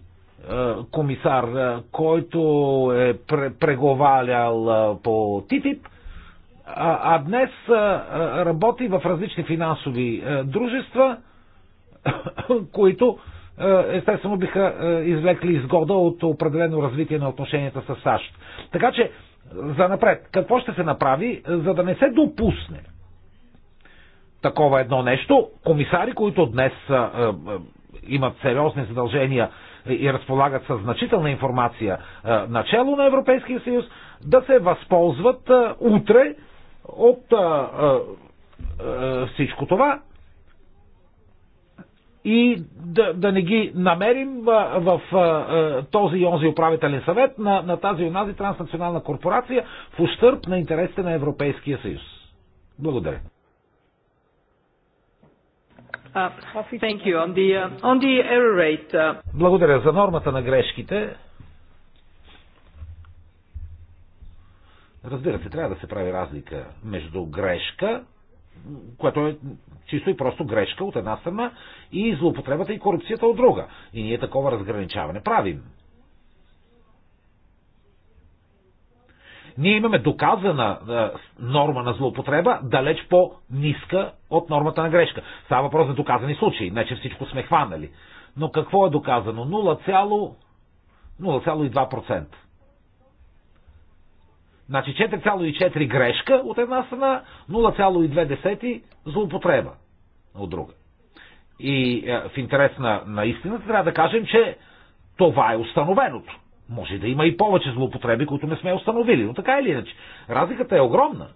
комисар, който е преговалял по ТИТИП, а, а днес а, работи в различни финансови а, дружества, които естествено биха извлекли изгода от определено развитие на отношенията с САЩ. Така че, за напред, какво ще се направи, за да не се допусне такова едно нещо? Комисари, които днес а, а, имат сериозни задължения и разполагат с значителна информация начало на Европейския съюз, да се възползват утре от а, а, а, всичко това и да, да не ги намерим в, в, а, този и онзи управителен съвет на, на тази и онази транснационална корпорация в ущърп на интересите на Европейския съюз. Благодаря. Uh, the, uh, Благодаря за нормата на грешките. Разбира се, трябва да се прави разлика между грешка, което е чисто и просто грешка от една страна, и злоупотребата и корупцията от друга. И ние такова разграничаване правим. Ние имаме доказана норма на злоупотреба, далеч по-ниска от нормата на грешка. Става въпрос за доказани случаи, не че всичко сме хванали. Но какво е доказано? 0,2%. Значи 4,4 грешка от една страна, 0,2 злоупотреба от друга. И е, в интерес на, на истината трябва да кажем, че това е установеното. Може да има и повече злоупотреби, които не сме установили, но така или иначе. Разликата е огромна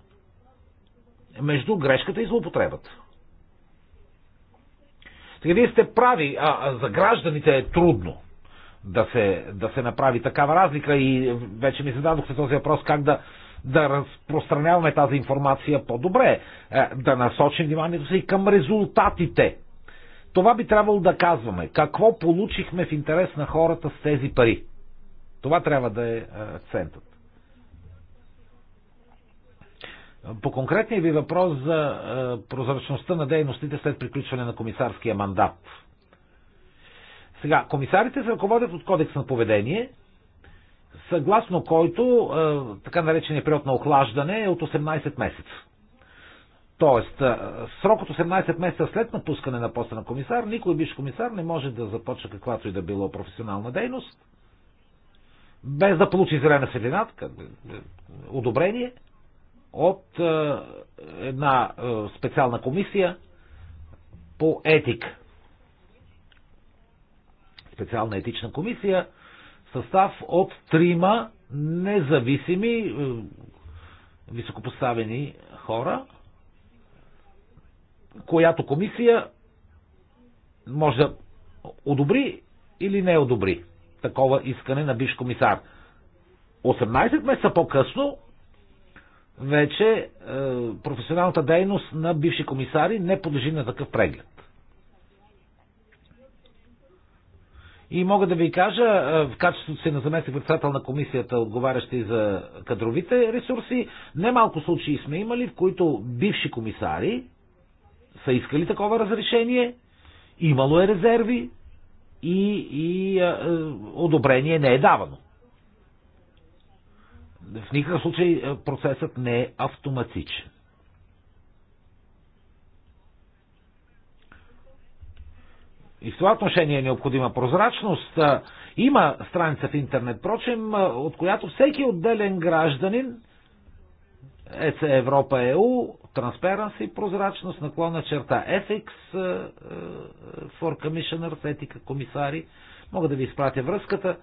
между грешката и злоупотребата. Така вие сте прави, а, а за гражданите е трудно да се, да се направи такава разлика и вече ми зададохте този въпрос как да, да разпространяваме тази информация по-добре, е, да насочим вниманието си и към резултатите. Това би трябвало да казваме. Какво получихме в интерес на хората с тези пари? Това трябва да е акцентът. Е, По конкретния ви въпрос за е, прозрачността на дейностите след приключване на комисарския мандат – сега, комисарите се ръководят от кодекс на поведение, съгласно който е, така наречения период на охлаждане е от 18 месеца. Тоест, е, срок от 18 месеца след напускане на поста на комисар, никой биш комисар не може да започне каквато и да било професионална дейност, без да получи зелена светлина, е, е, одобрение от е, една е, специална комисия по етика специална етична комисия, състав от трима независими, е, високопоставени хора, която комисия може да одобри или не одобри такова искане на биш комисар. 18 месеца по-късно вече е, професионалната дейност на бивши комисари не подлежи на такъв преглед. И мога да ви кажа, е, в качеството си на заместник председател на комисията, отговарящи за кадровите ресурси, немалко случаи сме имали, в които бивши комисари са искали такова разрешение, имало е резерви и, и а, е, е, одобрение не е давано. В никакъв случай процесът не е автоматичен. И в това отношение е необходима прозрачност. Има страница в интернет, прочим, от която всеки отделен гражданин ЕЦ Европа ЕУ, Transparency прозрачност, наклона черта FX, for Commissioners, етика комисари. Мога да ви изпратя връзката.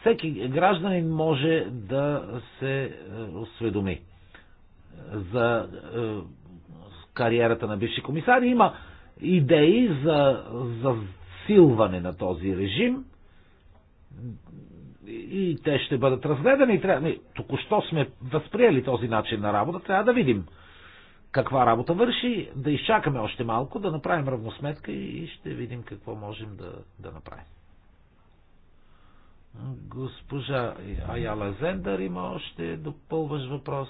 Всеки гражданин може да се осведоми за кариерата на бивши комисари. Има идеи за засилване на този режим и те ще бъдат разгледани. Току-що сме възприели този начин на работа, трябва да видим каква работа върши, да изчакаме още малко, да направим равносметка и ще видим какво можем да, да направим. Госпожа Аяла Зендър има още допълваш въпрос.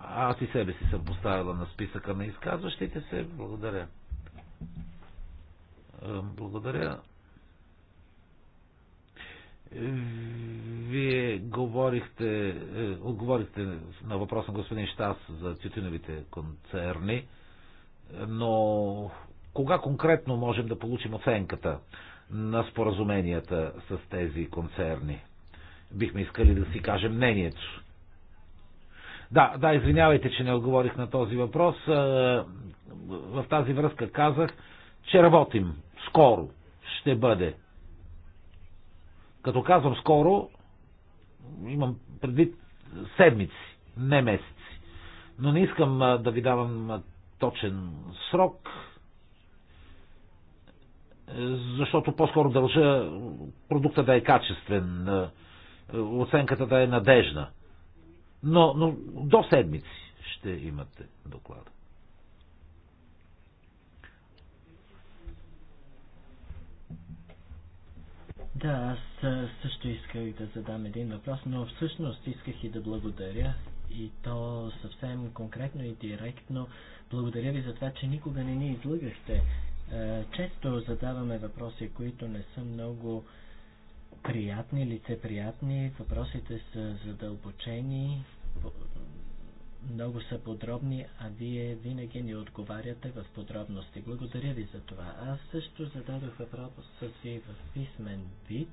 Аз и себе си съм поставила на списъка на изказващите се. Благодаря. Е, благодаря. Вие говорихте, е, отговорихте на въпрос на господин Штас за тютюновите концерни, но кога конкретно можем да получим оценката на споразуменията с тези концерни? Бихме искали да си кажем мнението. Да, да, извинявайте, че не отговорих на този въпрос. Е, в тази връзка казах, че работим. Скоро ще бъде. Като казвам скоро, имам предвид седмици, не месеци. Но не искам е, да ви давам е, точен срок, защото по-скоро дължа продукта да е качествен, оценката да е надежна. Но, но до седмици ще имате доклада. Да, аз също исках да задам един въпрос, но всъщност исках и да благодаря и то съвсем конкретно и директно. Благодаря ви за това, че никога не ни излъгахте. Често задаваме въпроси, които не са много приятни, лицеприятни, въпросите са задълбочени, много са подробни, а вие винаги ни отговаряте в подробности. Благодаря ви за това. Аз също зададох въпроса си в писмен вид.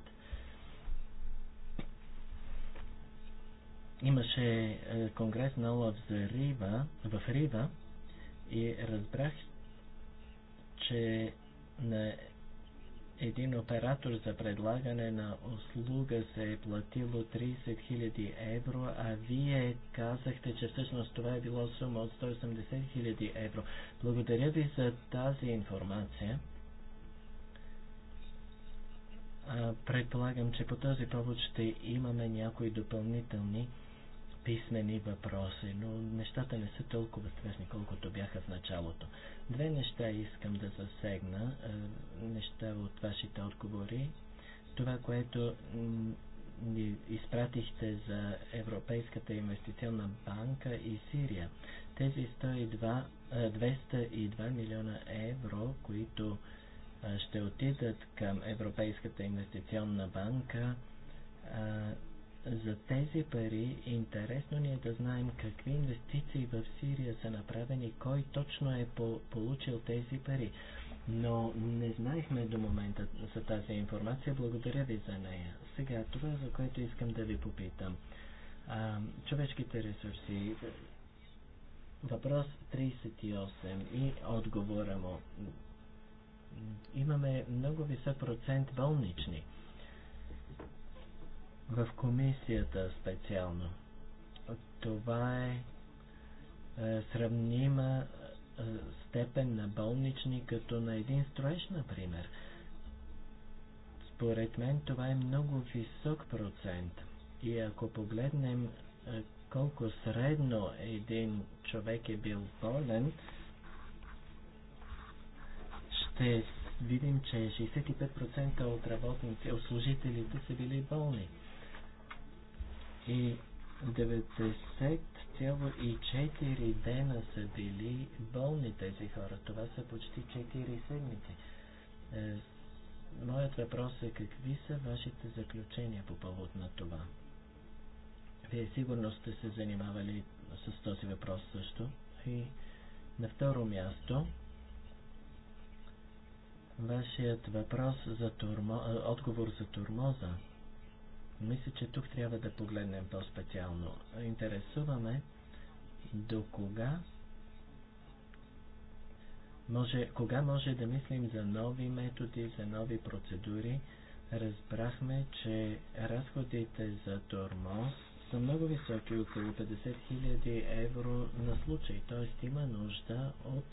Имаше е, конгрес на Олаф за Рива, в Рива и разбрах, че на един оператор за предлагане на услуга се е платило 30 000 евро, а вие казахте, че всъщност това е било сума от 180 000 евро. Благодаря ви за тази информация. Предполагам, че по този повод ще имаме някои допълнителни писмени въпроси, но нещата не са толкова стресни, колкото бяха в началото. Две неща искам да засегна, е, неща от вашите отговори. Това, което ни изпратихте за Европейската инвестиционна банка и Сирия. Тези 102, 202 е, милиона евро, които е, ще отидат към Европейската инвестиционна банка, за тези пари е интересно ни е да знаем какви инвестиции в Сирия са направени, кой точно е по получил тези пари. Но не знаехме до момента за тази информация. Благодаря ви за нея. Сега, това, за което искам да ви попитам. А, човешките ресурси. Въпрос 38 и отговора му. Имаме много висок процент болнични в комисията специално. Това е, е сравнима е, степен на болнични като на един строеж, например. Според мен това е много висок процент. И ако погледнем е, колко средно един човек е бил болен, ще видим, че 65% от работници, от служителите са били болни и 90,4 дена са били болни тези хора. Това са почти 4 седмици. Е, моят въпрос е какви са вашите заключения по повод на това? Вие сигурно сте се занимавали с този въпрос също. И на второ място, вашият въпрос за турмо... Е, отговор за турмоза. Мисля, че тук трябва да погледнем по-специално. Интересуваме до кога може, кога може да мислим за нови методи, за нови процедури. Разбрахме, че разходите за тормоз са много високи, около 50 000 евро на случай, т.е. има нужда от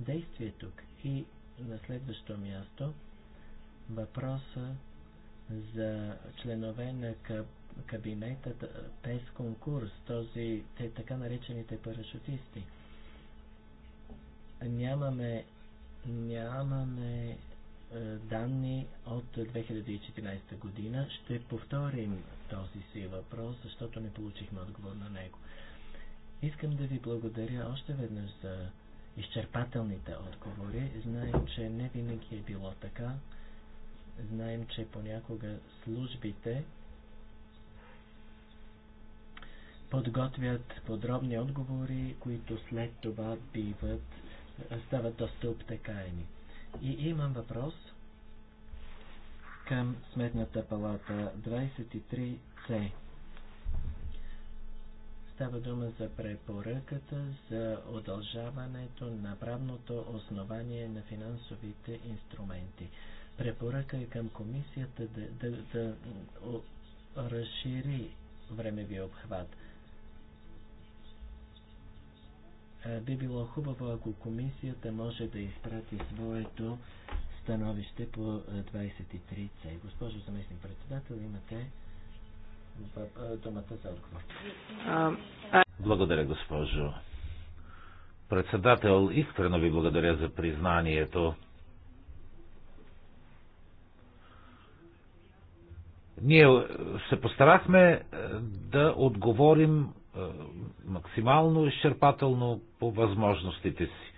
действие тук. И на следващо място въпроса за членове на кабинета без конкурс, този, те така наречените парашутисти. Нямаме, нямаме е, данни от 2014 година. Ще повторим този си въпрос, защото не получихме отговор на него. Искам да ви благодаря още веднъж за изчерпателните отговори. Знаем, че не винаги е било така. Знаем, че понякога службите подготвят подробни отговори, които след това биват, стават доста обтекаеми. И имам въпрос към Сметната палата 23C. Става дума за препоръката за удължаването на правното основание на финансовите инструменти. Препоръка е към комисията да, да, да о, разшири времевия обхват. Би било хубаво, ако комисията може да изпрати своето становище по 23 цей. Госпожо заместник председател, имате думата за отговор. Благодаря, госпожо председател. Искрено ви благодаря за признанието. Ние се постарахме е, да отговорим е, максимално изчерпателно по възможностите си.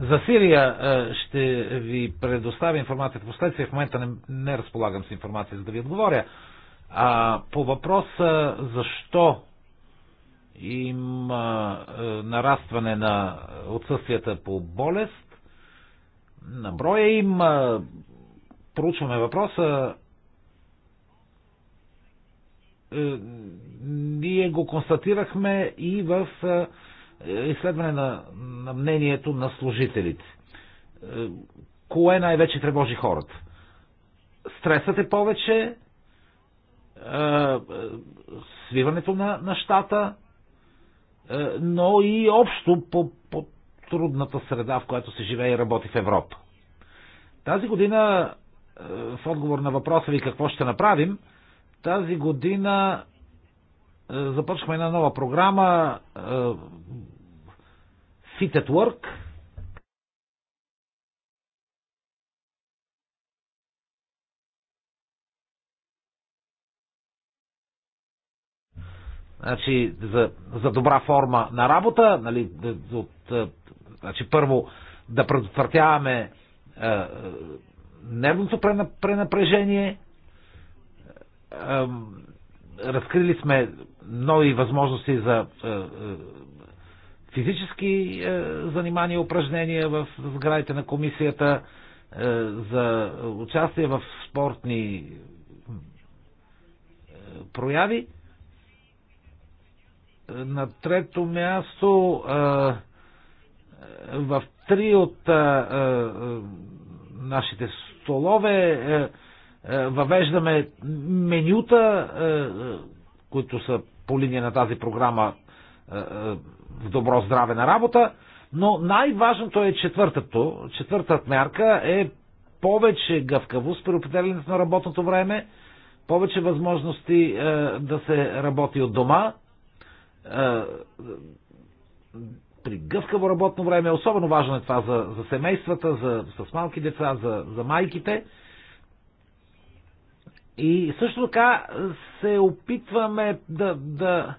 За Сирия е, ще ви предоставя информация в последствие. В момента не, не разполагам с информация, за да ви отговоря. А, по въпроса защо има нарастване на отсъствията по болест, на броя им проучваме въпроса, е, ние го констатирахме и в е, изследване на, на мнението на служителите. Е, кое най-вече тревожи хората? Стресът е повече, свиването на, на щата, но и общо по, по трудната среда, в която се живее и работи в Европа. Тази година е, в отговор на въпроса ви какво ще направим, тази година е, започваме една нова програма е, Fit at Work. Значи, за, за добра форма на работа, нали, от, значи, първо да предотвратяваме нервното пренапрежение. Разкрили сме нови възможности за е, е, физически е, занимания и упражнения в сградите на комисията, за участие в спортни прояви. На трето място в три от нашите столове, е, е, въвеждаме менюта, е, които са по линия на тази програма в добро здраве на работа, но най-важното е четвъртото. Четвъртата мярка е повече гъвкавост при определенето на работното време, повече възможности да се работи от дома, при гъвкаво работно време. Особено важно е това за, за семействата, за, с малки деца, за, за майките. И също така се опитваме да, да,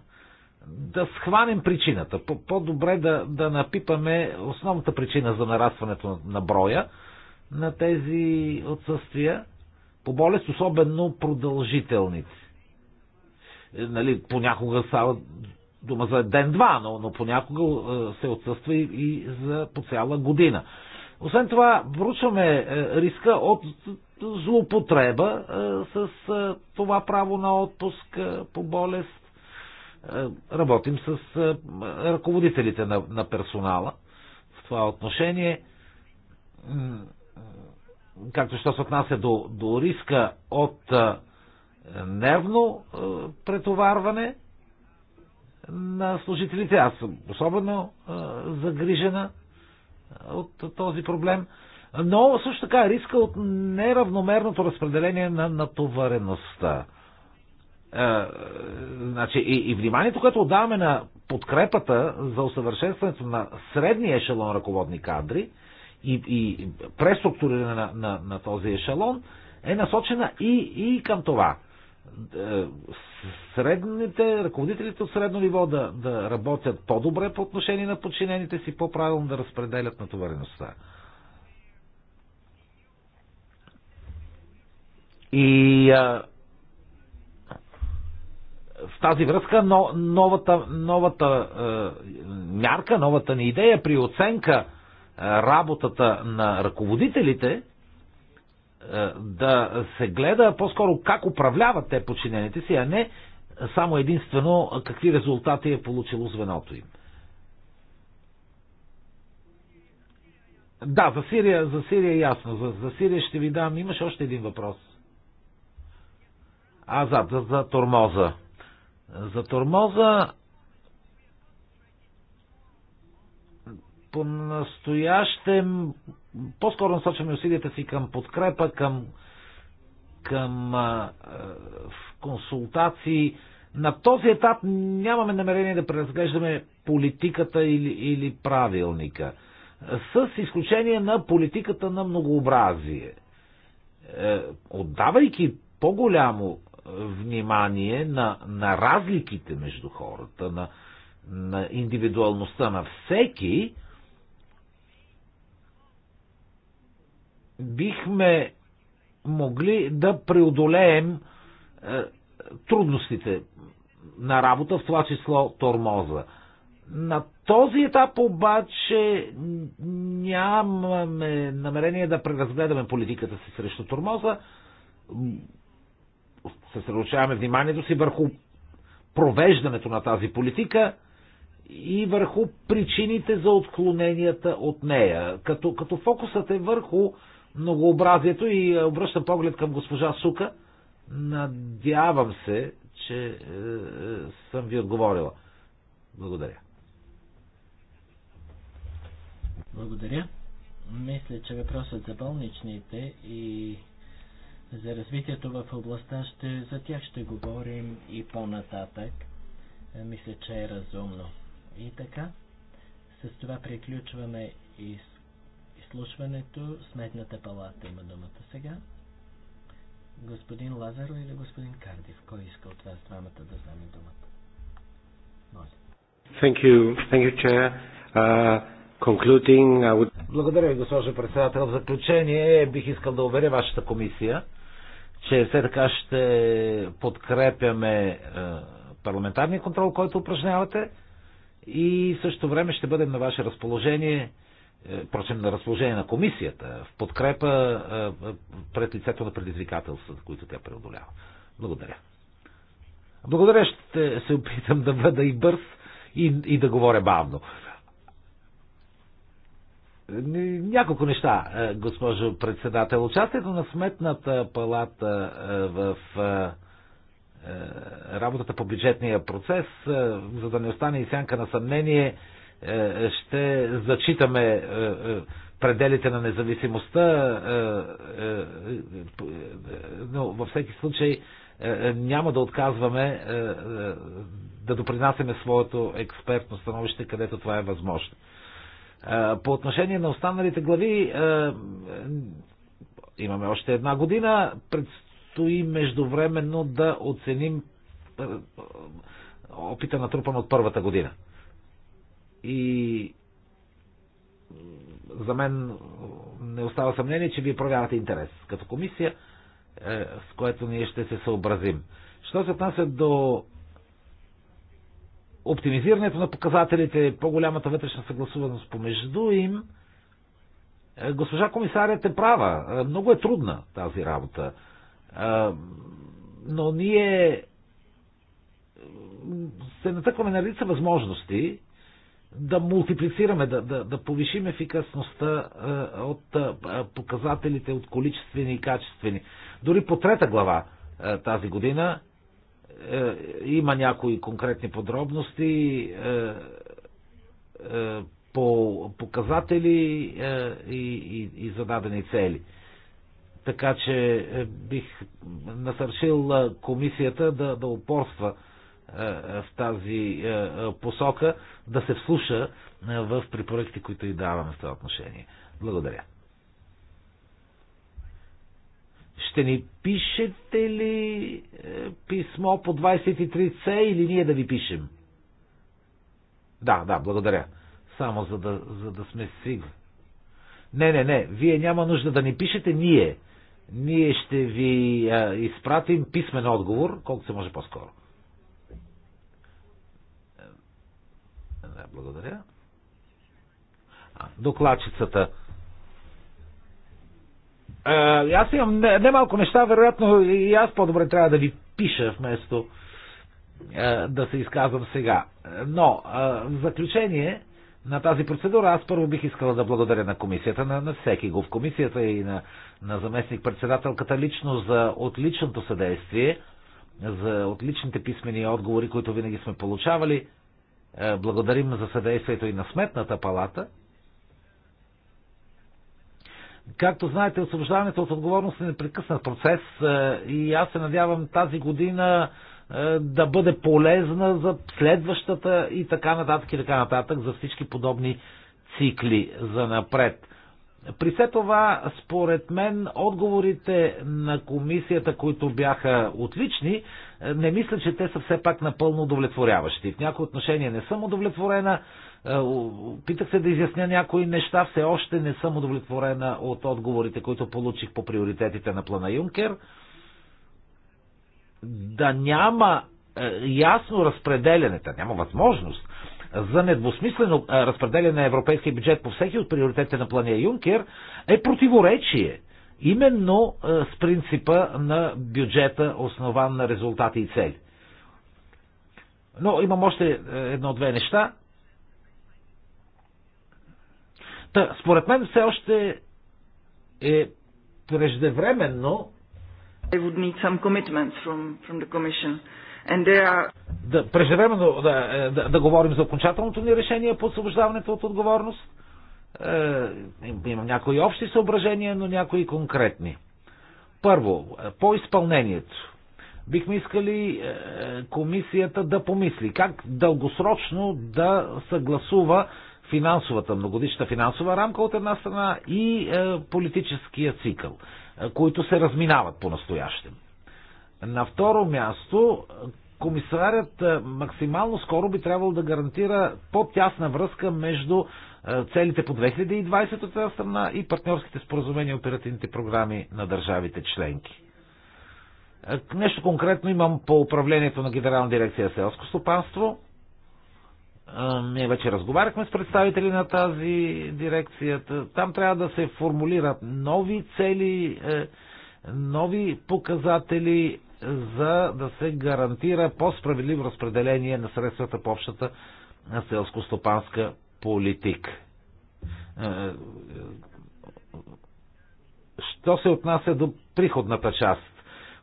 да схванем причината. По-добре -по да, да напипаме основната причина за нарастването на броя на тези отсъствия по болест, особено продължителните. Нали, понякога става дума за ден-два, но, но понякога е, се отсъства и, и за по цяла година. Освен това, вручваме е, риска от злоупотреба е, с това право на отпуск по болест. Работим с ръководителите на, на персонала в това отношение. Както що се отнася до, до риска от нервно претоварване, на служителите. Аз съм особено загрижена от този проблем. Но също така е риска от неравномерното разпределение на натовареността. А, значи, и, и вниманието, което отдаваме на подкрепата за усъвършенстването на средния ешелон ръководни кадри и, и преструктуриране на, на, на този ешелон, е насочена и, и към това. Е, средните, ръководителите от средно ниво да, да работят по-добре по отношение на подчинените си, по-правилно да разпределят натовареността. И а, е, в тази връзка но, новата, новата а, е, мярка, новата ни идея при оценка а, работата на ръководителите е, да се гледа по-скоро как управляват те подчинените си, а не само единствено какви резултати е получило звеното им. Да, за Сирия, за Сирия е ясно. За, за Сирия ще ви дам. имаш още един въпрос. А, за, за, за Тормоза. За Тормоза по-настоящем по-скоро насочваме усилията си към подкрепа, към, към а, консултации. На този етап нямаме намерение да преразглеждаме политиката или, или правилника, с изключение на политиката на многообразие. Е, отдавайки по-голямо внимание на, на разликите между хората, на, на индивидуалността на всеки, бихме могли да преодолеем е, трудностите на работа, в това число тормоза. На този етап обаче нямаме намерение да преразгледаме политиката си срещу тормоза. Съсредоточаваме вниманието си върху провеждането на тази политика и върху причините за отклоненията от нея. Като, като фокусът е върху многообразието и е, обръщам поглед към госпожа Сука. Надявам се, че е, е, съм ви отговорила. Благодаря. Благодаря. Мисля, че въпросът за болничните и за развитието в областта ще, за тях ще говорим и по-нататък. Е, мисля, че е разумно. И така, с това приключваме и изслушването. Сметната палата има думата сега. Господин Лазаро или господин Кардив? Кой иска от вас двамата да вземе думата? Моля. Thank you. Thank you, Chair. Uh, concluding, I would... Благодаря ви, госпожо председател. В заключение бих искал да уверя вашата комисия, че все така ще подкрепяме е, парламентарния контрол, който упражнявате и също време ще бъдем на ваше разположение впрочем, е, на разположение на комисията, в подкрепа е, пред лицето на предизвикателствата, които тя преодолява. Благодаря. Благодаря, ще се опитам да бъда и бърз и, и да говоря бавно. Няколко неща, е, госпожо председател. Участието на сметната палата в работата по бюджетния процес, за да не остане и сянка на съмнение, е, е, ще зачитаме е, пределите на независимостта, но във всеки случай няма да отказваме да допринасяме своето експертно становище, където това е възможно. По отношение на останалите глави, имаме още една година, предстои междувременно да оценим опита на трупа от първата година. И за мен не остава съмнение, че вие проявявате интерес като комисия, е, с което ние ще се съобразим. Що се отнася до оптимизирането на показателите, по-голямата вътрешна съгласуваност помежду им, е, госпожа комисарят е права. Е, много е трудна тази работа. Но ние се натъкваме на лица възможности, да мултиплицираме, да, да, да повишим ефикасността е, от е, показателите от количествени и качествени. Дори по трета глава е, тази година има някои конкретни подробности по показатели и, и, и зададени цели. Така че бих насърчил комисията да, да упорства е, е, в тази е, посока, да се вслуша в препоръките, които и даваме в това отношение. Благодаря. Ще ни пишете ли писмо по 23C или ние да ви пишем? Да, да, благодаря. Само за да, за да сме сигурни. Не, не, не, вие няма нужда да ни пишете, ние. Ние ще ви а, изпратим писмен отговор, колкото се може по-скоро. Да, е, благодаря. А, докладчицата. А, е, аз имам немалко не неща, вероятно и аз по-добре трябва да ви пиша вместо а, е, да се изказвам сега. Но а, в заключение на тази процедура аз първо бих искала да благодаря на комисията, на, на всеки го в комисията и на, на заместник-председателката лично за отличното съдействие, за отличните писмени отговори, които винаги сме получавали. Е, благодарим за съдействието и на Сметната палата. Както знаете, освобождаването от отговорност е непрекъснат процес е, и аз се надявам тази година е, да бъде полезна за следващата и така нататък и така нататък за всички подобни цикли за напред. При все това, според мен, отговорите на комисията, които бяха отлични, не мисля, че те са все пак напълно удовлетворяващи. В някои отношения не съм удовлетворена. Е, питах се да изясня някои неща. Все още не съм удовлетворена от отговорите, които получих по приоритетите на плана Юнкер. Да няма е, ясно разпределяне, да няма възможност за недвусмислено е, разпределяне на европейския бюджет по всеки от приоритетите на плана Юнкер е противоречие – Именно е, с принципа на бюджета, основан на резултати и цели. Но имам още е, едно-две неща. Та, според мен все още е преждевременно да, преждевременно да, е, да, да говорим за окончателното ни решение по освобождаването от отговорност е, Имам някои общи съображения, но някои конкретни. Първо, е, по изпълнението бихме искали е, комисията да помисли как дългосрочно да съгласува финансовата, многодишната финансова рамка от една страна и политическия цикъл, които се разминават по-настоящем. На второ място, комисарят максимално скоро би трябвало да гарантира по-тясна връзка между е, целите по 2020 от тази страна и партньорските споразумения и оперативните програми на държавите членки. Е, нещо конкретно имам по управлението на Генерална дирекция селско стопанство. Е, ние вече разговаряхме с представители на тази дирекция. Там трябва да се формулират нови цели, нови показатели, за да се гарантира по-справедливо разпределение на средствата по общата селско-стопанска политик. Е, е, що се отнася до приходната част?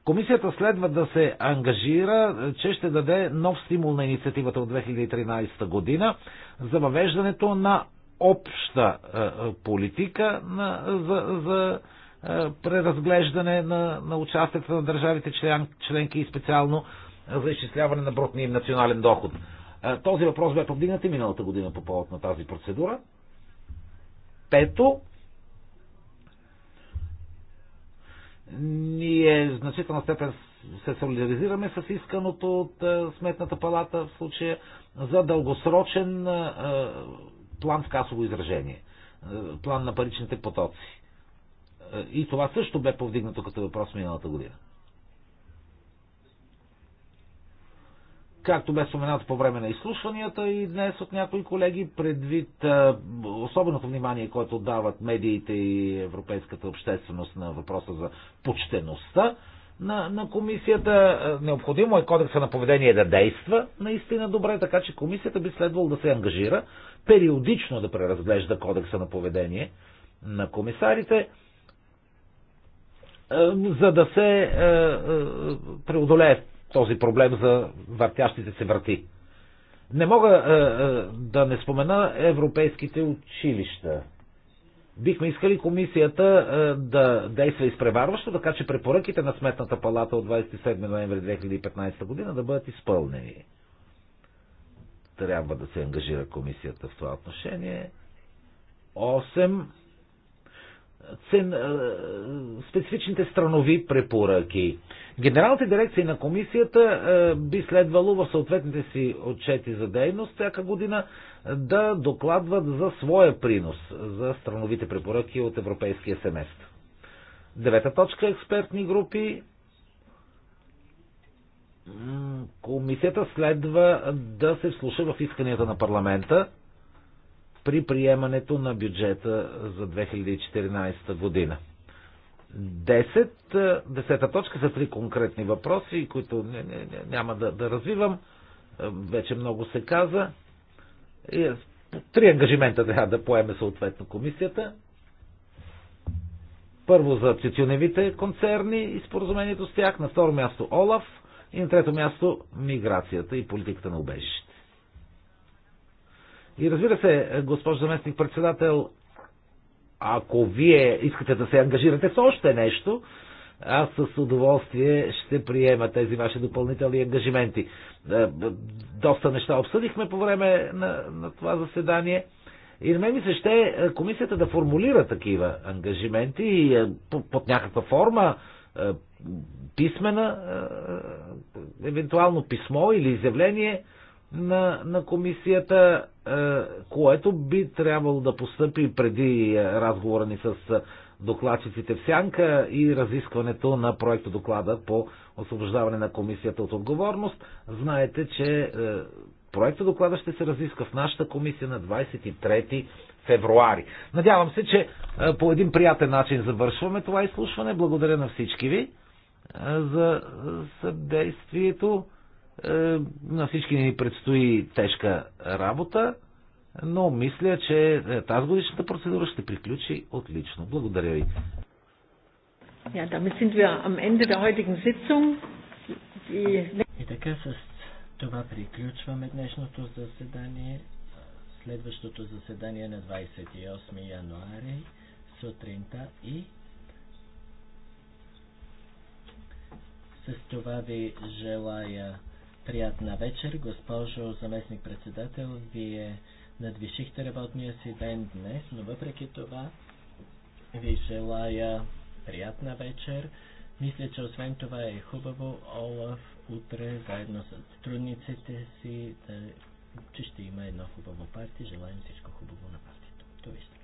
Комисията следва да се ангажира, че ще даде нов стимул на инициативата от 2013 година за въвеждането на обща е, политика на, за, за преразглеждане на, на участието на държавите член, членки и специално за изчисляване на брутния им национален доход. Този въпрос бе повдигнат и миналата година по повод на тази процедура. Пето, ние в значителна степен се солидаризираме с исканото от Сметната палата в случая за дългосрочен план в касово изражение, план на паричните потоци. И това също бе повдигнато като въпрос миналата година. както бе споменато по време на изслушванията и днес от някои колеги, предвид особеното внимание, което дават медиите и европейската общественост на въпроса за почтеността на, на комисията, необходимо е кодекса на поведение да действа наистина добре, така че комисията би следвало да се ангажира периодично да преразглежда кодекса на поведение на комисарите, за да се преодолее този проблем за въртящите се врати. Не мога е, е, да не спомена европейските училища. Бихме искали комисията е, да действа изпреварващо, така че препоръките на Сметната палата от 27 ноември 2015 година да бъдат изпълнени. Трябва да се ангажира комисията в това отношение. 8. Цен, е, специфичните странови препоръки. Генералните дирекции на комисията е, би следвало в съответните си отчети за дейност всяка година е, да докладват за своя принос за страновите препоръки от Европейския семестър. Девета точка експертни групи. Комисията следва да се вслуша в исканията на парламента при приемането на бюджета за 2014 година. 10. Десета точка са три конкретни въпроси, които не, не, не, няма да, да развивам. Вече много се каза. И три ангажимента трябва да поеме съответно комисията. Първо за тютюневите концерни и споразумението с тях. На второ място ОЛАФ. И на трето място миграцията и политиката на убежище. И разбира се, госпожо заместник председател, ако вие искате да се ангажирате с още нещо, аз с удоволствие ще приема тези ваши допълнителни ангажименти. Е, доста неща обсъдихме по време на, на това заседание. И на мен ми се ще е, комисията да формулира такива ангажименти и е, под някаква форма, писмена, евентуално писмо или изявление на, на комисията е, което би трябвало да постъпи преди е, разговора ни с е, докладчиците в сянка и разискването на проекта доклада по освобождаване на комисията от отговорност. Знаете, че проекта доклада ще се разиска в нашата комисия на 23 февруари. Надявам се, че по един приятен начин завършваме това изслушване. Благодаря на всички ви за съдействието. Е, на всички ни предстои тежка работа, но мисля, че е, тази годишната процедура ще приключи отлично. Благодаря ви. Ja, damit sind wir am Ende der heutigen Sitzung. И така с това приключваме днешното заседание. Следващото заседание е на 28 януари сутринта и с това ви желая Приятна вечер, госпожо заместник-председател. Вие надвишихте работния си ден днес, но въпреки това ви желая приятна вечер. Мисля, че освен това е хубаво Олаф утре заедно с трудниците си, да, че ще има едно хубаво парти. Желаем всичко хубаво на партито. Довиждане.